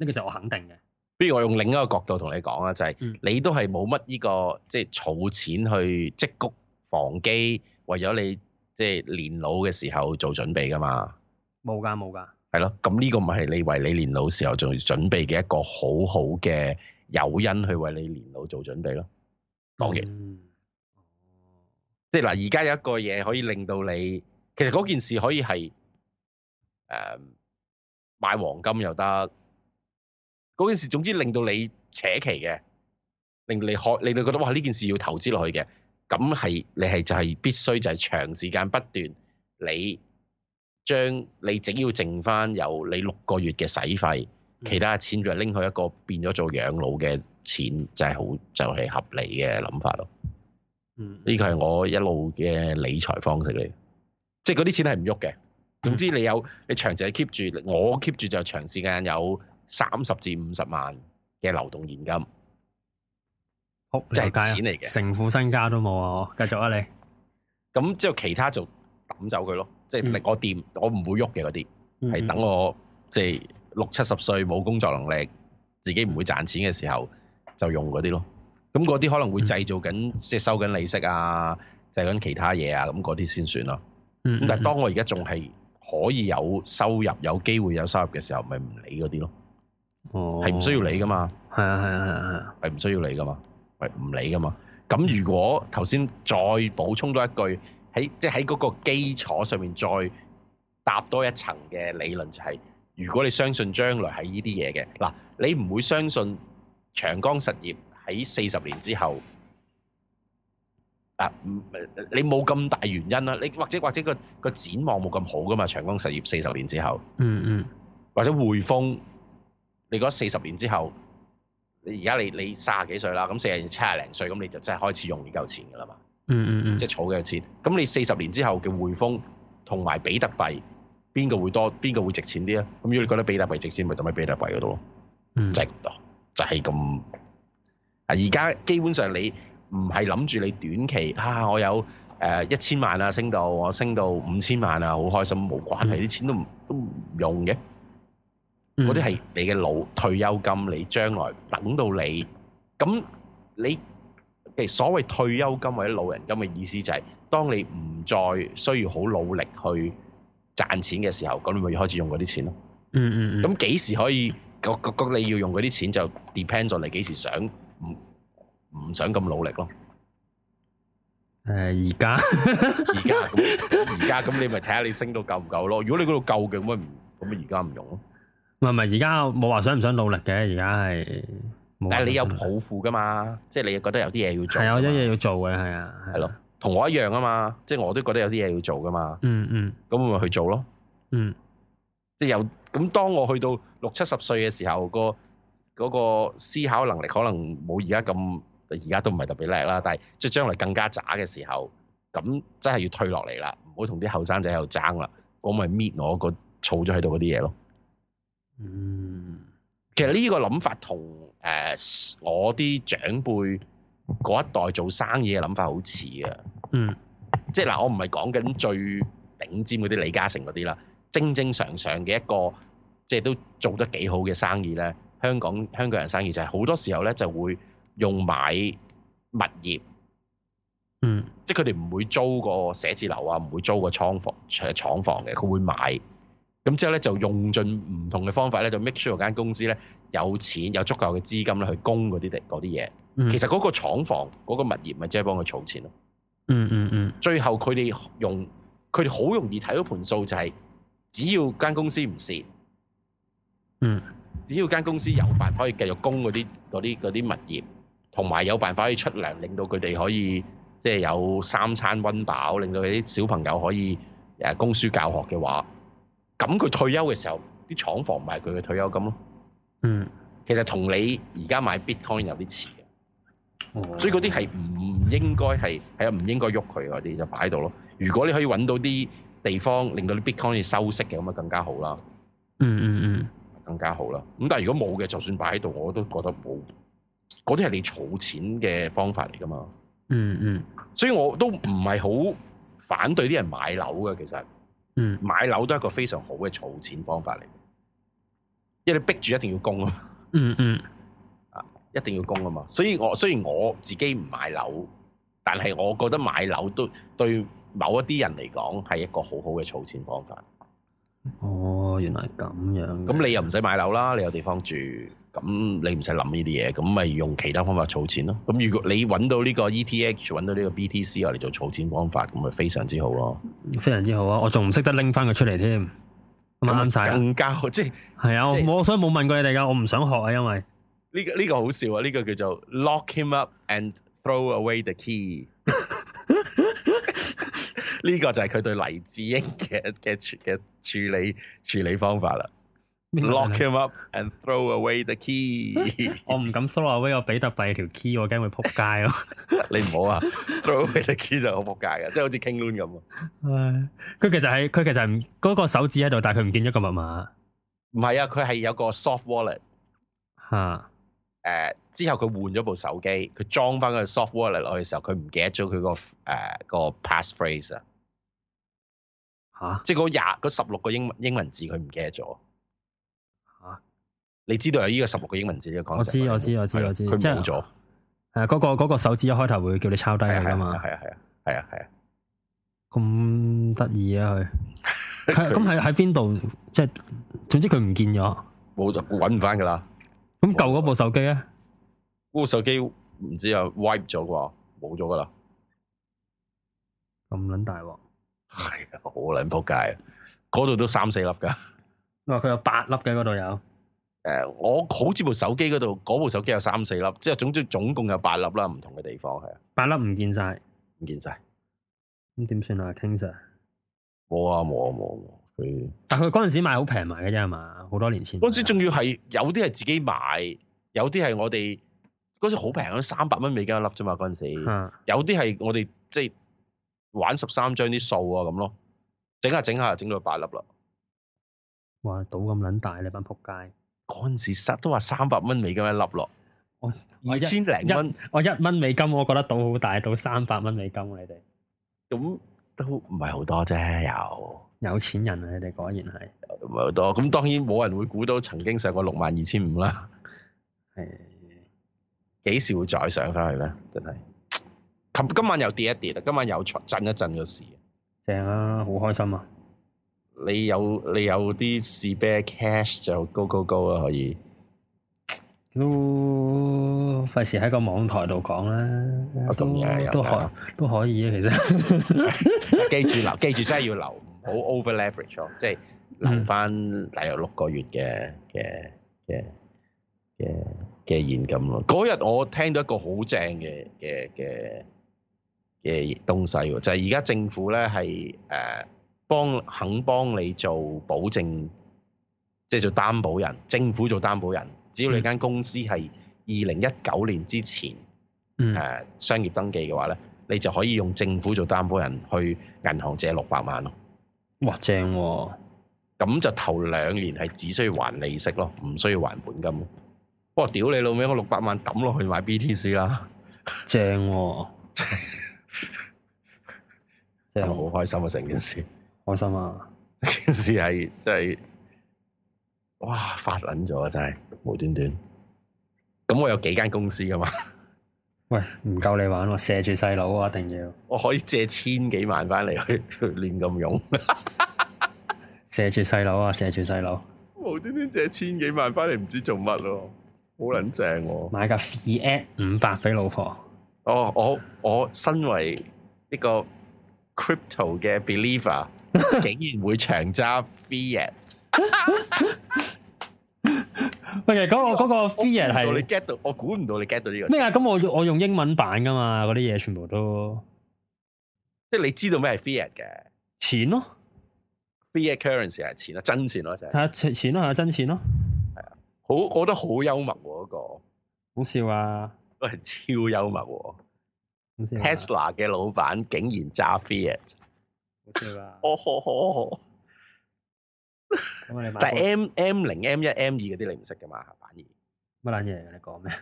呢個就我肯定嘅。不如我用另一個角度同你講啊，就係、是、你都係冇乜呢個即係儲錢去積谷防饑，為咗你即係年老嘅時候做準備噶嘛？冇噶，冇噶。係咯，咁呢個咪係你為你年老時候做準備嘅一個好好嘅誘因，去為你年老做準備咯。當然，哦、嗯，即係嗱，而家有一個嘢可以令到你，其實嗰件事可以係誒、呃、買黃金又得。嗰件事，總之令到你扯旗嘅，令你開，令你覺得哇，呢件事要投資落去嘅。咁係你係就係必須就係長時間不斷，你將你整要剩翻有你六個月嘅使費，其他嘅錢就拎去一個變咗做養老嘅錢，就係好就係合理嘅諗法咯。嗯，呢個係我一路嘅理財方式嚟，即係嗰啲錢係唔喐嘅。總之你有你長時間 keep 住，我 keep 住就長時間有三十至五十萬嘅流動現金，即係好錢嚟嘅，成副身家都冇啊！我繼續啊你。咁之 後其他就抌走佢咯，即係、嗯、我掂，我唔會喐嘅嗰啲，係、嗯、等我即係、就是、六七十歲冇工作能力，自己唔會賺錢嘅時候就用嗰啲咯。咁嗰啲可能會製造緊即係收緊利息啊，製緊其他嘢啊，咁嗰啲先算咯。咁、嗯嗯、但係當我而家仲係可以有收入、有機會有收入嘅時候，咪唔理嗰啲咯。哦，係唔需要你噶嘛？係啊，係啊，係啊，係，係唔需要你噶嘛？係唔理噶嘛？咁如果頭先再補充多一句，喺即係喺嗰個基礎上面再搭多一層嘅理論，就係，就係如果你相信將來係呢啲嘢嘅，嗱，你唔會相信長江實業喺四十年之後啊，你冇咁大原因啦，你或者或者係個個展望冇咁好噶嘛？長江實業四十年之後，嗯嗯，或者匯豐。你嗰四十年之後，你而家你你三十幾歲啦？咁四十年，七廿零歲，咁你就真係開始用呢嚿錢噶啦嘛。嗯嗯嗯。即係儲嘅錢。咁你四十年之後嘅匯豐同埋比特幣，邊個會多？邊個會值錢啲咧？咁如果你覺得比特幣值錢，咪就咪比特幣嗰度咯。值、嗯、就係、是、咁。啊、就是！而家基本上你唔係諗住你短期啊，我有誒一千萬啊，升到我升到五千萬啊，好開心，冇關係，啲、嗯、錢都都唔用嘅。嗰啲係你嘅老退休金，你將來等到你，咁你嘅所謂退休金或者老人金嘅意思就係，當你唔再需要好努力去賺錢嘅時候，咁你咪要開始用嗰啲錢咯。嗯，嗯嗯。咁幾時可以？個你要用嗰啲錢就 depend 咗你幾時想唔唔想咁努力咯。誒、呃，而家而家咁而家咁， 你咪睇下你升到夠唔夠咯。如果你嗰度夠嘅，咁咪咁咪而家唔用咯。唔係而家冇話想唔想努力嘅，而家係，但係你有抱負噶嘛？即係你覺得有啲嘢要做。係有啲嘢要做嘅係啊，係咯、啊，同我一樣啊嘛。即係我都覺得有啲嘢要做噶嘛。嗯嗯。咁、嗯、我咪去做咯。嗯。即係又咁，當我去到六七十歲嘅時候，個嗰個思考能力可能冇而家咁，而家都唔係特別叻啦。但係即係將來更加渣嘅時候，咁真係要退落嚟啦，唔好同啲後生仔喺度爭啦。我咪搣我、個儲咗喺度嗰啲嘢咯。嗯，其實呢個諗法同誒、uh, 我啲長輩嗰一代做生意嘅諗法好似啊，嗯，即係嗱，我唔係講緊最頂尖嗰啲李嘉誠嗰啲啦，正正常常嘅一個即係、就是、都做得幾好嘅生意咧，香港香港人生意就係好多時候咧就會用買物業，嗯，即係佢哋唔會租個寫字樓啊，唔會租個倉房廠房嘅，佢會買。咁之後咧，就用盡唔同嘅方法咧，就 make sure 間公司咧有錢，有足夠嘅資金咧去供嗰啲啲嘢。其實嗰個廠房嗰、嗰個物業咪即係幫佢儲錢咯。嗯嗯嗯。最後佢哋用佢哋好容易睇到盤數，就係只要間公司唔蝕，嗯，嗯就是、只要間公，、嗯、公司有辦法可以繼續供嗰啲啲啲物業，同埋有辦法可以出糧，令到佢哋可以即係有三餐溫飽，令到佢啲小朋友可以誒供、呃、書教學嘅話。咁佢退休嘅時候，啲廠房賣佢嘅退休金咯。嗯，其實同你而家買 Bitcoin 有啲似嘅，哦、所以嗰啲係唔應該係係唔應該喐佢嗰啲就擺喺度咯。如果你可以揾到啲地方令到啲 Bitcoin 收息嘅，咁啊更加好啦。嗯嗯嗯，更加好啦。咁但係如果冇嘅，就算擺喺度我都覺得冇。嗰啲係你儲錢嘅方法嚟㗎嘛。嗯嗯，所以我都唔係好反對啲人買樓嘅，其實。嗯，買樓都係一個非常好嘅儲錢方法嚟，因為你逼住一定要供啊、嗯，嗯嗯，啊 一定要供啊嘛，所以我雖然我自己唔買樓，但係我覺得買樓都對某一啲人嚟講係一個好好嘅儲錢方法。哦，原來咁樣，咁你又唔使買樓啦，你有地方住。咁你唔使諗呢啲嘢，咁咪用其他方法儲錢咯。咁如果你揾到呢個 ETH，揾到呢個 BTC，我嚟做儲錢方法，咁咪非常之好咯。非常之好啊！我仲唔識得拎翻佢出嚟添，啱晒、啊。更加好，即係係啊！即我所以冇問過你哋噶，我唔想學啊，因為呢、這個呢、這個好笑啊！呢、這個叫做 lock him up and throw away the key。呢個就係佢對黎智英嘅嘅嘅處理處理方法啦。Lock him up and throw away the key、啊。我唔敢 throw away，我俾特第二條 key，我驚會仆街咯。你唔好啊，throw away the key 就 好仆街嘅，即係好似 King Loon 咁。唉，佢其實係佢其實係嗰個手指喺度，但係佢唔見咗個密碼。唔係啊，佢係有個 soft wallet 吓。誒，之後佢換咗部手機，佢裝翻個 soft wallet 落去嘅時候，佢唔記得咗佢個誒個 passphrase 啊。吓、呃，Huh? 即係嗰廿嗰十六個英文英文字，佢唔記得咗。你知道有呢個十六個英文字嘅講？我知我知我知我知。佢冇咗，係啊，嗰個個手指一開頭會叫你抄低佢噶嘛？係啊係啊係啊係啊，咁得意啊佢，咁喺喺邊度？即係總之佢唔見咗，冇就搵唔翻噶啦。咁舊嗰部手機咧，嗰部手機唔知啊 wipe 咗啩，冇咗噶啦。咁撚大鑊！係啊，好撚仆街啊！嗰、啊、度都三四粒噶，哇、啊！佢有八粒嘅，嗰度有。誒，我好似部手機嗰度，嗰部手機有三四粒，即係總之總共有八粒啦，唔同嘅地方係啊，八粒唔見晒，唔見晒，咁點算啊？King Sir，冇啊冇啊冇啊，佢，但係佢嗰陣時買好平買嘅啫係嘛，好多年前，嗰陣時仲要係有啲係自己買，有啲係我哋嗰陣時好平，三百蚊美金一粒啫嘛，嗰陣時，有啲係我哋即係玩十三張啲數啊咁咯，整下整下，整到八粒啦，哇！賭咁撚大，你班扑街。嗰陣時，實都話三百蚊美金一粒落，我二千零一蚊，我一蚊美金，我覺得賭好大，賭三百蚊美金，你哋咁都唔係好多啫。有有錢人啊！你哋果然係唔係好多？咁當然冇人會估到曾經上過六萬二千五啦。係幾的時會再上翻去咧？真係的今今晚又跌一跌啦。今晚又震一震個市，正啊！好開心啊！你有你有啲 spare cash 就 go go go 啦，可以都費事喺個網台度講啦，啊、都都可、啊、都可以啊可以，其實 記住留，記住真係要留，唔好 over leverage 咯，即係 留翻例如六個月嘅嘅嘅嘅嘅現金咯。嗰日我聽到一個好正嘅嘅嘅嘅東西喎，就係而家政府咧係誒。呃幫肯幫你做保證，即係做擔保人，政府做擔保人，只要你間公司係二零一九年之前誒、嗯、商業登記嘅話咧，你就可以用政府做擔保人去銀行借六百萬咯。哇，正喎、啊！咁就頭兩年係只需要還利息咯，唔需要還本金。哇屌你老味，我六百萬抌落去買 BTC 啦，正喎！真係好開心啊，成件事、啊。放心啊！呢件事係真係，哇發撚咗真係，無端端。咁我有幾間公司噶嘛？喂，唔夠你玩喎，射住細佬啊！一定要！我可以借千幾萬翻嚟去亂咁用， 射住細佬啊！射住細佬。無端端借千幾萬翻嚟，唔知做乜咯！好撚正喎、啊！買架 Fiat 五百俾老婆。哦、我我我身為一個 crypto 嘅 believer，竟然會長揸 fiat？喂，其實嗰個個 fiat 係，我估唔到你 get 到呢個咩啊？咁我我用英文版噶嘛，嗰啲嘢，全部都，即係你知道咩係 fiat 嘅？錢咯，fiat currency 係錢咯，真錢咯，就睇下錢咯吓，真錢咯，係啊，好，我覺得好幽默嗰個，好笑啊，都係超幽默。Tesla 嘅老闆竟然揸 fiat。係嘛？哦， 但係 M M 零、M 一、M 二嗰啲你唔識㗎嘛？反而乜撚嘢？你講咩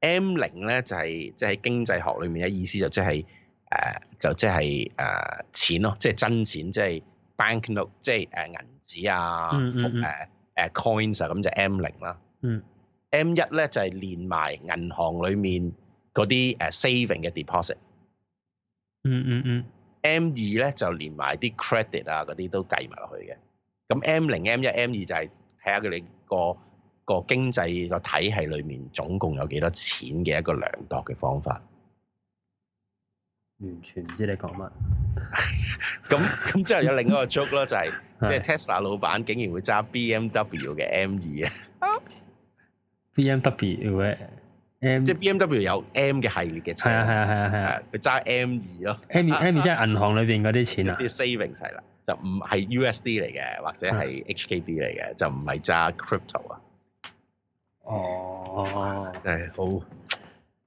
？M 零咧就係即係經濟學裏面嘅意思，就即係誒，就即係誒，就即係誒錢咯，即係真錢，即、就、係、是、banknote，即、就、係、是、誒、呃、銀紙啊，誒誒 coins 啊，咁就是、M 零啦。嗯。M 一咧就係連埋銀行裏面嗰啲誒 saving 嘅 deposit。嗯嗯嗯。M 二咧就連埋啲 credit 啊嗰啲都計埋落去嘅，咁 M 零、M、那、一、個、M 二就係睇下佢哋個個經濟個體系裏面總共有幾多錢嘅一個量度嘅方法。完全唔知你講乜。咁咁 之後有另一個 job 咯、就係，就係即 係 Tesla 老闆竟然會揸 BM BMW 嘅 M 二啊！BMW 喂誒，即係 B M W 有 M 嘅系列嘅車，係啊係啊係啊係啊，佢揸 M 二咯。M M 即係銀行裏邊嗰啲錢啊，啲 saving 就係啦，就唔係 U S D 嚟嘅，或者係 H K D 嚟嘅，就唔係揸 crypto 啊。哦，誒，好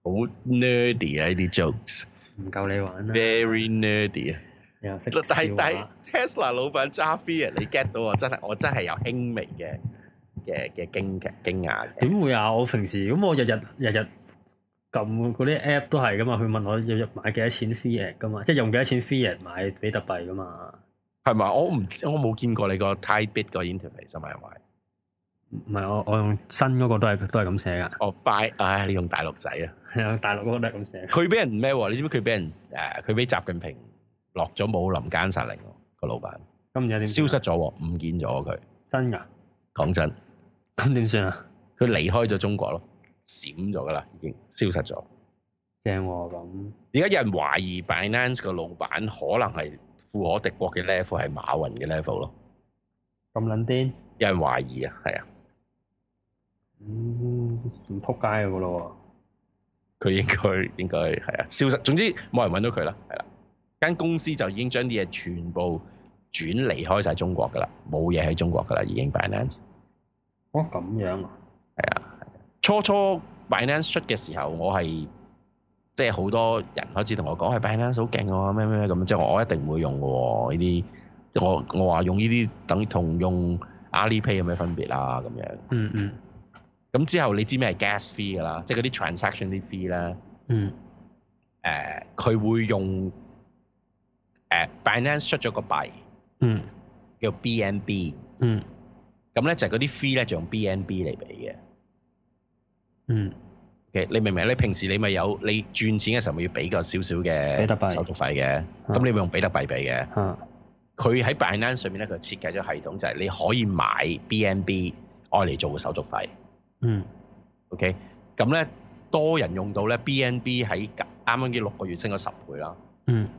好 nerdy 啊呢啲 jokes，唔夠你玩啊。Very nerdy 啊，又識笑啊。但係但係 Tesla 老闆揸車，你 get 到我真係我真係有輕微嘅。嘅嘅驚嘅驚訝，點會啊！我平時咁我日日日日撳嗰啲 app 都係噶嘛，佢問我日日買幾多錢 fee 嘅噶嘛，即係用幾多錢 fee 買比特幣噶嘛？係咪？我唔我冇見過你個 Tidebit 個 interview 係咪？唔係我我用新嗰個都係都係咁寫噶。哦，oh，by，唉，你用大陸仔啊？係啊，大陸嗰個都係咁寫。佢俾人咩？你知唔知佢俾人誒？佢俾習近平落咗武林奸殺令個老闆。咁有啲消失咗，唔見咗佢。真噶？講真。咁點算啊？佢離開咗中國咯，閃咗噶啦，已經消失咗。正喎，咁而家有人懷疑 Binance 個老闆可能係富可敵國嘅 level，係馬雲嘅 level 咯。咁撚癲？有人懷疑啊，係啊。嗯，唔撲街個咯喎。佢應該應該係啊，消失。總之冇人揾到佢啦，係啦，啊。間公司就已經將啲嘢全部轉離開晒中國噶啦，冇嘢喺中國噶啦，已經 Binance。哦，咁樣啊！係啊，初初 Binance 出嘅時候，我係即係好多人開始同我講，係 Binance 好勁啊，嘛，咩咩咁，即係我一定唔會用嘅喎呢啲。我我話用呢啲，等於同用 Alipay 有咩分別啊？咁樣。嗯嗯。咁、嗯、之後你知咩係 Gas Fee 噶啦？即係嗰啲 Transaction 啲 Fee 咧。嗯。誒、呃，佢會用誒 Binance、呃、出咗個幣。嗯。叫 BNB。B, 嗯。咁咧就係嗰啲 fee 咧就用 BNB 嚟俾嘅，嗯 okay，你明唔明？你平時你咪有你轉錢嘅時候咪要俾個少少嘅手續費嘅，咁、啊、你用比特幣俾嘅，佢喺、啊、binance 上面咧佢設計咗系統就係你可以買 BNB 愛嚟做嘅手續費，嗯，OK，咁咧多人用到咧 BNB 喺啱啱啲六個月升咗十倍啦，嗯，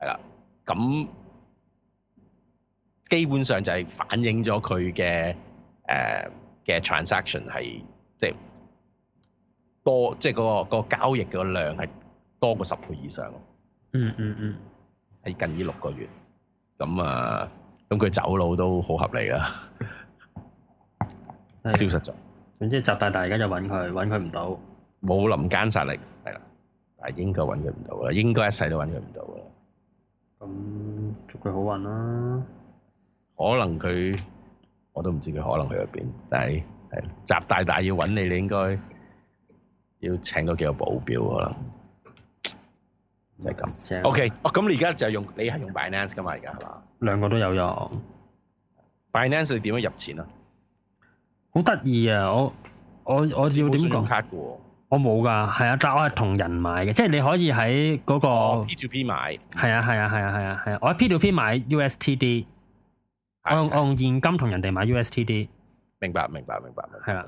係啦，咁。基本上就係反映咗佢嘅誒嘅、uh, transaction 係即係、就是、多，即係嗰個交易嘅量係多過十倍以上咯，嗯。嗯嗯嗯，係近呢六個月。咁啊，咁佢走佬都好合理噶， 是消失咗。總之，習大大而家就揾佢，揾佢唔到，冇臨間實力係啦，但係應該揾佢唔到啦，應該一世都揾佢唔到啦。咁祝佢好運啦！可能佢我都唔知佢可能去咗邊，但係係習大大要揾你，你應該要請多幾個保鏢可能，好 okay，你就係咁。O K，哦咁，而家就係用你係用 Binance 噶嘛？而家係嘛？兩個都有用。Binance 你點樣入錢啊？好得意啊！我我我要點講？卡噶我冇噶，係啊，但係我係同人買嘅，即係你可以喺嗰、那個、哦、P to P 買，係啊係啊係啊係啊係啊，啊，我喺 P to P 買 USTD。我用現金同人哋買 USDT 明白明白明白，係啦。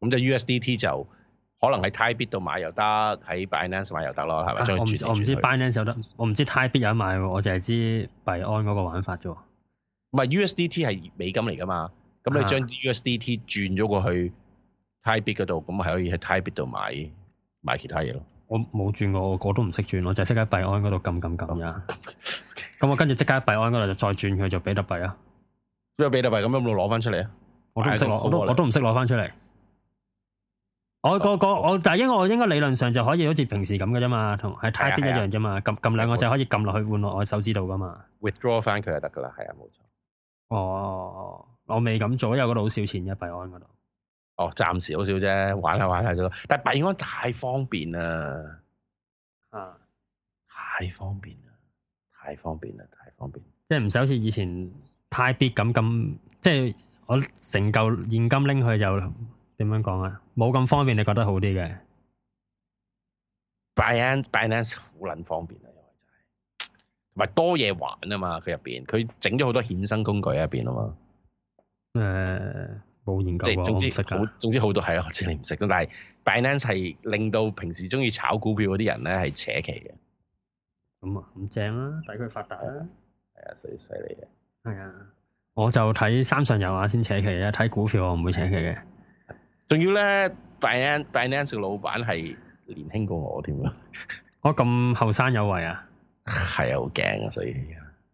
咁吧就 USDT 就可能喺 t y p e bit 度買又得，喺 Binance 買又得咯，係咪、啊？我唔知 Binance 有得，我唔知泰 bit 有得買喎。我就係知幣安嗰個玩法啫。唔係 USDT 係美金嚟噶嘛？咁你將 USDT 轉咗過去，啊、去 t y p e bit 嗰度，咁咪可以喺 t y p e bit 度買買其他嘢咯。我冇轉過，我都唔識轉，我就係識喺幣安嗰度撳撳撳呀。 咁我跟住即刻喺幣安嗰度就再轉佢做比特幣啊？邊有比特幣咁有冇攞翻出嚟啊、哎那個？我都唔識攞，我都、哦、我都唔識攞翻出嚟。我個個我但係應該我應該理論上就可以好似平時咁嘅啫嘛，同喺太邊一樣啫嘛。撳撳兩個掣可以撳落去換落我手指度噶嘛。Withdraw 翻佢就得噶啦，係啊，冇錯。哦，我未敢做，因為嗰度好少錢嘅幣安嗰度。哦，暫時好少啫，玩下玩下啫。但係幣安太方便啦，啊，太方便。太方便啦，太方便即。即係唔使好似以前太別咁咁，即係我成嚿現金拎去就點樣講啊？冇咁方便，你覺得好啲嘅？Binance，Binance 好撚方便啊，因為就係同埋多嘢玩啊嘛。佢入邊佢整咗好多衍生工具喺入邊啊嘛。誒、呃，冇研究，即係總之好，總之好多係咯，我知你唔識咁。但係 Binance 係令到平時中意炒股票嗰啲人咧係扯旗嘅。咁啊，咁正啊，睇佢發達啦，係啊，所以犀利嘅。係啊，我就睇三上悠亞啊，先扯旗啊。睇股票我唔會扯旗嘅。仲要咧，Binance Binance 嘅老闆係年輕過我添、 哦、啊！我咁後生有為啊！係啊，好驚啊！所以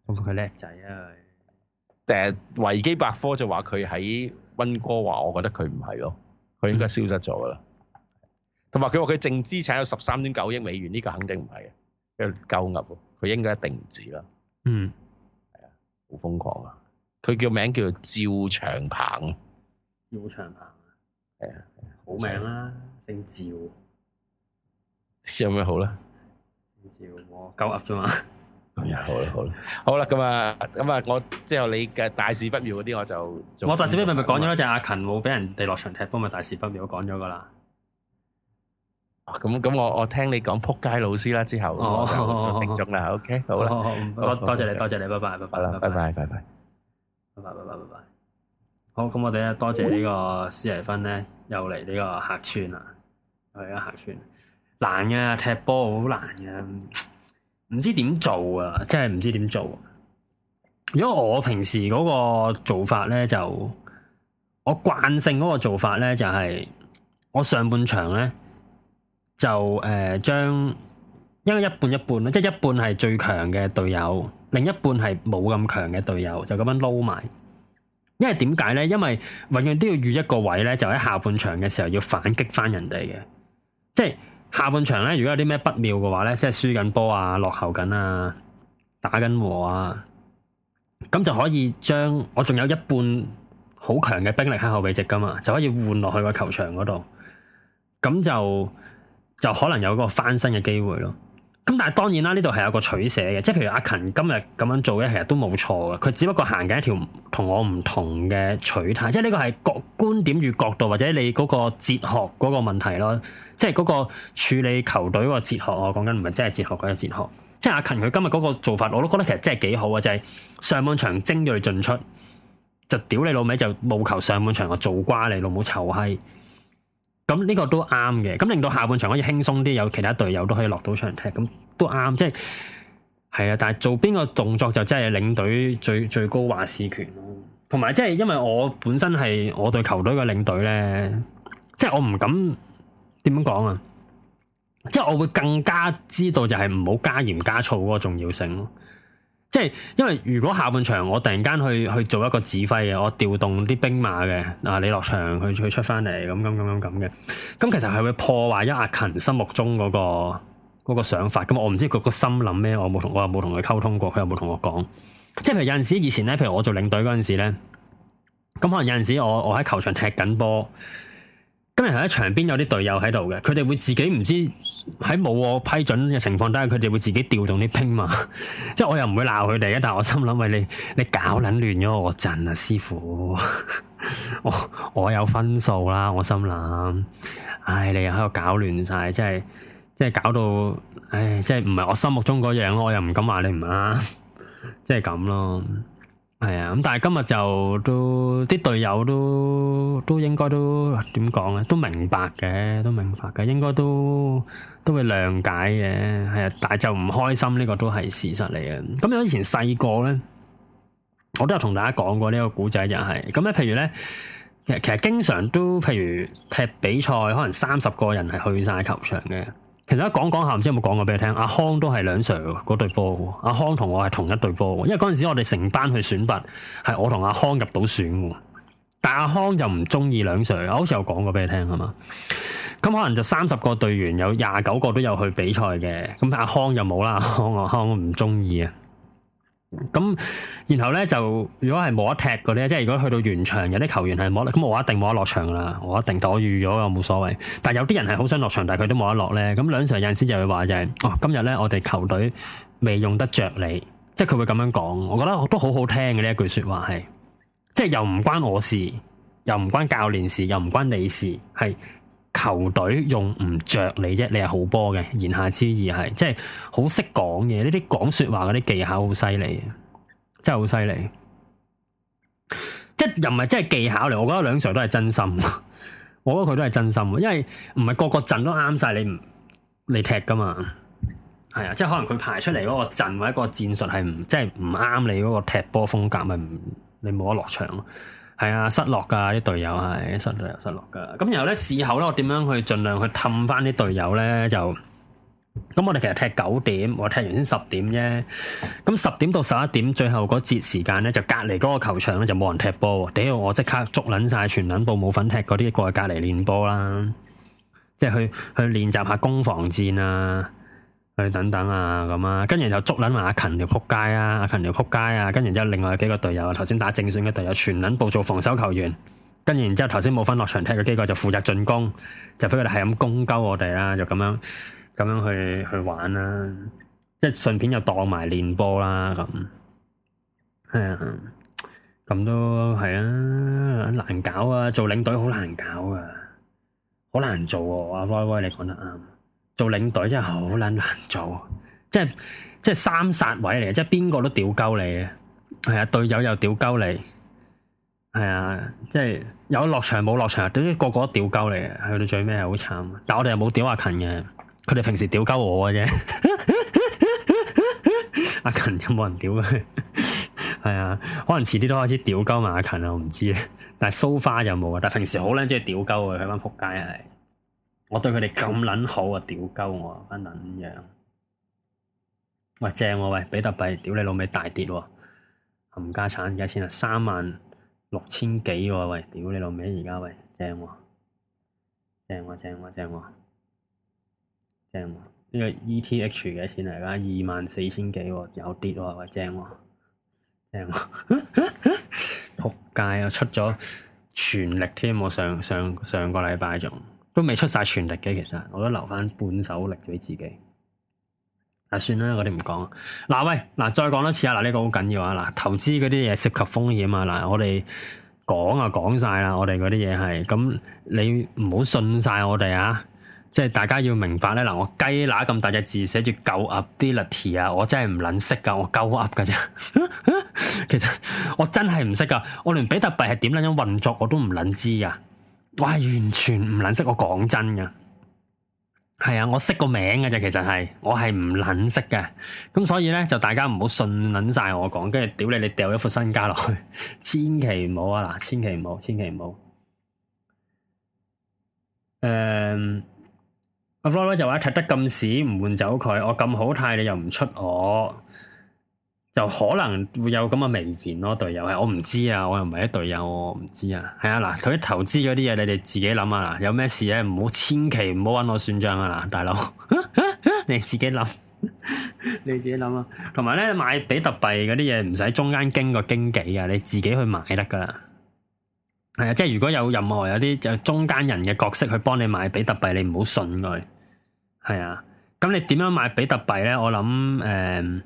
咁佢叻仔啊！誒維基百科就話佢喺温哥華，我覺得佢唔係咯，佢應該消失咗㗎啦。同埋佢話佢淨資產有十三點九億美元，呢、呢個肯定唔係啊！嘅鳩噏咯，佢應該一定唔止啦。嗯，係啊，好瘋狂啊！佢叫名叫做趙長鵬。趙長鵬啊，係啊，係啊，好名啦，鵬姓趙。有咩好咧？姓趙我鳩噏啫嘛。咁又好啦，好啦，好啦，咁啊，咁啊，我之後你嘅大事不妙嗰啲，我就 我大事不妙咪咪講咗啦，就為阿勤冇俾人哋落場踢波咪大事不妙，我講咗噶啦。咁咁，我我聽你講扑街老師啦，之後停鐘啦，OK，好啦，多多謝你，多謝你，拜拜，拜拜啦，拜拜，拜拜，拜拜，拜拜，拜好。咁我哋咧多謝呢個史提芬咧，又嚟呢個客串啦，係啊，客串難嘅，踢波好難嘅，唔知點做啊，真係唔知點做。如果我平時嗰個做法咧，就我慣性嗰個做法咧，就係我上半場咧。就誒，將、呃、因為一半一半啦，即、就、係、是、一半係最強嘅隊友，另一半係冇咁強嘅隊友，就咁樣撈埋。因為點解呢？因為永遠都要預一個位呢，就喺下半場嘅時候要反擊翻人哋嘅。即係下半場呢，如果有啲咩不妙嘅話呢，即係輸緊波啊，落後緊啊，打緊和啊，咁就可以將我仲有一半好強嘅兵力喺後備席噶嘛，就可以換落去個球場嗰度，咁就。就可能有個翻身嘅機會咯。咁但係當然啦，呢度係有個取捨嘅，即係譬如阿勤今日咁樣做咧，其實都冇錯嘅。佢只不過行緊一條我同我唔同嘅取態，即係呢個係各觀點與角度，或者你嗰個哲學嗰個問題咯。即係嗰個處理球隊個哲學，我講緊唔係真係哲學嗰個哲學。即係阿勤佢今日嗰個做法，我都覺得其實真係幾好啊。就係上半場精鋭進出，就屌你老味，就務求上半場，我做瓜你老母臭閪。咁呢個都啱嘅，咁令到下半場可以輕鬆啲，有其他隊友都可以落到場踢，咁都啱，即係係啊。但係做邊個動作就真係領隊最最高話事權咯，同埋即係因為我本身係我對球隊嘅領隊呢，即係我唔敢點樣講啊，即係我會更加知道就係唔好加鹽加醋嗰個重要性咯。即係，因為如果下半場我突然間去去做一個指揮嘅，我調動啲兵馬嘅，啊，你落場去去出翻嚟，咁咁咁咁咁嘅，咁其實係會破壞一阿勤心目中嗰、嗰個、嗰個想法。咁我唔知佢個心諗咩，我冇同我冇同佢溝通過，佢有冇同我講。即係譬如有陣時以前咧，譬如我做領隊嗰陣時咧，咁、嗯、可能有陣時我我喺球場踢緊波，今日係喺場邊有啲隊友喺度嘅，佢哋會自己唔知。喺冇我批准嘅情況底下，佢哋會自己調動啲兵嘛？ 即係我又唔會鬧佢哋啊，但係我心諗，喂，你你搞捻亂咗我陣啊，師傅， 我我有分數啦，我心諗，唉，你又喺度搞亂晒，即係即係搞到，唉，即係唔係我心目中嗰樣咯，我又唔敢話你唔啱，即係咁咯。係啊，咁但係今日就都啲隊友都都應該都點講咧？都明白嘅，都明白嘅，應該都都會諒解嘅，係啊。但係就唔開心呢個都係事實嚟嘅。咁我以前細個咧，我都有同大家講過呢個古仔就係咁咧。譬如咧，其實其實經常都譬如踢比賽，可能三十個人係去晒球場嘅。其實講講下，唔知有冇講過俾你聽。阿康都係兩 Sir 嗰隊波，阿康同我係同一隊波。因為嗰陣時我哋成班去選拔，係我同阿康入到選。但阿康就唔中意兩 Sir，我好似有講過俾你聽係嘛？咁可能就三十個隊員有廿九個都有去比賽嘅，咁阿康就冇啦。阿康阿康唔中意啊。咁然後咧，就如果係冇得踢嗰啲，即係如果去到完場有啲球員係冇，咁我一定冇得落場啦，我一定。但係我預咗又冇所謂。但係有啲人係好想落場，但係佢都冇得落咧。咁兩場有陣時就會話就係哦，今日咧我哋球隊未用得着你，即係佢會咁樣講。我覺得都好好聽嘅呢一句說話，係即係又唔關我事，又唔關教練事，又唔關你事，係。球隊用唔着你啫，你係好波嘅，言下之意係即係好識講嘢，呢啲講說話嗰啲技巧好犀利，真係好犀利。即係又唔係真係技巧嚟，我覺得兩 s 都係真心。我覺得佢都係真心，因為唔係個個陣都啱晒你，你，你踢噶嘛。係啊，即係可能佢排出嚟嗰個陣或者個戰術係唔即係唔啱你嗰個踢波風格，咪、就、唔、是、你冇得落場咯。係啊，失落噶，啲隊友係失落又失落噶。咁然後咧，事後咧，我點樣去盡量去氹翻啲隊友咧？就咁我哋其實踢九點，我踢完先十點啫。咁十點到十一點，最後嗰節時間咧，就隔籬嗰個球場咧就冇人踢波。屌，我即刻捉捻晒全捻部冇份踢嗰啲過嚟隔籬練波啦，即係去去練習下攻防戰啊！等等啊咁啊，跟住就捉捻埋阿勤條撲街啊，阿勤條撲街啊，跟住之後另外幾個隊友，頭先打正選嘅隊友全捻部做防守球員，跟住然之後頭先冇翻落場踢嘅機構就負責進攻，就俾佢哋係咁攻鳩我哋啦，就咁樣咁樣去去玩啦，即係順便又當埋練波啦咁，係啊，咁都係啊，難搞啊，做領隊好難搞啊，好難做啊，阿威威你講得啱。做領隊真係好撚難做，即係即係三殺位嚟嘅，即係邊個都屌鳩你嘅，係啊，隊友又屌鳩你，係啊，即係有落場冇落場，總之個個都屌鳩你，去到最尾係好慘。但係我哋又冇屌阿勤嘅，佢哋平時屌鳩我嘅啫。 阿勤有冇人屌佢？係啊，可能遲啲都開始屌鳩埋阿勤啊，我唔知。但係 so far 就冇啊，但係平時好撚中意屌鳩嘅，佢班扑街係。我對佢哋咁撚好啊！屌鳩我，翻撚樣？喂，正喎喂，比特幣，屌你老味大跌喎，冚家產而家先啊，三萬六千幾喎喂，屌你老味而家喂，正喎，正喎，正喎，正喎！呢個 ETH 幾多錢嚟噶？二萬四千幾喎，有跌喎喂，正喎，正喎！仆街啊，出咗全力添，我上上上個禮拜仲，都未出晒全力嘅，其實我都留翻半手力畀自己。啊，算啦，我哋唔講。嗱，喂，嗱，再講多次啊！嗱，呢個好緊要啊！嗱，投資嗰啲嘢，涉及風險啊！嗱，我哋講啊講晒啦，我哋嗰啲嘢係咁，你唔好信晒我哋啊！即係大家要明白咧，嗱，我雞乸咁大隻字寫住九 up dilatia，我真係唔撚識噶，我九 up 噶啫。其實我真係唔識噶，我連比特幣係點樣樣運作我都唔撚知噶。我係完全唔捻識我真，我講真噶，係啊，我識個名嘅啫，其實係我係唔捻識嘅，咁所以咧就大家唔好信捻晒我講，跟住屌你，你掉一副身家落去， 千祈唔好啊，嗱，千祈唔好，千祈唔好，誒、er，阿 Fly 就話踢得咁屎，唔換走佢，我咁好態你又唔出我。就可能會有咁嘅微言咯、啊，隊友係我唔知啊，我又唔係一隊友，我唔知啊。係啊，嗱，佢啲投資嗰啲嘢，你哋自己諗啊。嗱，有咩事咧，唔好千祈唔好揾我算賬啊，嗱，大佬，你自己諗， 你自己諗啊。同埋咧，買比特幣嗰啲嘢唔使中間經過經紀啊，你自己去買得噶啦。係啊，即係如果有任何有啲就中間人嘅角色去幫你買比特幣，你唔好信佢。係啊，咁你點樣買比特幣咧？我諗誒。嗯。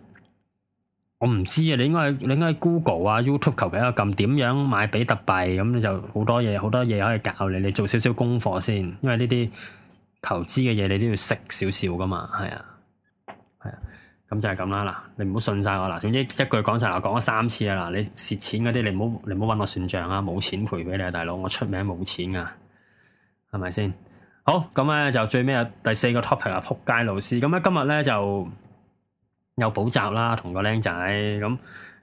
我唔知啊，你應該你應該 Google 啊 YouTube 求其一個撳點樣買比特幣咁，你就好多嘢好多嘢可以教你。你做少少功課先，因為呢啲投資嘅嘢你都要識少少噶嘛，係啊係啊，咁、啊、就係咁啦。嗱，你唔好信晒我嗱，總之一句講晒啦，講咗三次啊嗱，你蝕錢嗰啲你唔好你唔好搵我算賬啊，冇錢賠俾你啊，大佬，我出名冇錢噶、啊，係咪先？好，咁咧就最尾啊，第四個 topic 啊，仆街老師，咁咧今日咧就。有補習啦，同個僆仔咁，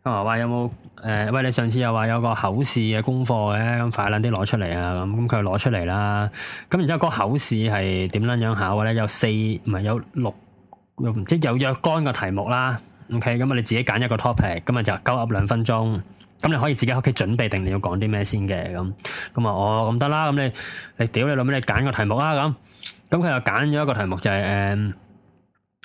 話話有冇誒？喂，你上次又話有個口試嘅功課嘅，咁快捻啲攞出嚟啊！咁，咁佢又攞出嚟啦。咁然之後個口試係點捻樣考嘅咧？有四唔係有六，即係有若干個題目啦。O K，咁啊你自己揀一個 topic，咁啊就鳩噏兩分鐘。咁你可以自己喺屋企準備定你要講啲咩先嘅咁。咁啊，我咁得啦。咁你你屌你老味，你揀個題目啊！咁咁佢又揀咗一個題目就係誒。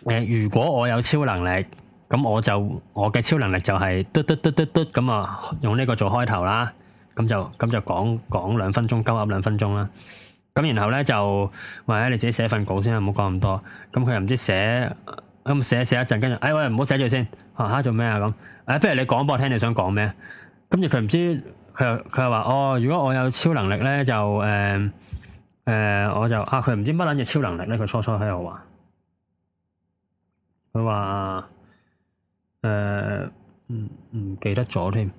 誒，如果我有超能力，咁我就我嘅超能力就係嘟嘟嘟嘟嘟咁啊，用呢個做開頭啦，咁就咁就講講兩分鐘，夠噏兩分鐘啦。咁然後咧就，或、哎、者你自己寫份稿先，唔好講咁多。咁佢又唔知寫咁寫寫一陣，跟住誒喂，唔好寫住先，吓做咩啊咁？誒、啊啊啊啊，不如你講俾我聽，你想講咩？跟住佢唔知，佢又佢又話，哦，如果我有超能力咧，就誒誒、呃呃，我就啊，佢唔知乜撚嘢超能力咧，佢初初喺度話。佢話誒，唔唔、呃嗯、記得咗添，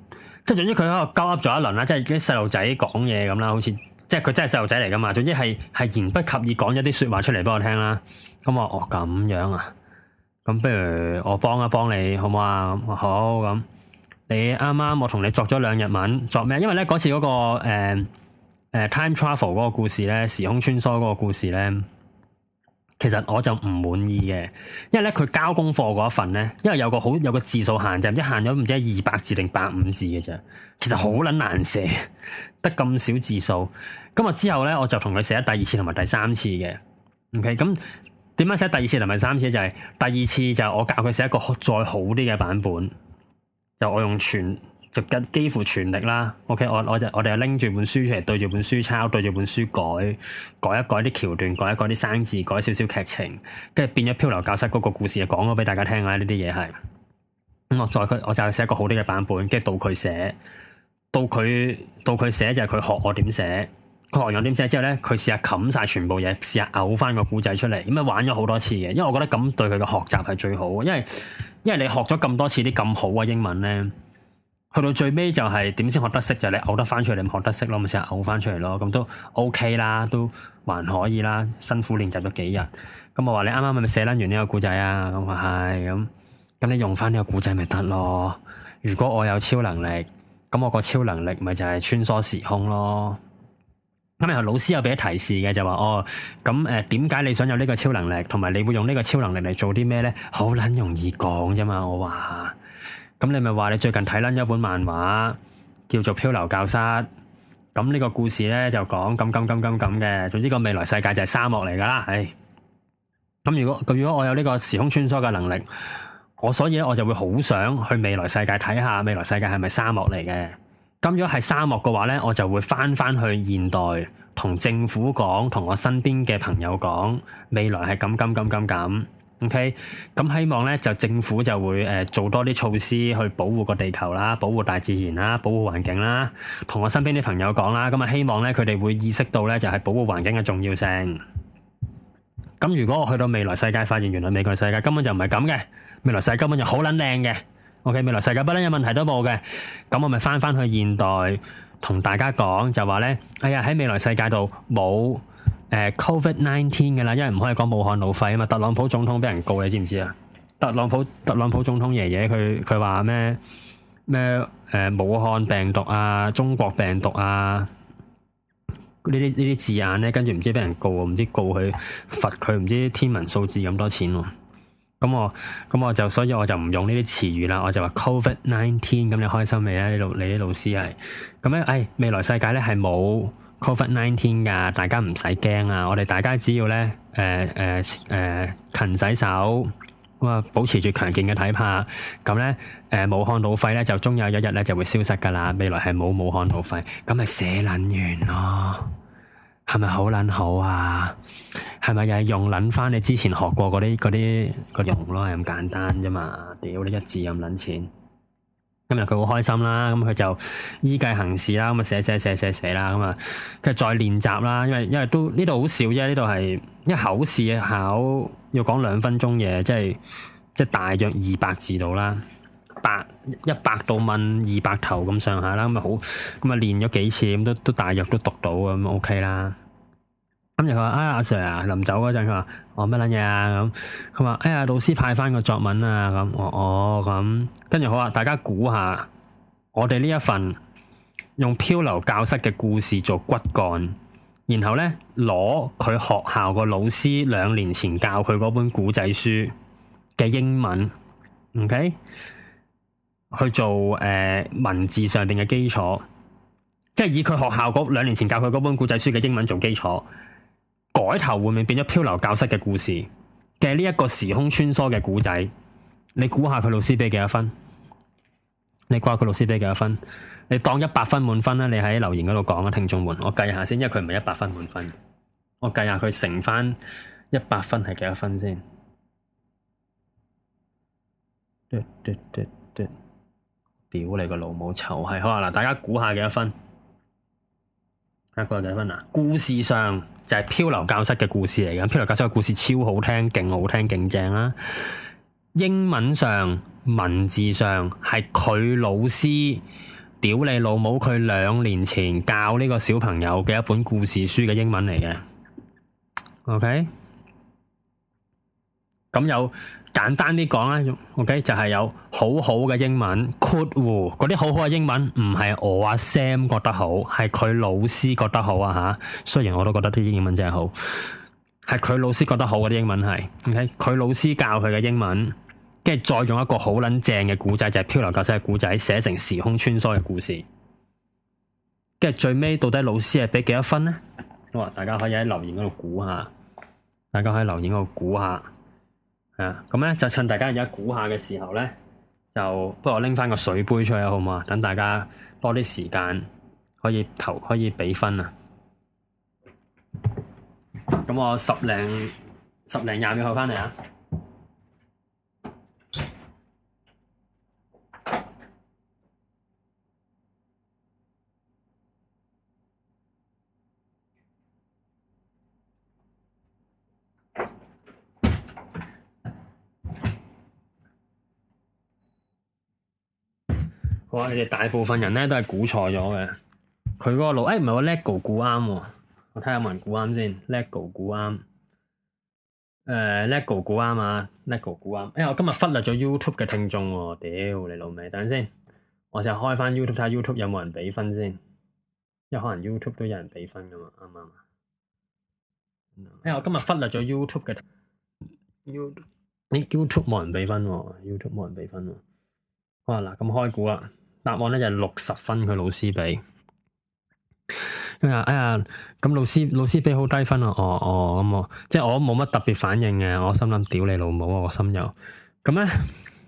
即係總之佢喺度鳩噏咗一輪啦，即係啲細路仔講嘢咁啦，好似即係佢真係細路仔嚟噶嘛，總之係係言不及義講一啲說話出嚟俾我聽啦。咁啊，哦咁樣啊，咁不如我幫一幫你好唔好啊？好咁，好你啱啱我同你作咗兩日文作咩？因為咧嗰次嗰、那個誒誒、呃呃、time travel 嗰個故事咧，時空穿梭嗰個故事咧。其實我就唔滿意嘅，因為咧佢交功課嗰一份咧，因為有個好有個字數限制，唔知限咗唔知二百字定百五字嘅啫。其實好撚難寫，得咁少字數。今日之後咧，我就同佢寫第二次同埋第三次嘅。OK，咁點樣寫第二次同埋三次咧？就係、是、第二次就係我教佢寫一個再好啲嘅版本，就我用全。就嘅幾乎全力啦，OK，我我就我哋又拎住本書出嚟，對住本書抄，對住本書改，改一改啲橋段，改一改啲生字，改少少劇情，跟住變咗《漂流教室》嗰個故事，就講咗俾大家聽啊！呢啲嘢係咁我再我就寫一個好啲嘅版本，跟住到佢寫，到佢到佢寫就係佢學我點寫，佢學我點寫之後咧，佢試下冚晒全部嘢，試下嘔翻個古仔出嚟，咁啊玩咗好多次嘅，因為我覺得咁對佢嘅學習係最好，因為因為你學咗咁多次啲咁好嘅英文咧。去到最尾就係點先學得識就係，你嘔得翻出嚟，咪學得識咯，咪成日嘔翻出嚟咯，咁都 OK 啦，都還可以啦，辛苦練習咗幾日。咁、嗯、我話你啱啱咪寫捻完呢個故仔啊，咁啊係，咁咁你用翻呢個故仔咪得咯。如果我有超能力，咁我個超能力咪就係穿梭時空咯。咁、嗯、然後老師有俾提示嘅就話哦，咁誒，點、欸、解你想有呢個超能力，同埋你會用呢個超能力嚟做啲咩咧？好捻容易講啫嘛，我話。咁你咪話你最近睇撚咗一本漫畫叫做《漂流教室》，咁呢個故事咧就講咁咁咁咁咁嘅。總之個未來世界就係沙漠嚟噶啦，唉。咁如果咁如果我有呢個時空穿梭嘅能力，我所以咧我就會好想去未來世界睇下未來世界係咪沙漠嚟嘅。咁如果係沙漠嘅話咧，我就會翻翻去現代同政府講，同我身邊嘅朋友講，未來係咁咁咁咁咁。OK，咁希望咧就政府就會誒做多啲措施去保護個地球啦，保護大自然啦，保護環境啦，同我身邊啲朋友講啦，咁啊希望咧佢哋會意識到咧就係保護環境嘅重要性。咁如果我去到未來世界，發現原來美國世界根本就唔係咁嘅，未來世界根本就好捻靚嘅。OK，未來世界不嬲有問題都冇嘅。咁我咪翻翻去現代同大家講就話咧，哎呀喺未來世界度冇。誒、呃、，Covid nineteen 嘅啦，因為唔可以講武漢勞肺啊嘛。特朗普總統俾人告，你知唔知啊？特朗普特朗普總統爺爺，佢佢話咩咩？誒、呃，武漢病毒啊，中國病毒啊，呢啲呢啲字眼咧，跟住唔知俾人告，唔知告佢罰佢，唔知天文數字咁多錢喎、啊。咁我咁我就所以我就唔用呢啲詞語啦，我就話 Covid nineteen，咁你開心未啊？老你啲老師係咁咧，誒、哎，未來世界咧係冇。COVID Nineteen 噶，19, 大家唔使驚啊！我哋大家只要咧，誒誒誒勤洗手，咁、呃、啊保持住強健嘅體魄，咁咧誒武漢老肺咧就終有一日咧就會消失噶啦，未來係冇武漢老肺，咁咪寫捻完咯，係咪好捻好啊？係咪又係用捻翻你之前學過嗰啲嗰啲嗰啲用咯，咁簡單啫嘛？屌，你一字咁捻錢。今日佢好開心啦，咁、嗯、佢就依計行事啦，咁啊寫寫寫寫寫啦，咁啊佢再練習啦，因為因為都呢度好少啫，呢度係一口試，考試考要講兩分鐘嘢，即係即係大約二百字度啦，百一百到問二百頭咁上下啦，咁啊好咁啊練咗幾次，咁都都大約都讀到咁啊 OK 啦。咁又話阿阿 Sir 啊，Sir, 臨走嗰陣佢話我乜捻嘢啊咁，佢話哎呀，老師派翻個作文啊咁，哦哦咁，跟住好啊，大家估下我哋呢一份用漂流教室嘅故事做骨幹，然後呢，攞佢學校個老師兩年前教佢嗰本古仔書嘅英文，OK 去做誒、呃、文字上邊嘅基礎，即係以佢學校嗰兩年前教佢嗰本古仔書嘅英文做基礎。改頭換面變咗漂流教室嘅故事嘅呢一個時空穿梭嘅古仔，你估下佢老師俾幾多分？你估下佢老師俾幾多分？你當一百分滿分啦，你喺留言嗰度講啦，聽眾們，我計下先，因為佢唔係一百分滿分，我計下佢乘翻一百分係幾多分先？屌你個老母臭閪！好啊，大家估下幾多分？一個幾分啊？故事上。就係漂流教室嘅故事嚟㗎，漂流教室嘅故事超好聽，勁好聽，勁正啦、啊！英文上、文字上係佢老師屌你老母，佢兩年前教呢個小朋友嘅一本故事書嘅英文嚟嘅。OK，咁、嗯、有。簡單啲講啦，OK 就係有好好嘅英文 good 胡，嗰啲好好嘅英文唔係我阿 Sam 覺得好，係佢老師覺得好啊吓。雖然我都覺得啲英文真係好，係佢老師覺得好嗰啲英文係，OK 佢老師教佢嘅英文，跟住再用一個好撚正嘅古仔，就係、是、漂流教室嘅古仔，寫成時空穿梭嘅故事，跟住最尾到底老師係俾幾多分呢？哇、哦！大家可以喺留言嗰度估下，大家可以留言嗰度估下。啊，咁咧就趁大家而家估下嘅時候咧，就不如我拎翻個水杯出嚟，好唔好啊？等大家多啲時間可以投，可以畀分啊！咁我十零十零廿秒後翻嚟啊！我話你哋大部分人咧都係估錯咗嘅，佢嗰個路，誒唔係我 lego 估啱，我睇下有冇人估啱先，lego 估啱，誒、呃、lego 估啱啊，lego 估啱，哎、欸、我今日忽略咗 YouTube 嘅聽眾喎、哦，屌你老味，等陣先，我先開翻 YouTube 睇下 YouTube 有冇人畀分先，因為可能 YouTube 都有人畀分噶嘛，啱唔啱啊？哎我今日忽略咗 YouTube 嘅，You，你 YouTube 冇人俾分，YouTube 冇人俾分，哇嗱咁開估啦。答案咧就六十分，佢老師俾。哎呀，哎呀，咁老師老師俾好低分啊！哦哦咁哦，我即係我冇乜特別反應嘅，我心諗屌你老母啊！我心又咁咧，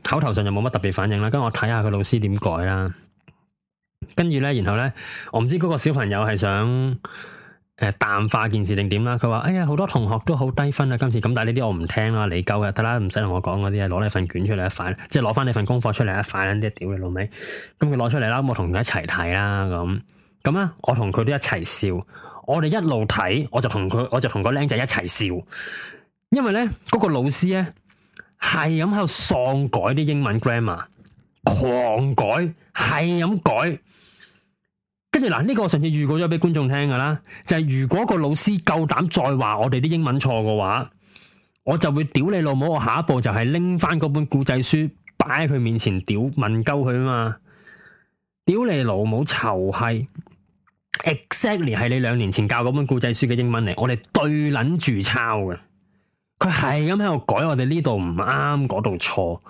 口頭上就冇乜特別反應啦。跟住我睇下佢老師點改啦。跟住咧，然後咧，我唔知嗰個小朋友係想，誒淡化件事定點啦？佢話，哎呀，好多同學都好低分啊！今次咁，但係呢啲我唔聽啦，你鳩嘅夠嘅得啦，唔使同我講嗰啲啊，攞你份卷出嚟一塊，即係攞翻你份功課出嚟一塊，啲屌你老味。咁佢攞出嚟啦，嗯，我同佢一齊睇啦，咁咁啊，我同佢都一齊笑，我哋一路睇，我就同佢，我就同個僆仔一齊笑，因為咧嗰、嗰個老師咧係咁喺度喪改啲英文 grammar，狂改係咁改。嗱，呢、這個我上次預告咗俾觀眾聽噶啦，就係、是、如果個老師夠膽再話我哋啲英文錯嘅話，我就會屌你老母！我下一步就係拎翻嗰本故仔書擺喺佢面前屌問鳩佢啊嘛！屌你老母，臭閪！Exactly 係你兩年前教嗰本故仔書嘅英文嚟，我哋對捻住抄嘅，佢係咁喺度改我哋呢度唔啱，嗰度錯。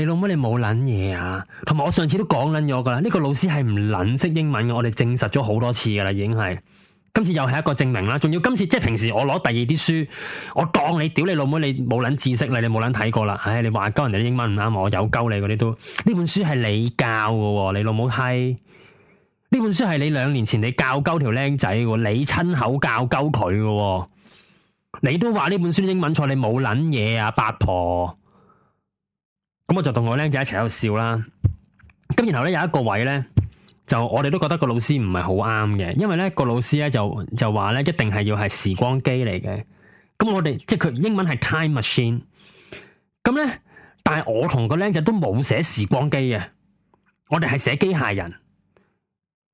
你老母你冇捻嘢啊！同埋我上次都講捻咗噶啦，呢個老師係唔捻識英文嘅，我哋證實咗好多次噶啦，已經係今次又係一個證明啦。仲要今次即係平時我攞第二啲書，我當你屌你老母你冇捻知識啦，你冇捻睇過啦，唉，你話鳩人哋啲英文唔啱，我有鳩你嗰啲都呢本書係你教噶，你老母閪！呢本書係你兩年前你教鳩條僆仔，你親口教鳩佢噶，你都話呢本書英文錯，你冇捻嘢啊，八婆！咁我就同個僆仔一齊喺度笑啦。咁然後咧有一個位咧，就我哋都覺得個老師唔係好啱嘅，因為咧個老師咧就就話咧一定係要係時光機嚟嘅。咁我哋即係佢英文係 Time Machine。咁咧，但係我同個僆仔都冇寫時光機啊。我哋係寫機械人。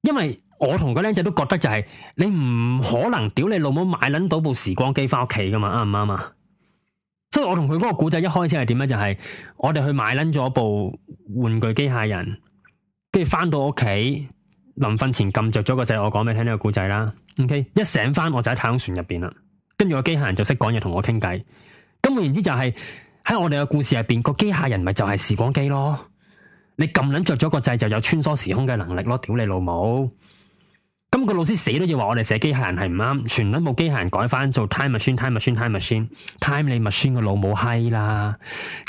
因為我同個僆仔都覺得就係你唔可能屌你老母買捻到部時光機翻屋企噶嘛，啱唔啱啊？所以我同佢嗰個古仔一開始係點咧？就係我哋去買捻咗部玩具機械人，跟住翻到屋企，臨瞓前撳着咗個掣。我講俾你聽呢個古仔啦。OK，一醒翻我就喺太空船入邊啦。跟住個機械人就識講嘢同我傾偈。咁換言之就係喺我哋嘅故事入邊，個機械人咪就係時光機咯。你撳捻着咗個掣就有穿梭時空嘅能力咯。屌你老母！咁個老師死都要話我哋寫機械人係唔啱，全撚部機械人改翻做 time machine，time machine，time machine，time 你 machine 個老母閪啦！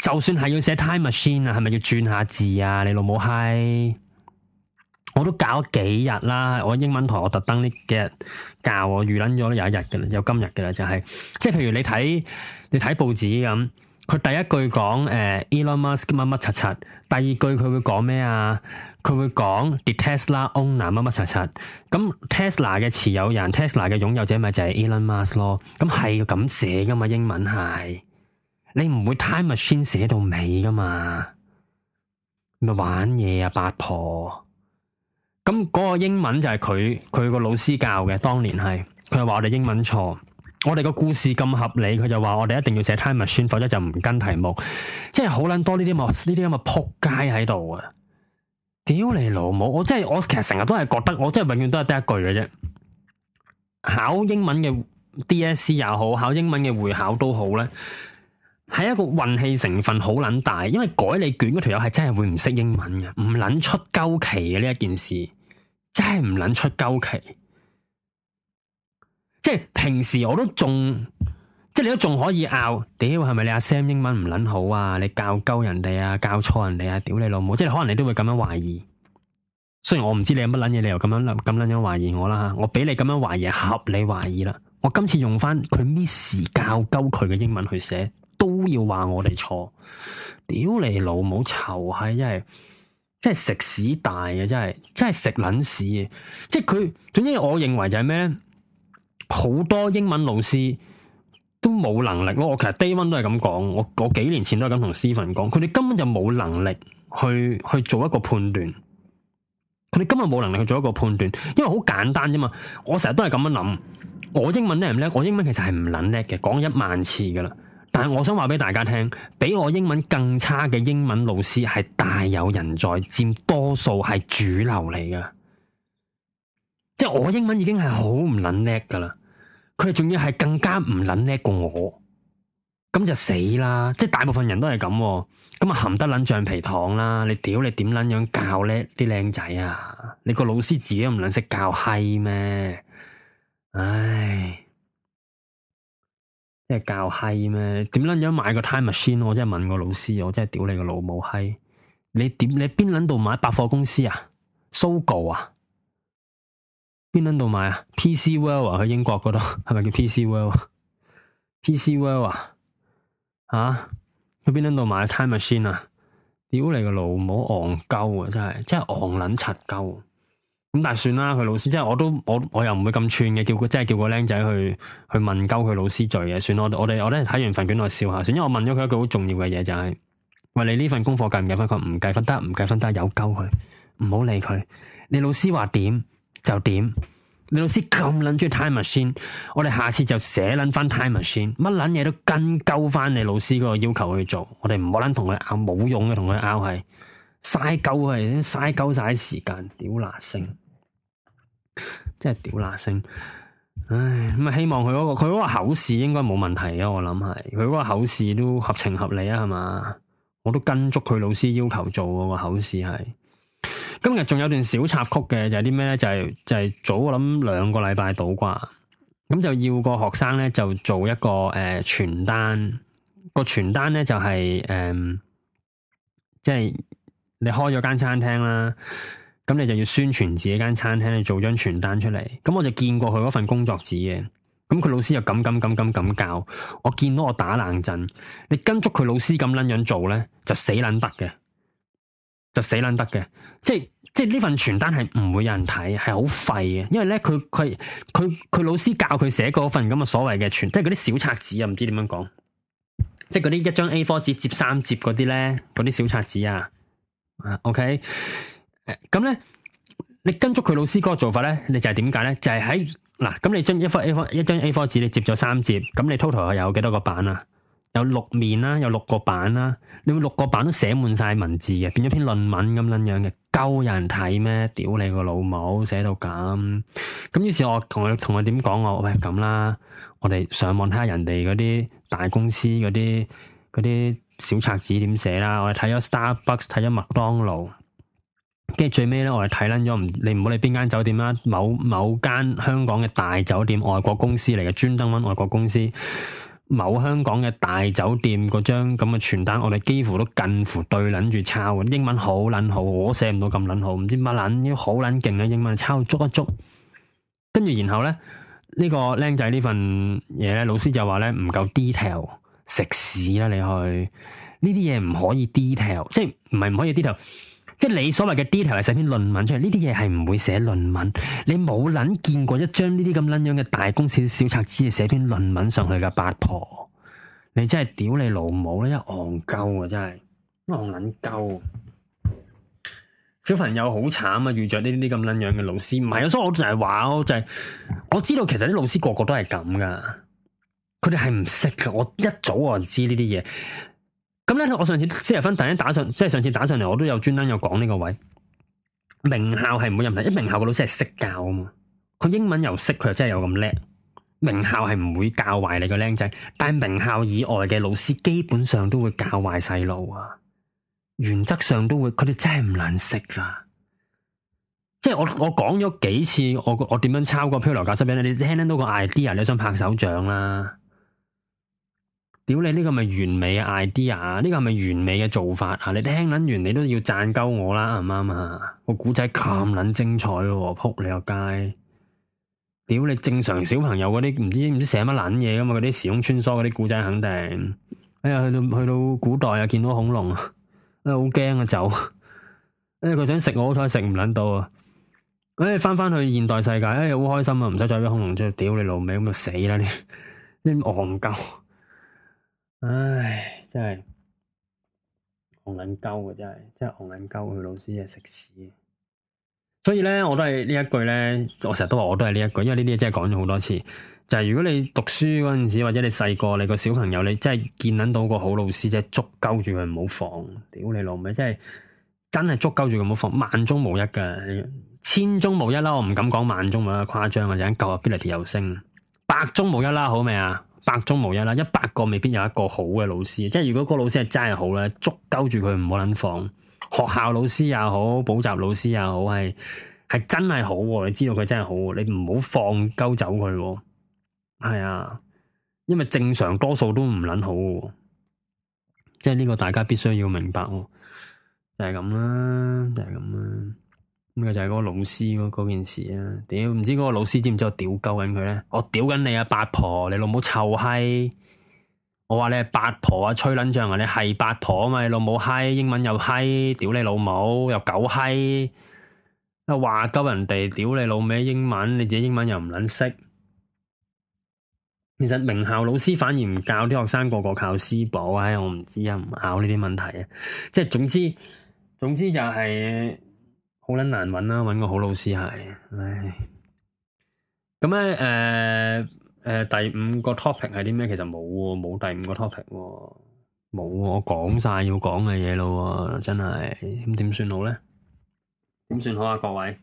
就算係要寫 time machine 啊，係咪要轉下字啊？你老母閪！我都搞咗幾日啦，我英文台我特登呢幾日教我預撚咗有一日嘅啦，有今日嘅啦，就係、是、即係譬如你睇你睇報紙咁，佢第一句講誒、呃、Elon Musk 乜乜柒柒，第二句佢會講咩啊？佢會講 Tesla owner 乜乜柒柒，咁 Tesla 嘅持有人、Tesla 嘅擁有者咪就係 Elon Musk 咯。咁係要咁寫噶嘛？英文係，你唔會 time machine 寫到尾噶嘛？咪玩嘢啊，八婆！咁嗰、嗰個英文就係佢佢個老師教嘅，當年係佢係話我哋英文錯，我哋個故事咁合理，佢就話我哋一定要寫 time machine，否則就唔跟題目。即係好撚多呢啲咁呢啲咁嘅仆街喺度啊！屌你老母！我真係，我其實成日都係覺得，我真係永遠都係得一句嘅啫。考英文嘅 D.S.C 又好，考英文嘅會考都好咧，係一個運氣成分好撚大。因為改你卷嗰條友係真係會唔識英文嘅，唔撚出鳩期嘅呢一件事，真係唔撚出鳩期。即係平時我都仲。即係你都仲可以拗，屌係咪你阿 Sam 英文唔撚好啊？你教鳩人哋啊，教錯人哋啊，屌你老母！即係可能你都會咁樣懷疑。雖然我唔知你有乜撚嘢，你又咁樣咁撚樣懷疑我啦吓，我俾你咁樣懷疑合理懷疑啦。我今次用翻佢 Miss 教鳩佢嘅英文去寫，都要話我哋錯。屌你老母，臭閪，真係，真係食屎大啊，真係真係食撚屎嘅。即係佢，總之我認為就係咩？好多英文老師。都冇能力咯，我其實低 a One 都係咁講，我嗰幾年前都係咁同思凡講，佢哋根本就冇能力去去做一個判斷，佢哋今日冇能力去做一個判斷，因為好簡單啫嘛。我成日都係咁樣諗，我英文叻唔叻？我英文其實係唔卵叻嘅，講一萬次噶啦。但係我想話俾大家聽，比我英文更差嘅英文老師係大有人在佔，佔多數係主流嚟噶，即、就、係、是、我英文已經係好唔卵叻噶啦。佢仲要係更加唔捻叻過我，咁就死啦！即係大部分人都係咁、啊，咁啊含得捻橡皮糖啦！你屌你點撚樣教叻啲靚仔啊？你個老師自己都唔捻識教閪咩？唉，即係教閪咩？點撚樣買個 time machine？我真係問個老師，我真係屌你個老母閪！你點你邊捻度買百貨公司啊？Sogo 啊！邊度買啊？PC World 啊，去英國嗰度係咪叫 PC World？PC World 啊，吓去邊度買 Time Machine 啊？屌、哎、你個腦，唔好戇鳩啊！真係真係昂捻柒鳩。咁但係算啦，佢老師，即係我都我我又唔會咁串嘅，叫即係叫個僆仔去去問鳩佢老師罪嘅，算啦。我我哋我咧睇完份卷我笑下先，因為我問咗佢一句好重要嘅嘢，就係、是、喂你呢份功課計唔計分？佢唔計分得唔計分得有鳩佢，唔好理佢。你老師話點？就點？你老師咁捻中意 time machine，我哋下次就寫捻翻 time machine，乜捻嘢都跟鳩翻你老師嗰個要求去做。我哋唔好捻同佢拗，冇用嘅同佢拗係嘥鳩係，嘥鳩晒時間，屌嗱聲，真係屌嗱聲。唉，咁啊希望佢嗰、個佢嗰個考試應該冇問題啊。我諗係佢嗰個考試都合情合理啊，係嘛？我都跟足佢老師要求做、個考試係。今日仲有段小插曲嘅，就係啲咩咧？就係、是、就係、是、早我諗兩個禮拜倒啩。咁就要個學生咧就做一個誒傳、呃、單，個傳單咧就係、是、誒、即、呃、係、就是、你開咗間餐廳啦，咁你就要宣傳自己間餐廳，你做張傳單出嚟。咁我就見過佢嗰份工作紙嘅，咁佢老師又咁咁咁咁咁教，我見到我打冷震，你跟足佢老師咁捻樣做咧，就死捻得嘅。就死撚得嘅，即係即係呢份傳單係唔會有人睇，係好廢嘅，因為咧佢佢佢佢老師教佢寫嗰份咁嘅所謂嘅傳，即係嗰啲小冊子啊，唔知點樣講，即係嗰啲一張 A4 紙接三折嗰啲咧，嗰啲小冊子啊，啊 OK，誒咁咧，你跟足佢老師嗰個做法咧，你就係點解咧？就係喺嗱，咁、啊、你將一張 A4 一張 A4 紙你接咗三折，咁你 total 係有幾多個版啊？有六面啦、啊，有六個版啦、啊，你六個版都寫滿晒文字嘅，變咗篇論文咁捻樣嘅，鳩有人睇咩？屌你個老母，寫到咁，咁於是我同佢同佢點講我喂，咁啦，我哋上網睇下人哋嗰啲大公司嗰啲啲小冊子點寫啦，我哋睇咗 Starbucks，睇咗麥當勞，跟住最尾咧，我哋睇捻咗唔，你唔好理邊間酒店啦，某某間香港嘅大酒店，外國公司嚟嘅，專登搵外國公司。某香港嘅大酒店嗰張咁嘅傳單，我哋幾乎都近乎對捻住抄英文好捻好，我寫唔到咁捻好，唔知乜捻，好捻勁嘅英文抄一捉一捉。跟住然後咧呢個僆仔呢份嘢咧，老師就話咧唔夠 detail，食屎啦你去，呢啲嘢唔可以 detail，即係唔係唔可以 detail。即係你所謂嘅 detail 係寫篇論文出嚟，呢啲嘢係唔會寫論文。你冇捻見過一張呢啲咁捻樣嘅大公司小冊子，寫篇論文上去嘅八婆，你真係屌你老母咧！一戇鳩啊，真係、啊，戇捻鳩。小朋友好慘啊，遇着呢啲咁捻樣嘅老師。唔係啊，所以我就係話，我就係、是、我知道，其實啲老師個個都係咁噶，佢哋係唔識噶。我一早我知呢啲嘢。咁咧，我上次四十分突然打上，即係上次打上嚟，我都有專登有講呢個位。名校係唔會有問題，名校嘅老師係識教啊嘛。佢英文又識，佢又真係又咁叻。名校係唔會教壞你個僆仔，但係名校以外嘅老師基本上都會教壞細路啊。原則上都會，佢哋真係唔難識噶、啊。即係我我講咗幾次，我我點樣抄個漂流教室俾你？你聽聽到個 idea，你想拍手掌啦？屌你呢個咪完美嘅 idea 啊？呢個係咪完美嘅做法啊？你聽捻完你都要讚鳩我啦，啱唔啱啊？個古仔咁捻精彩咯，撲你個街！屌你正常小朋友嗰啲唔知唔知寫乜捻嘢噶嘛？嗰啲時空穿梭嗰啲古仔肯定，哎呀去到去到古代又、啊、見到恐龍，哎好驚啊走！哎 佢想食我，好彩食唔捻到啊！哎翻翻去現代世界，哎好開心啊，唔使再俾恐龍追。屌你老味咁就死啦！你你戇鳩。唉，真係紅撚鳩啊！真係，真係紅撚鳩佢老師啊，食屎！所以咧，我都係呢一句咧，我成日都話我都係呢一句，因為呢啲嘢真係講咗好多次。就係、是、如果你讀書嗰陣時，或者你細個，你個小朋友，你真係見撚到個好老師，即係捉鳩住佢唔好放。屌你老味，真係真係捉鳩住佢唔好放，萬中無一噶，千中無一啦，我唔敢講萬中無一咁誇張啊，ability 有聲百中無一啦，好未啊？百中無一啦，一百個未必有一個好嘅老師。即係如果個老師係真係好咧，捉鳩住佢唔好撚放。學校老師也好，補習老師也好，係係真係好。你知道佢真係好，你唔好放鳩走佢。係啊，因為正常多數都唔撚好。即係呢個大家必須要明白喎，就係咁啦，就係咁啦。咁、嗯、就係、是、嗰個老師嗰件事啊！屌唔知嗰個老師知唔知我屌鳩緊佢咧？我屌緊你啊！八婆，你老母臭閪！我話你係八婆啊，吹撚脹啊！你係八婆啊嘛，你老母閪，英文又閪，屌你老母又狗閪，話鳩人哋屌你老味！英文，你自己英文又唔撚識。其實名校老師反而唔教啲學生個個靠私補啊、哎！我唔知啊，唔拗呢啲問題啊！即係總之，總之就係、是。好捻難揾啦，揾個好老師係，唉。咁咧，誒、呃、誒、呃，第五個 topic 係啲咩？其實冇喎，冇第五個 topic 喎，哦，冇喎，我講晒要講嘅嘢咯，真係。咁點算好咧？點算好啊？各位，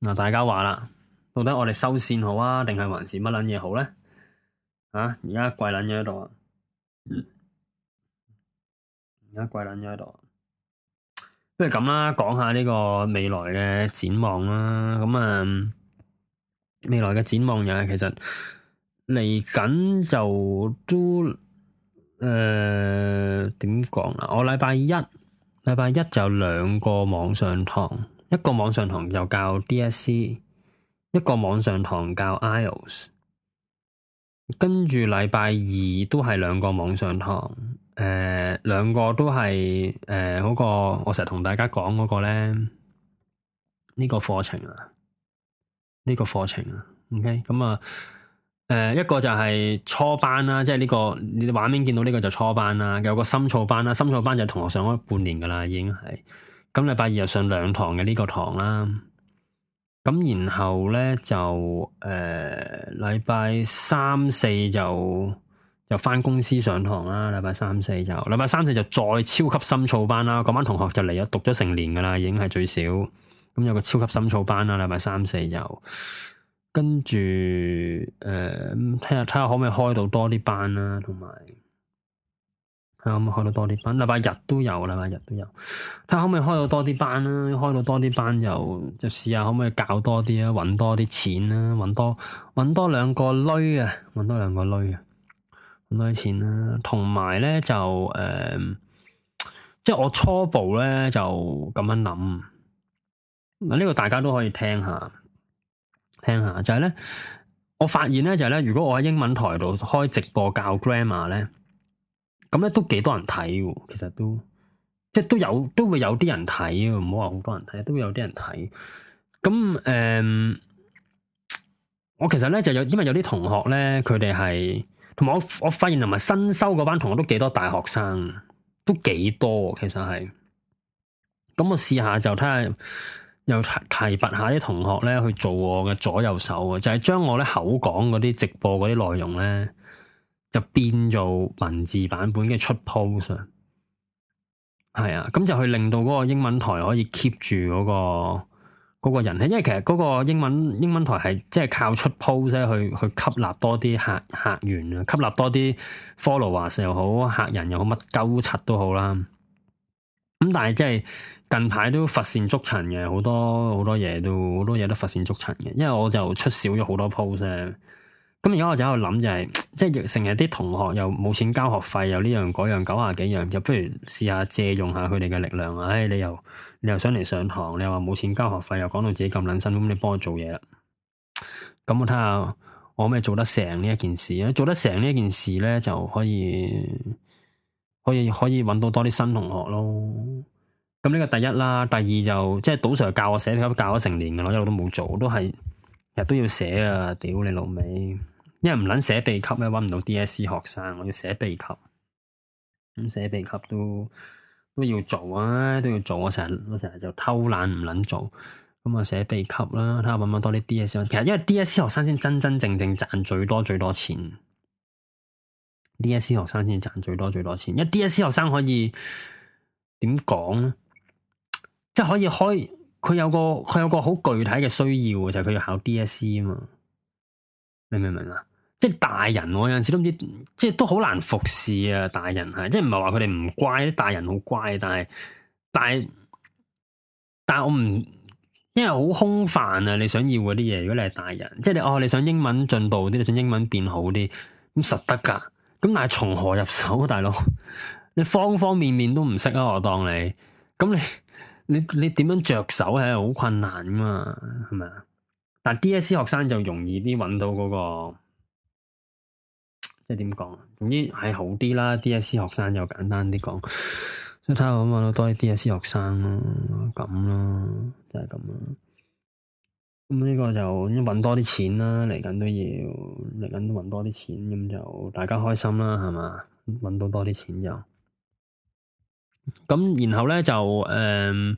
嗱，大家話啦，到底我哋收線好啊，定係還是乜捻嘢好咧？啊，而家跪捻咗喺度啊，而家跪捻咗喺度。不如咁啦，講下呢個未來嘅展望啦。咁、嗯、啊，未來嘅展望也其實嚟緊就都誒點講啊？我禮拜一禮拜一就兩個網上堂，一個網上堂就教 DSE，一個網上堂教 IELTS。跟住禮拜二都係兩個網上堂。誒，兩個都係誒嗰個，呃、我成日同大家講嗰個咧，呢、這個課程啊，呢、這個課程啊，OK，咁、嗯、啊，誒、呃、一個就係初班啦，即係呢、這個你畫面見到呢個就初班啦，有個深造班啦，深造班就同學上咗半年噶啦，已經係咁禮拜二又上兩堂嘅呢個堂啦，咁然後咧就誒禮拜三四就。又返公司上堂啦，禮拜三四又禮拜三四就再超級深造班啦。嗰班同學就嚟咗讀咗成年噶啦，已經係最少。咁有個超級深造班啦，禮拜三四又跟住誒，睇下睇下可唔可以開到多啲班啦，同埋睇下可唔可以開到多啲班，禮拜日都有，禮拜日都有。睇下可唔可以開到多啲班啦，開到多啲班又就，就就，就試下可唔可以搞多啲啊，搵多啲錢啦、啊啦，啊，搵多搵多兩個鐳啊，搵多兩個鐳啊。唔多錢啦、啊，同埋咧就誒、呃，即係我初步咧就咁樣諗，嗱、這、呢個大家都可以聽下，聽下就係、是、咧，我發現咧就係、是、咧，如果我喺英文台度開直播教 grammar 咧，咁咧都幾多人睇，其實都即係都有都會有啲人睇，唔好話好多人睇，都會有啲人睇。咁誒、呃，我其實咧就有因為有啲同學咧，佢哋係。我我發現同埋新收嗰班同學都幾多大學生，都幾多、啊、其實係。咁我試下就睇下，又提拔下啲同學咧去做我嘅左右手嘅，就係、是、將我咧口講嗰啲直播嗰啲內容咧，就變做文字版本嘅出 post 啊。係啊，咁就去令到嗰個英文台可以 keep 住嗰、嗰個。嗰個人咧，因為其實嗰個英文英文台係即係靠出 post 去去吸納多啲客客源啊，吸納多啲 follow 啊，又好客人又好乜鳩柒都好啦。咁但係即係近排都乏善足陳嘅，好多好多嘢都好多嘢都乏善足陳嘅。因為我就出少咗好多 post 咁而家我走就喺度諗就係，即係成日啲同學又冇錢交學費，又呢樣嗰樣九廿幾樣，就不如試下借用下佢哋嘅力量啊！唉、哎，你又～你又想嚟上堂，你又話冇錢交學費，又講到自己咁卵身，咁你幫我做嘢啦。咁、嗯、我睇下我咩做得成呢一件事啊？做得成呢一件事咧，就可以可以可以搵到多啲新同學咯。咁呢個第一啦，第二就即係賭 Sir 教我寫你都教咗成年噶咯，我一路都冇做，都係日都要寫啊！屌你老味！因為唔捻寫秘笈，咧，搵唔到 D.S.C 學生，我要寫秘笈！咁寫秘笈都。都要做啊，都要做。我成日我成日就偷懶唔捻做，咁啊寫備級啦，睇下搵唔搵多啲 DSE 學生。其實因為 DSE 學生先真真正正賺最多最多錢，DSE 學生先賺最多最多錢，因為 DSE 學生可以點講咧，即係可以開佢有個佢有個好具體嘅需要就係、是、佢要考 DSE 啊嘛，明唔明啊？即係大人，我有陣時都唔知，即係都好難服侍啊！大人係，即係唔係話佢哋唔乖，大人好乖，但係但係但係我唔，因為好空泛啊！你想要嗰啲嘢，如果你係大人，即係你哦，你想英文進步啲，你想英文變好啲，咁實得噶，咁但係從何入手啊，大佬？你方方面面都唔識啊，我當你，咁你你你點樣着手係好困難噶嘛，係咪啊？但 DSC 學生就容易啲搵到嗰個。即係點講？總之係好啲啦，DSC 學生就簡單啲講，即 以睇下可唔可到多啲 DSC 學生咯，咁咯，就係、是、咁啦。咁呢個就搵多啲錢啦，嚟緊都要嚟緊都搵多啲錢，咁就大家開心啦，係嘛？搵到多啲錢就咁，然後咧就誒。嗯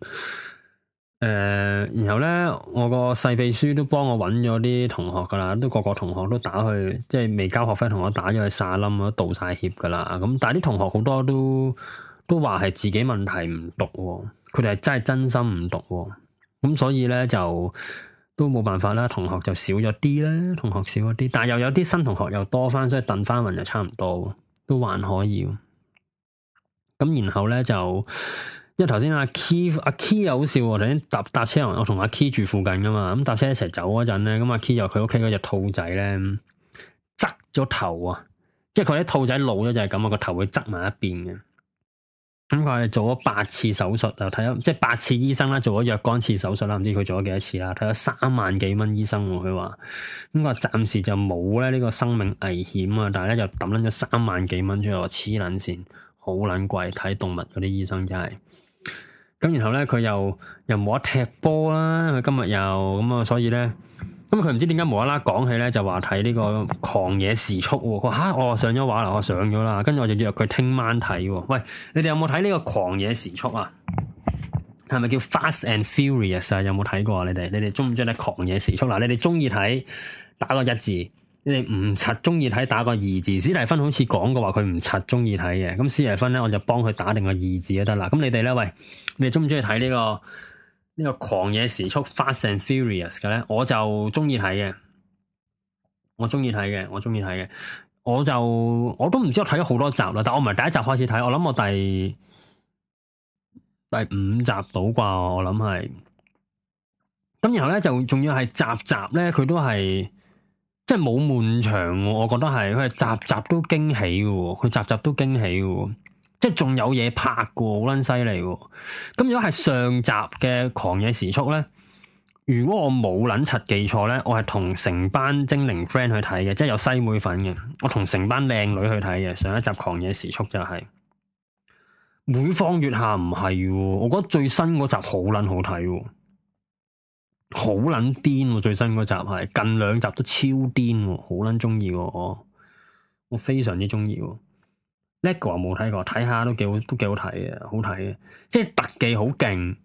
誒、呃，然後咧，我個細秘書都幫我揾咗啲同學噶啦，都個個同學都打去，即係未交學費，同學打咗去沙冧，啊，道晒歉噶啦。咁但係啲同學好多都都話係自己問題唔讀，佢哋係真係真心唔讀，咁所以咧就都冇辦法啦。同學就少咗啲咧，同學少咗啲，但係又有啲新同學又多翻，所以等翻運又差唔多，都還可以。咁然後咧就。即係頭先阿 Key 阿 Key 又好笑喎，哦，頭先搭搭車我同阿 Key 住附近噶嘛，咁搭車一齊走嗰陣咧，咁阿 Key 就佢屋企嗰隻兔仔咧，側咗頭啊，即係佢啲兔仔老咗就係咁啊，個頭會側埋一邊嘅。咁佢話做咗八次手術，啊，睇咗即係八次醫生啦，做咗若干次手術啦，唔知佢做咗幾多次啦，睇咗三萬幾蚊醫生，佢話咁佢話暫時就冇咧呢個生命危險啊，但係咧就抌捻咗三萬幾蚊出嚟，黐捻線，好捻貴，睇動物嗰啲醫生真係。咁然後咧，佢又又冇得踢波啦。佢今日又咁啊，所以咧咁佢唔知點解無啦啦講起咧，就話睇呢個狂野時速。佢吓，我上咗畫啦，我上咗啦。跟住我就約佢聽晚睇。喂，你哋有冇睇呢個狂野時速啊？係咪叫 Fast and Furious 啊？有冇睇過啊？你哋，你哋中唔中意狂野時速嗱、啊？你哋中意睇打個一字，你哋唔柒中意睇打個二字。史蒂芬好似講過話佢唔柒中意睇嘅，咁史蒂芬咧，我就幫佢打定個二字就得啦。咁你哋咧，喂。你哋中唔中意睇呢個呢個狂野時速 Fast and Furious 嘅咧？我就中意睇嘅，我中意睇嘅，我中意睇嘅。我就我都唔知我睇咗好多集啦，但我唔係第一集開始睇，我諗我第第五集到啩，我諗係。咁然後咧就仲要係集集咧，佢都係即係冇悶場，我覺得係佢係集集都驚喜嘅，佢集集都驚喜嘅。即係仲有嘢拍過，好撚犀利嘅。咁如果係上集嘅《狂野時速》呢？如果我冇撚柒記錯呢，我係同成班精靈 friend 去睇嘅，即係有西妹粉嘅，我同成班靚女去睇嘅。上一集《狂野時速》就係《每方月下》唔係，我覺得最新嗰集好撚好睇，好撚癲。最新嗰集係近兩集都超癲，好撚中意我，我非常之中意。呢個我冇睇過，睇下都幾好，都幾好睇嘅，好睇嘅，即係特技好勁，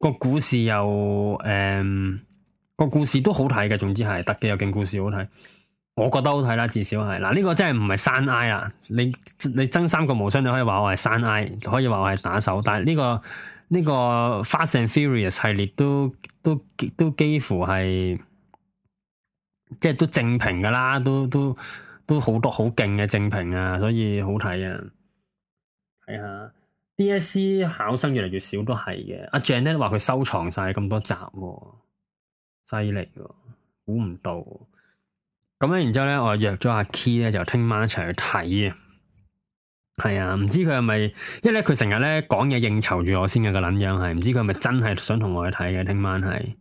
個故事又，誒、嗯，個故事都好睇嘅，總之係特技又勁，故事好睇，我覺得好睇啦，至少係嗱呢個真係唔係山埃啊，你你真三個無雙你可以話我係山埃，可以話我係打手，但係呢個呢個 Fast and Furious 系列都都都幾乎係，即係都正評㗎啦，都都。都好多好勁嘅正評啊，所以好睇啊！睇下 DSC 考生越嚟越少都，都係嘅。阿 Jean 咧都話佢收藏晒咁多集、啊，犀利喎，估唔到、啊。咁咧，然之後咧，我約咗阿 Key 咧，就聽晚一齊去睇啊！係啊，唔知佢係咪？因為咧，佢成日咧講嘢應酬住我先嘅個捻樣係，唔知佢係咪真係想同我去睇嘅？聽晚係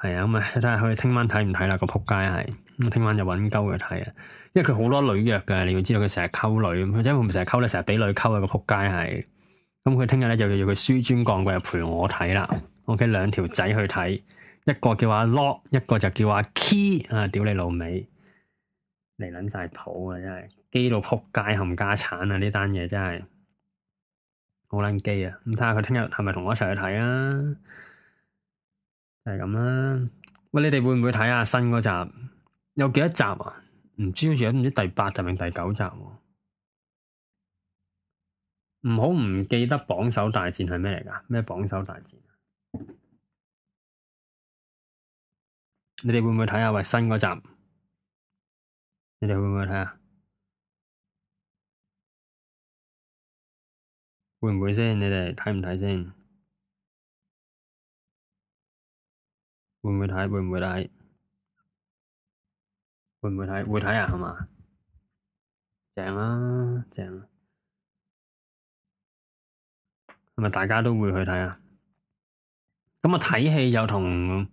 係啊，咁啊，睇下佢聽晚睇唔睇啦，個撲街係。聽晚就搵鳩佢睇啊，因為佢好多女約嘅，你要知道佢成日溝女，佢真係唔成日溝咧，成日俾女溝啊，那個扑街係。咁佢聽日咧就要佢書尊降貴陪我睇啦。OK，兩條仔去睇，一個叫阿 Lock，、ok，一個就叫阿 Key 啊，屌你老味，嚟捻晒譜啊，真係，基到扑街冚家產啊，呢單嘢真係好捻基啊。咁睇下佢聽日係咪同我一齊去睇啊？就係咁啦。喂，你哋會唔會睇下新嗰集？有幾多集啊？唔知好似唔知第八集定第九集，啊。唔好唔記得榜首大戰係咩嚟噶？咩榜首大戰？你哋會唔會睇下喂，新嗰集？你哋會唔會睇？會唔會先？你哋睇唔睇先？會唔會睇？會唔會睇？會唔會睇？會睇啊？係嘛，正啦、啊，正，咁啊，係咪大家都會去睇啊？咁、嗯哎、啊，睇戲又同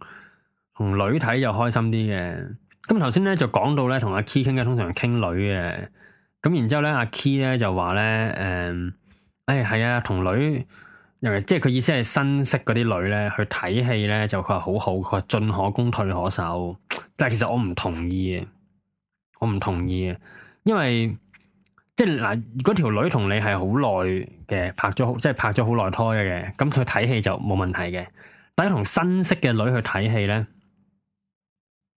同女睇又開心啲嘅。咁頭先咧就講到咧，同阿 Key 傾偈，通常傾女嘅。咁然之後咧，阿 Key 咧就話咧，誒，誒，係啊，同女，即係佢意思係新識嗰啲女咧去睇戲咧，就佢話好好，佢話進可攻退可守，但係其實我唔同意嘅。我唔同意因為，即係嗱，如果條女同你係好耐嘅拍咗，即係拍咗好耐拖嘅，咁佢睇戲就冇問題嘅。但係同新識嘅女去睇戲咧，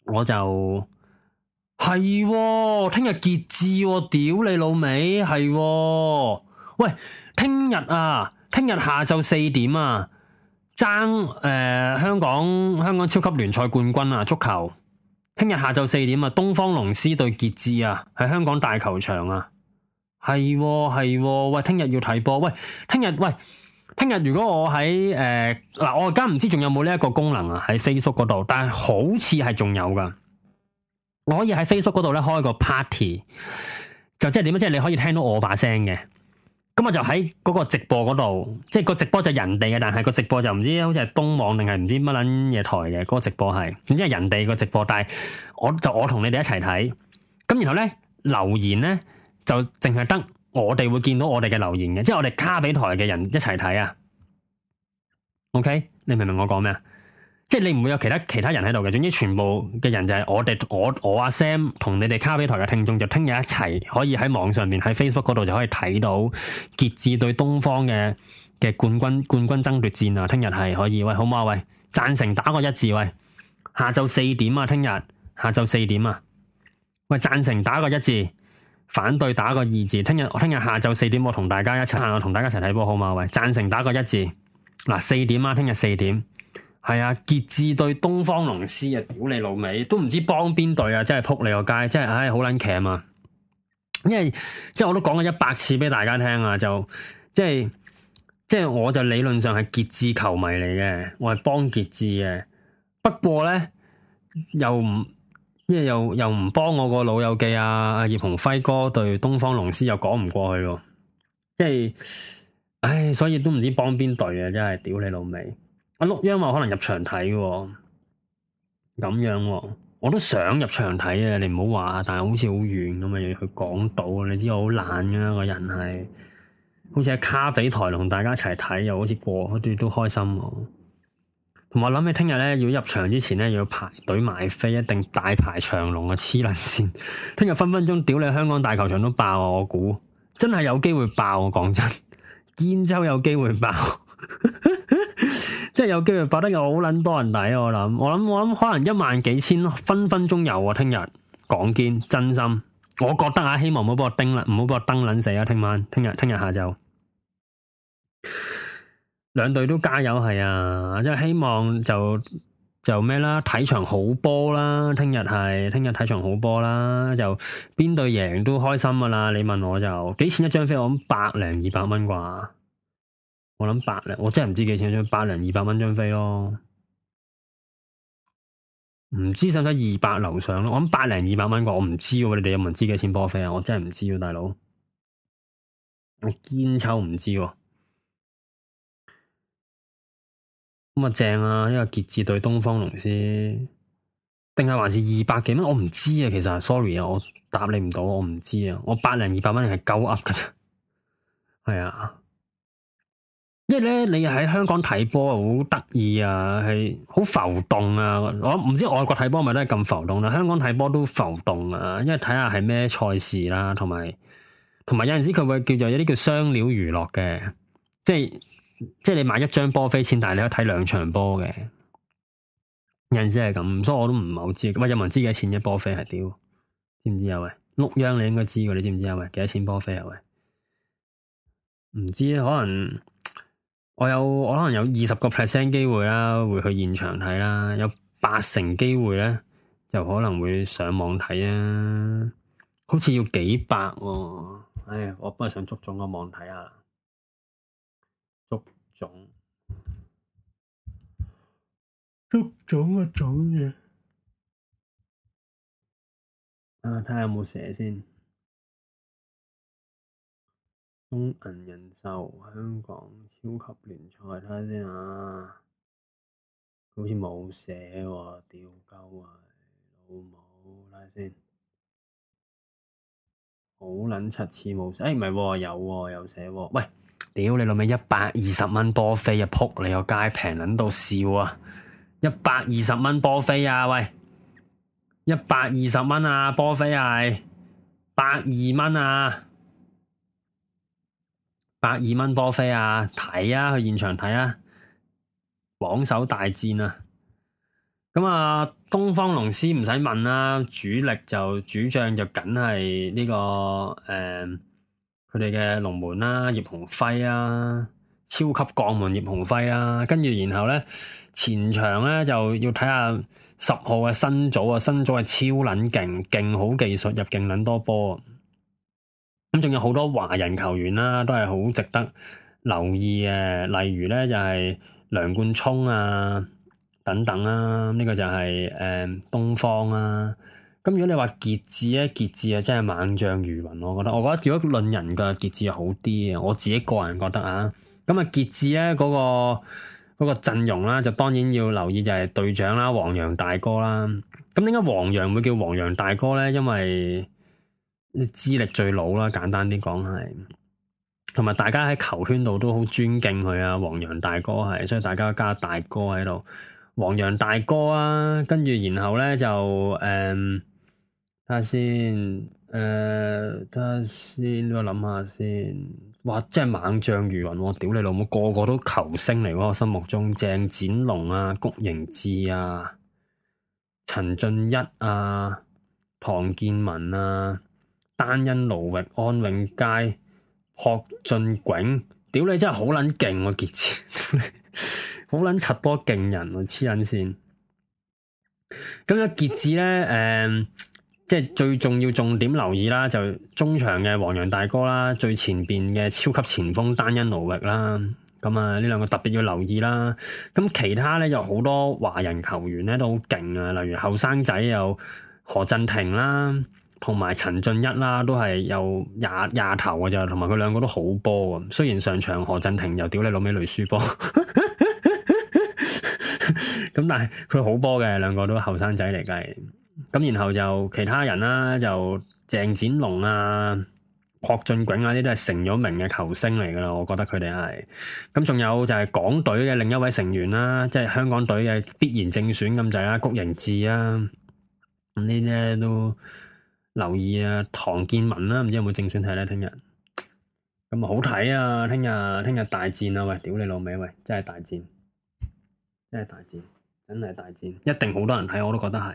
我就係聽日傑志、哦，屌你老味係、哦，喂，聽日啊，聽日下晝四點啊，爭誒、呃、香港香港超級聯賽冠軍啊，足球。聽日下晝四點啊，東方龍獅對傑志啊，喺香港大球場啊，係喎、係喎、喂，聽日要睇波喂，聽日喂，聽日如果我喺誒嗱，我而家唔知仲有冇呢一個功能啊，喺 Facebook 嗰度，但係好似係仲有噶，我可以喺 Facebook 嗰度咧開個 party，就即係點樣，即係你可以聽到我把聲嘅。咁我就喺嗰個直播嗰度，即係個直播就人哋嘅，但係個直播就唔知好似係東網定係唔知乜捻嘢台嘅，嗰個直播係，然之後人哋個直播，但係我就我同你哋一齊睇，咁然後咧留言咧就淨係得我哋會見到我哋嘅留言嘅，即係我哋加畀台嘅人一齊睇啊，OK？你明唔明我講咩啊？即係你唔會有其他其他人喺度嘅，總之全部嘅人就係我哋，我我阿、啊、Sam 同你哋咖啡台嘅聽眾就聽日一齊可以喺網上面、喺 Facebook 嗰度就可以睇到傑志對東方嘅嘅冠軍冠軍爭奪戰好好啊！聽日係可以喂好嘛喂，贊成打個一字喂，下晝四點啊，聽日下晝四點啊，喂贊成打個一字，反對打個二字，聽日我聽日下晝四點我同大家一齊啊，我同大家一齊睇波好嘛、啊、喂，贊成打個一字嗱四點啊，聽日四點、啊。係啊，傑志對東方龍獅啊，屌你老味，都唔知幫邊隊啊，真係扑你個街，真係唉，好撚騎啊！因為即係我都講咗一百次俾大家聽啊，就即係即係我就理論上係傑志球迷嚟嘅，我係幫傑志嘅。不過咧又唔即係又又唔幫我個老友記啊，阿葉鴻輝哥對東方龍獅又講唔過去喎、啊，即係唉，所以都唔知幫邊隊啊，真係屌你老味。阿陸央話可能入場睇。哦，咁樣，哦，我都想入場睇啊！你唔好話，但係好似好遠咁啊，又要去港島啊！你知我好懶噶啦，個人係，好似喺咖啡台同大家一齊睇，又好似過，好似都開心哦。同我諗起聽日咧，要入場之前咧，要排隊買飛，一定大排長龍嘅，黐撚線。聽日分分鐘屌你，香港大球場都爆啊！我估真係有機會爆啊！講真，燕州有機會爆。 即係有機會爆得又好捻多人睇，我諗，我諗，我諗，可能一萬幾千分分鐘有啊！聽日講堅，真心，我覺得啊，希望唔好幫我登啦，唔好幫我登撚死啊！聽晚，聽日，聽日下晝，兩隊都加油係啊！即係希望就就咩啦，睇場好波啦，聽日係，聽日睇場好波啦，就邊隊贏都開心噶啦！你問我就幾錢一張飛，我諗百零二百蚊啩。我諗百零，我真係唔知錢幾錢一張，百零二百蚊張飛咯。唔知使唔使二百樓上咯？我諗百零二百蚊個，我唔知喎。你哋有冇知幾錢波飛啊？我真係唔知喎，大佬。我堅丑唔知喎。咁啊正啊，呢、這個傑志對東方龍獅，定係還是二百幾蚊？我唔知啊，其實 sorry 啊，我答你唔到，我唔知我 啊。我百零二百蚊係夠厄嘅啫，係啊。即係咧，你喺香港睇波好得意啊，係好浮動啊！我唔知外國睇波咪都係咁浮動啦、啊。香港睇波都浮動啊，因為睇下係咩賽事啦、啊，同埋同埋有陣時佢會叫做有啲叫雙料娛樂嘅，即係即係你買一張波飛錢，但係你可以睇兩場波嘅。有陣時係咁，所以我都唔係好知，唔係有冇人知幾錢一波飛係屌？知唔知啊？喂，陸央你應該知嘅，你知唔知啊？喂，幾多錢波飛啊喂？唔知可能。我有我可能有二十個 percent 機會啦，會去現場睇啦。有八成機會咧，就可能會上網睇啊。好似要幾百喎、啊，唉，我不係想足總個網睇啊，足總，足總個種嘢啊！睇下有冇寫先，中銀人壽香港。超級聯賽睇下先啊，好似冇寫喎，屌鳩啊老母睇下先，好撚七次冇寫，哎唔係喎，有喎，啊，有寫喎，啊，喂，屌你老味一百二十蚊波飛啊扑你個街平撚到笑啊，一百二十蚊波飛啊喂，一百二十蚊啊波飛係百二蚊啊！百二蚊波飛啊，睇啊，去現場睇啊，榜首大戰啊，咁啊，東方龍獅唔使問啦、啊，主力就主將就梗係呢個誒，佢哋嘅龍門啦、啊，葉鴻輝啊，超級鋼門葉鴻輝啦，跟住然後咧前場咧就要睇下十號嘅新祖啊，新祖係超撚勁，勁好技術入勁撚多波。咁仲有好多華人球員啦、啊，都係好值得留意嘅，例如咧就係、是、梁冠聰啊等等啦、啊，呢、這個就係、是、誒、嗯、東方啦、啊。咁如果你話傑志咧，傑志啊真係猛將如雲，我覺得，我覺得如果論人嘅傑志好啲啊，我自己個人覺得啊。咁、那個那個、啊傑志咧嗰個嗰個陣容啦，就當然要留意就係隊長啦、啊，黃洋大哥啦、啊。咁點解黃洋會叫黃洋大哥咧？因為啲資歷最老啦、啊，簡單啲講係，同埋大家喺球圈度都好尊敬佢啊，黃洋大哥係，所以大家加大哥喺度，黃洋大哥啊，跟住然後咧就誒，睇、呃、下先，誒睇下先，我諗下先，哇，真係猛將如雲喎、啊，屌你老母，個個都球星嚟喎，我心目中鄭展龍啊、谷盈志啊、陳俊一啊、唐建文啊。單因奴域、安永佳、何俊迥，屌你真係好捻勁啊！傑志，好捻柒波勁人喎、啊！黐捻線。咁、那、咧、個，傑志咧，誒，即係最重要重點留意啦，就中場嘅黃洋大哥啦，最前邊嘅超級前鋒單因奴域啦，咁啊呢兩個特別要留意啦。咁其他咧有好多華人球員咧都好勁啊，例如後生仔有何振廷啦。同埋陳俊一啦，都係有廿廿頭㗎咋，同埋佢兩個都好波嘅。雖然上場何振廷又屌你老味雷輸波，咁 但係佢好波嘅，兩個都後生仔嚟計。咁然後就其他人啦、啊，就鄭展龍啊、郭俊景啊，呢啲係成咗名嘅球星嚟噶啦。我覺得佢哋係咁，仲有就係港隊嘅另一位成員啦、啊，即、就、係、是、香港隊嘅必然正選咁就啦，谷盈智啊，咁呢啲都。留意啊，唐建文啦，唔知有冇正選睇咧？聽日咁啊，有有好睇啊！聽日聽日大戰啊！喂，屌你老味！喂，真係大戰，真係大戰，真係大戰，一定好多人睇，我都覺得係。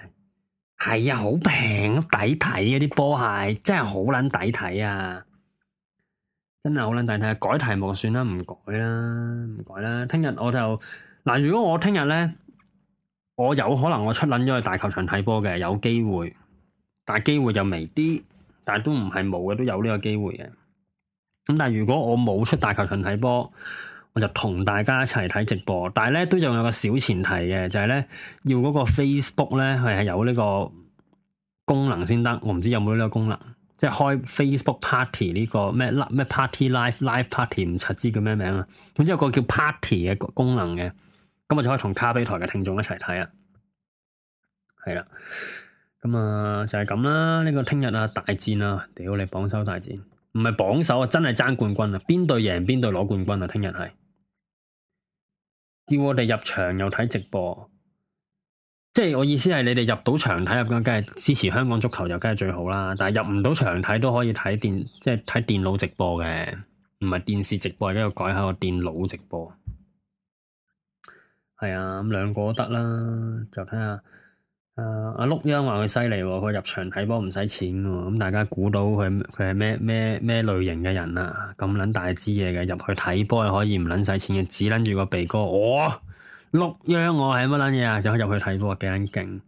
係啊，好平，抵睇啊！啲波鞋，真係好撚抵睇啊！真係好撚抵睇啊！改題目算啦、啊，唔改啦，唔改啦。聽日我就嗱、啊，如果我聽日咧，我有可能我出撚咗去大球場睇波嘅，有機會。但係機會就微啲，但係都唔係冇嘅，都有呢個機會嘅。咁但係如果我冇出大球場睇波，我就同大家一齊睇直播。但係咧，都仲有個小前提嘅，就係、是、咧要嗰個 Facebook 咧係有呢個功能先得。我唔知有冇呢個功能，即係開 Facebook Party 呢、這個咩咩 Party Live Live Party，唔柒知叫咩名啊？總之有個叫 Party 嘅功能嘅，咁我就可以同咖啡台嘅聽眾一齊睇啊。係啦。咁啊、嗯，就係、是、咁啦！呢，這個聽日啊，大戰啊，屌你榜首大戰，唔係榜首啊，真係爭冠軍啊！邊隊贏邊隊攞冠軍啊！聽日係，叫我哋入場又睇直播，即係我意思係你哋入到場睇，咁梗係支持香港足球又梗係最好啦。但係入唔到場睇都可以睇電，即係睇電腦直播嘅，唔係電視直播，而家要改下個電腦直播。係啊，咁兩個都得啦，就睇下。誒，阿祿央話佢犀利，佢、哦、入場睇波唔使錢，咁大家估到佢佢係咩咩咩類型嘅人啦？咁捻大支嘢嘅入去睇波又可以唔捻使錢嘅，只捻住個鼻哥，我祿央我係乜捻嘢啊？就可以入去睇波，幾捻勁！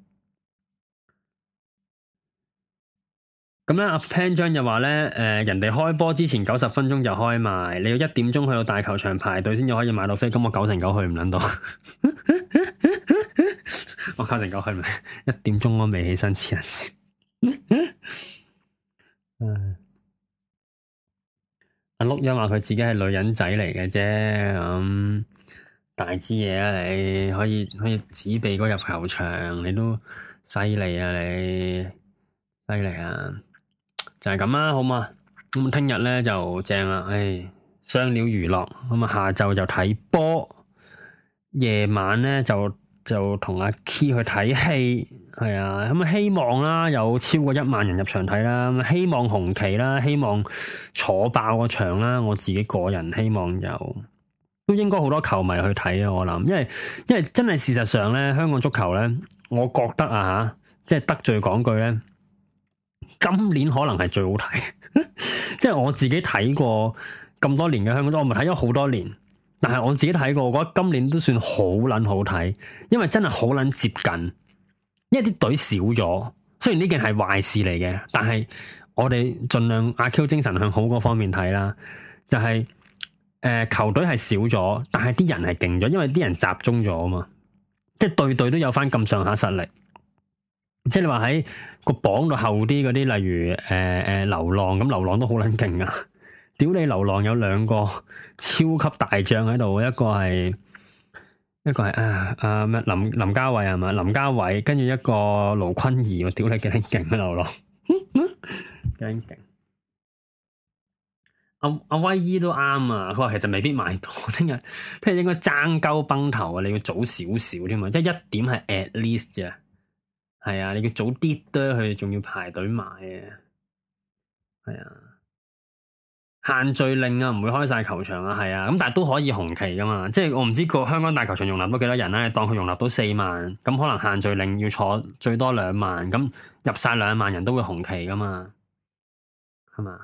咁咧，阿、啊、Pen 張又話咧，誒、呃，人哋開波之前九十分鐘就開賣，你要一點鐘去到大球場排隊先至可以買到飛，咁我九成九去唔捻到。 我九成九去咪，一點鐘我未起身黐人先。啊，阿碌音話佢自己係女人仔嚟嘅啫，咁、嗯、大支嘢啊你！你可以可以指鼻哥入球場，你都犀利啊你！你犀利啊！就係咁啊，好嘛？咁聽日咧就正啦，唉、哎，雙料娛樂，咁啊下晝就睇波，夜晚咧就。就同阿 Key 去睇戲，係啊，咁啊希望啦，有超過一萬人入場睇啦，希望紅旗啦，希望坐爆個場啦，我自己個人希望有，都應該好多球迷去睇啊，我諗，因為因為真係事實上咧，香港足球咧，我覺得啊吓，即係得罪講句咧，今年可能係最好睇， 即係我自己睇過咁多年嘅香港，我咪睇咗好多年。但係我自己睇過，我覺得今年都算好撚好睇，因為真係好撚接近，因為啲隊少咗。雖然呢件係壞事嚟嘅，但係我哋盡量阿 Q 精神向好嗰方面睇啦。就係、是、誒、呃、球隊係少咗，但係啲人係勁咗，因為啲人集中咗啊嘛，即係隊隊都有翻咁上下實力。即係你話喺個榜度後啲嗰啲，例如誒誒流浪咁，流浪，流浪都好撚勁啊！屌你流浪有兩個超級大將喺度，一個係一個係啊啊咩林林家偉係嘛？林家偉跟住一個盧坤儀，我屌你幾靚勁嘅流浪，幾靚勁！阿阿威姨都啱啊！佢、啊、話、啊、其實未必買到，聽日聽日應該爭鳩崩頭啊！你要早少少添啊，即係一點係 at least 啫。係啊，你要早啲多去，仲要排隊買啊。係啊。限聚令啊，唔會開晒球場啊，係啊，咁但係都可以紅旗噶嘛，即係我唔知個香港大球場容納到幾多人咧，當佢容納到四萬，咁可能限聚令要坐最多兩萬，咁入晒兩萬人都會紅旗噶嘛，係嘛，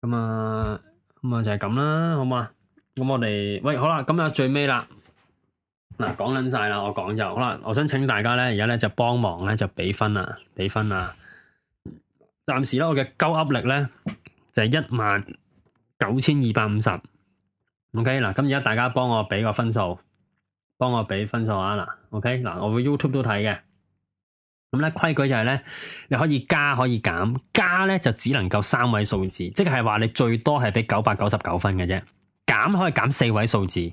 咁啊，咁啊就係咁啦，好嘛，咁我哋喂，好啦，咁啊最尾啦，嗱、啊，講緊晒啦，我講就，好啦，我想請大家咧，而家咧就幫忙咧就畀分啊，畀分啊，暫時咧我嘅鳩噏力咧。就係一萬九千二百五十，OK 嗱，咁而家大家幫我俾個分數，幫我俾分數啊嗱，OK 嗱，我會 YouTube 都睇嘅。咁咧規矩就係咧，你可以加可以減，加咧就只能夠三位數字，即係話你最多係俾九百九十九分嘅啫，減可以減四位數字，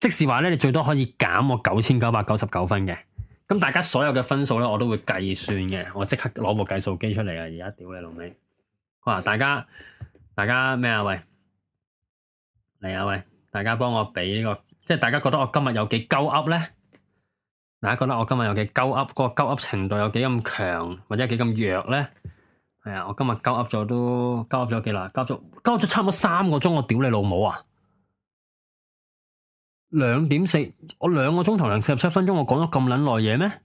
即是話咧你，你最多可以減我九千九百九十九分嘅，咁、嗯、大家所有嘅分數咧，我都會計算嘅，我即刻攞部計數機出嚟啊，而家屌你老味。哇、啊！大家，大家咩啊？喂，嚟啊！喂，大家幫我畀呢個，即係大家覺得我今日有幾鳩噏咧？大家覺得我今日有幾鳩噏？個鳩噏程度有幾咁強，或者幾咁弱咧？係、哎、啊，我今日鳩噏咗都鳩噏咗幾耐，鳩咗咗差唔多三個鐘，我屌你老母啊！兩點四，我兩個鐘頭零四十七分鐘，我講咗咁撚耐嘢咩？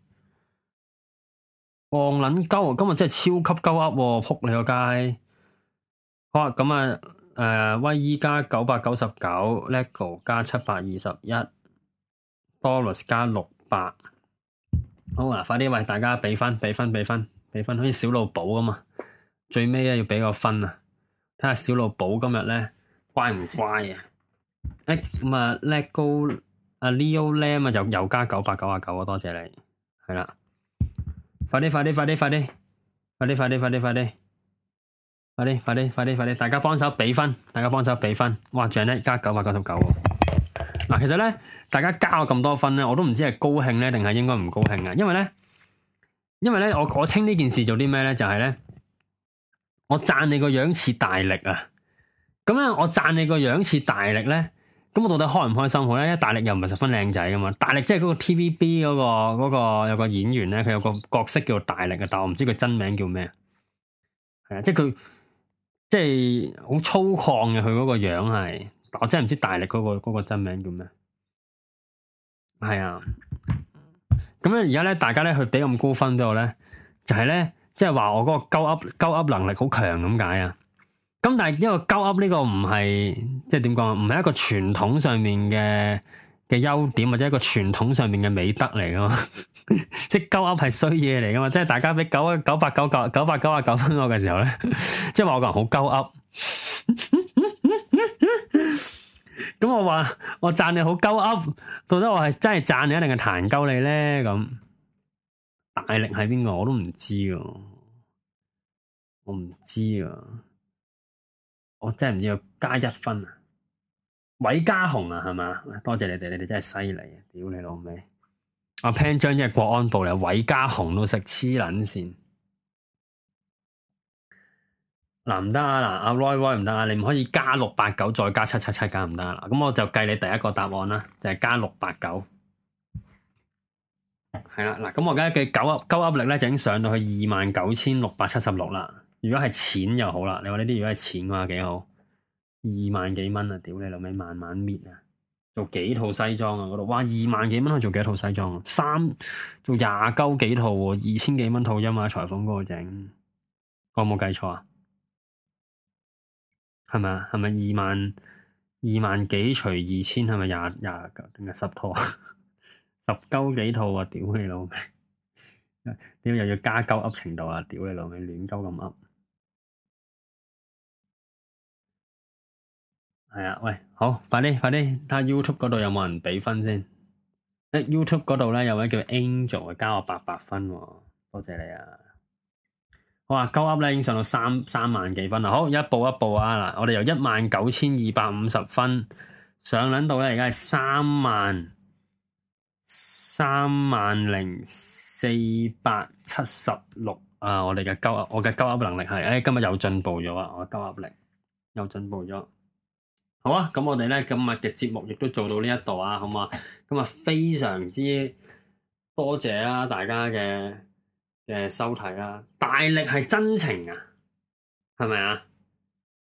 戇撚鳩，今日真係超級鳩噏！扑你個街！好啊，咁啊，誒、呃，威依加九百九十九，l e g o 加七百二十一，d o l 多樂斯加六百。好啊，快啲喂，大家畀分畀分畀分畀分，好似小老寶咁啊。最尾咧要畀個分啊，睇下小老寶今日咧乖唔乖啊？誒，咁啊，l e g o leo 靚啊，就又加九百九啊九啊，多謝你，係啦。快啲快啲快啲快啲，快啲快啲快啲快啲。快快啲，快啲，快啲，快啲！大家幫手俾分，大家幫手俾分。哇，仲有咧，加九百九十九喎。嗱，其實咧，大家加我咁多分咧，我都唔知係高興咧，定係應該唔高興啊。因為咧，因為咧，我我清呢件事做啲咩咧？就係、是、咧，我讚你個樣似大力啊。咁咧，我讚你個樣似大力咧，咁我到底開唔開心好咧？因為大力又唔係十分靚仔噶嘛。大力即係嗰個 TVB 嗰、那個嗰、那個有個演員咧，佢有個角色叫大力啊，但係我唔知佢真名叫咩。係啊，即係佢。即係好粗獷嘅，佢嗰個樣係，我真係唔知大力嗰、嗰個、嗰個真名叫咩？係啊，咁咧而家咧，大家咧去俾咁高分之後咧，就係、是、咧，即係話我嗰個鳩噏鳩噏能力好強咁解啊。咁但係因為鳩噏呢個唔係，即係點講啊？唔係一個傳統上面嘅。嘅優點或者一個傳統上面嘅美德嚟噶嘛，即係鳩噏係衰嘢嚟噶嘛，即係大家畀九啊九百九十九九百九十九分我嘅時候咧，即係話我個人好鳩噏。咁、 嗯嗯嗯嗯、 我話我讚你好鳩噏，到底我係真係讚你,你，定係彈鳩你咧？咁大力喺邊個我都唔知喎，我唔知啊，我真係唔知要加一分啊！韋家雄啊，係嘛？多謝你哋，你哋真係犀利啊！屌你老味，阿潘張即係國安部嚟，韋家雄都食黐撚線。嗱唔得啊，嗱阿 Roy，Roy 唔得啊，你唔可以加六八九再加七七七加唔得啊嗱，咁我就計你第一個答案啦，就係、是、加六八九。係啦，嗱咁我而家嘅九勾壓力咧就已經上到去二萬九千六百七十六啦。如果係錢就好啦，你話呢啲如果係錢嘅話幾好。二萬幾蚊啊！屌你老味，慢慢搣啊，啊！做幾套西裝啊？嗰度哇，二萬幾蚊可以做幾套西裝？三做廿鳩幾套，二千幾蚊套衫啊！裁縫嗰個整，我冇計錯啊？係咪啊？係咪二萬二萬幾除二千係咪廿廿九定係十套？ 十鳩幾套啊！屌你老味，屌又要加鳩噏程度啊！屌你老味，亂鳩咁噏。係啊，喂，好快啲，快啲睇下 YouTube 嗰度有冇人畀分先。誒，YouTube 嗰度咧有位叫 Angel 加我八百分，喎，多謝，謝你啊。好哇，啊，鳩噏咧已經上到三三萬幾分啦。好，一步一步啊嗱，我哋由一萬九千二百五十分上撚到咧而家係三萬三萬零四百七十六啊。我哋嘅鳩噏我嘅鳩噏能力係，誒，欸，今日又進步咗啊，我鳩噏力又進步咗。好啊，咁我哋咧今日嘅節目亦都做到呢一度啊，好嘛？咁啊，非常之多謝啦，大家嘅嘅收睇啦。大力係真情啊，係咪啊？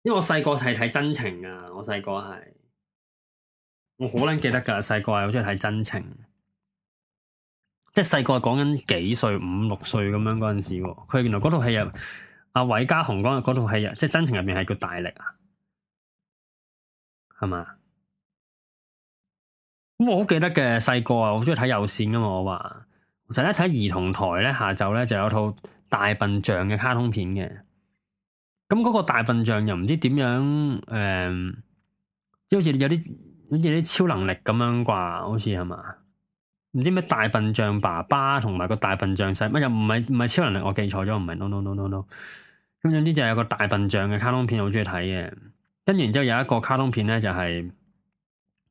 因為我細個係睇真情啊，我細個係，我好撚記得噶，細個係好中意睇真情，即係細個講緊幾歲，五六歲咁樣嗰陣時喎。佢原來嗰套戲啊，阿韋家雄講嘅嗰套戲啊，即係真情入邊係叫大力啊。係嘛？咁我好記得嘅細個啊，我好中意睇有線噶嘛。我話我成日睇兒童台咧，下晝咧就有套大笨象嘅卡通片嘅。咁嗰個大笨象又唔知點樣，誒、嗯，好似有啲好似啲超能力咁樣啩，好似係嘛？唔知咩大笨象爸爸同埋個大笨象細乜又唔係唔係超能力？我記錯咗，唔係 no no no no no。咁總之就係有個大笨象嘅卡通片，好中意睇嘅。跟住之後有一個卡通片咧，就係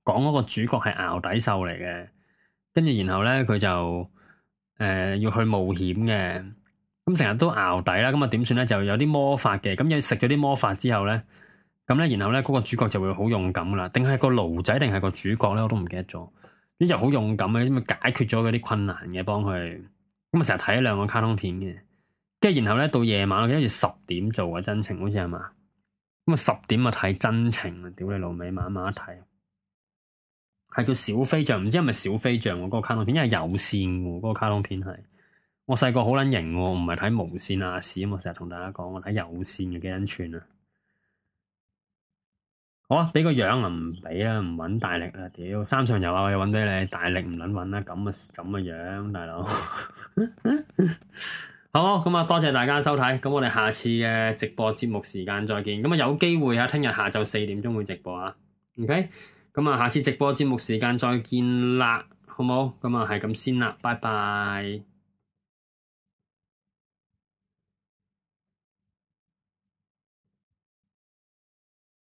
講嗰個主角係熬底獸嚟嘅，跟住然後咧佢就誒、呃、要去冒險嘅，咁成日都熬底啦，咁啊點算咧？就有啲魔法嘅，咁有食咗啲魔法之後咧，咁、嗯、咧然後咧嗰、那個主角就會好勇敢噶啦，定係個奴仔定係個主角咧？我都唔記得咗，呢就好勇敢嘅，咁啊解決咗嗰啲困難嘅，幫、嗯、佢，咁啊成日睇兩個卡通片嘅，跟住然後咧到夜晚，好似十點做呀，真情，好似係嘛？咁啊十點啊睇真情啊，屌你老味，晚晚睇，係個小飛象，唔知係咪小飛象喎？嗰、那個卡通片，因為有綫嘅，嗰、那個卡通片係我細個好撚型喎，唔係睇無綫啊市啊嘛，成日同大家講我睇有綫嘅幾撚串啊，好啊，畀個樣啊，唔畀啊，唔揾大力啊，屌，三上游啊，我要揾畀你，大力唔撚揾啊。咁啊咁啊樣，大佬。 好，咁啊多謝大家收睇，咁我哋下次嘅直播節目時間再見，咁啊有機會啊，聽日下晝四點鐘會直播啊，OK，咁啊下次直播節目時間再見啦，好冇？咁啊係咁先啦，拜拜。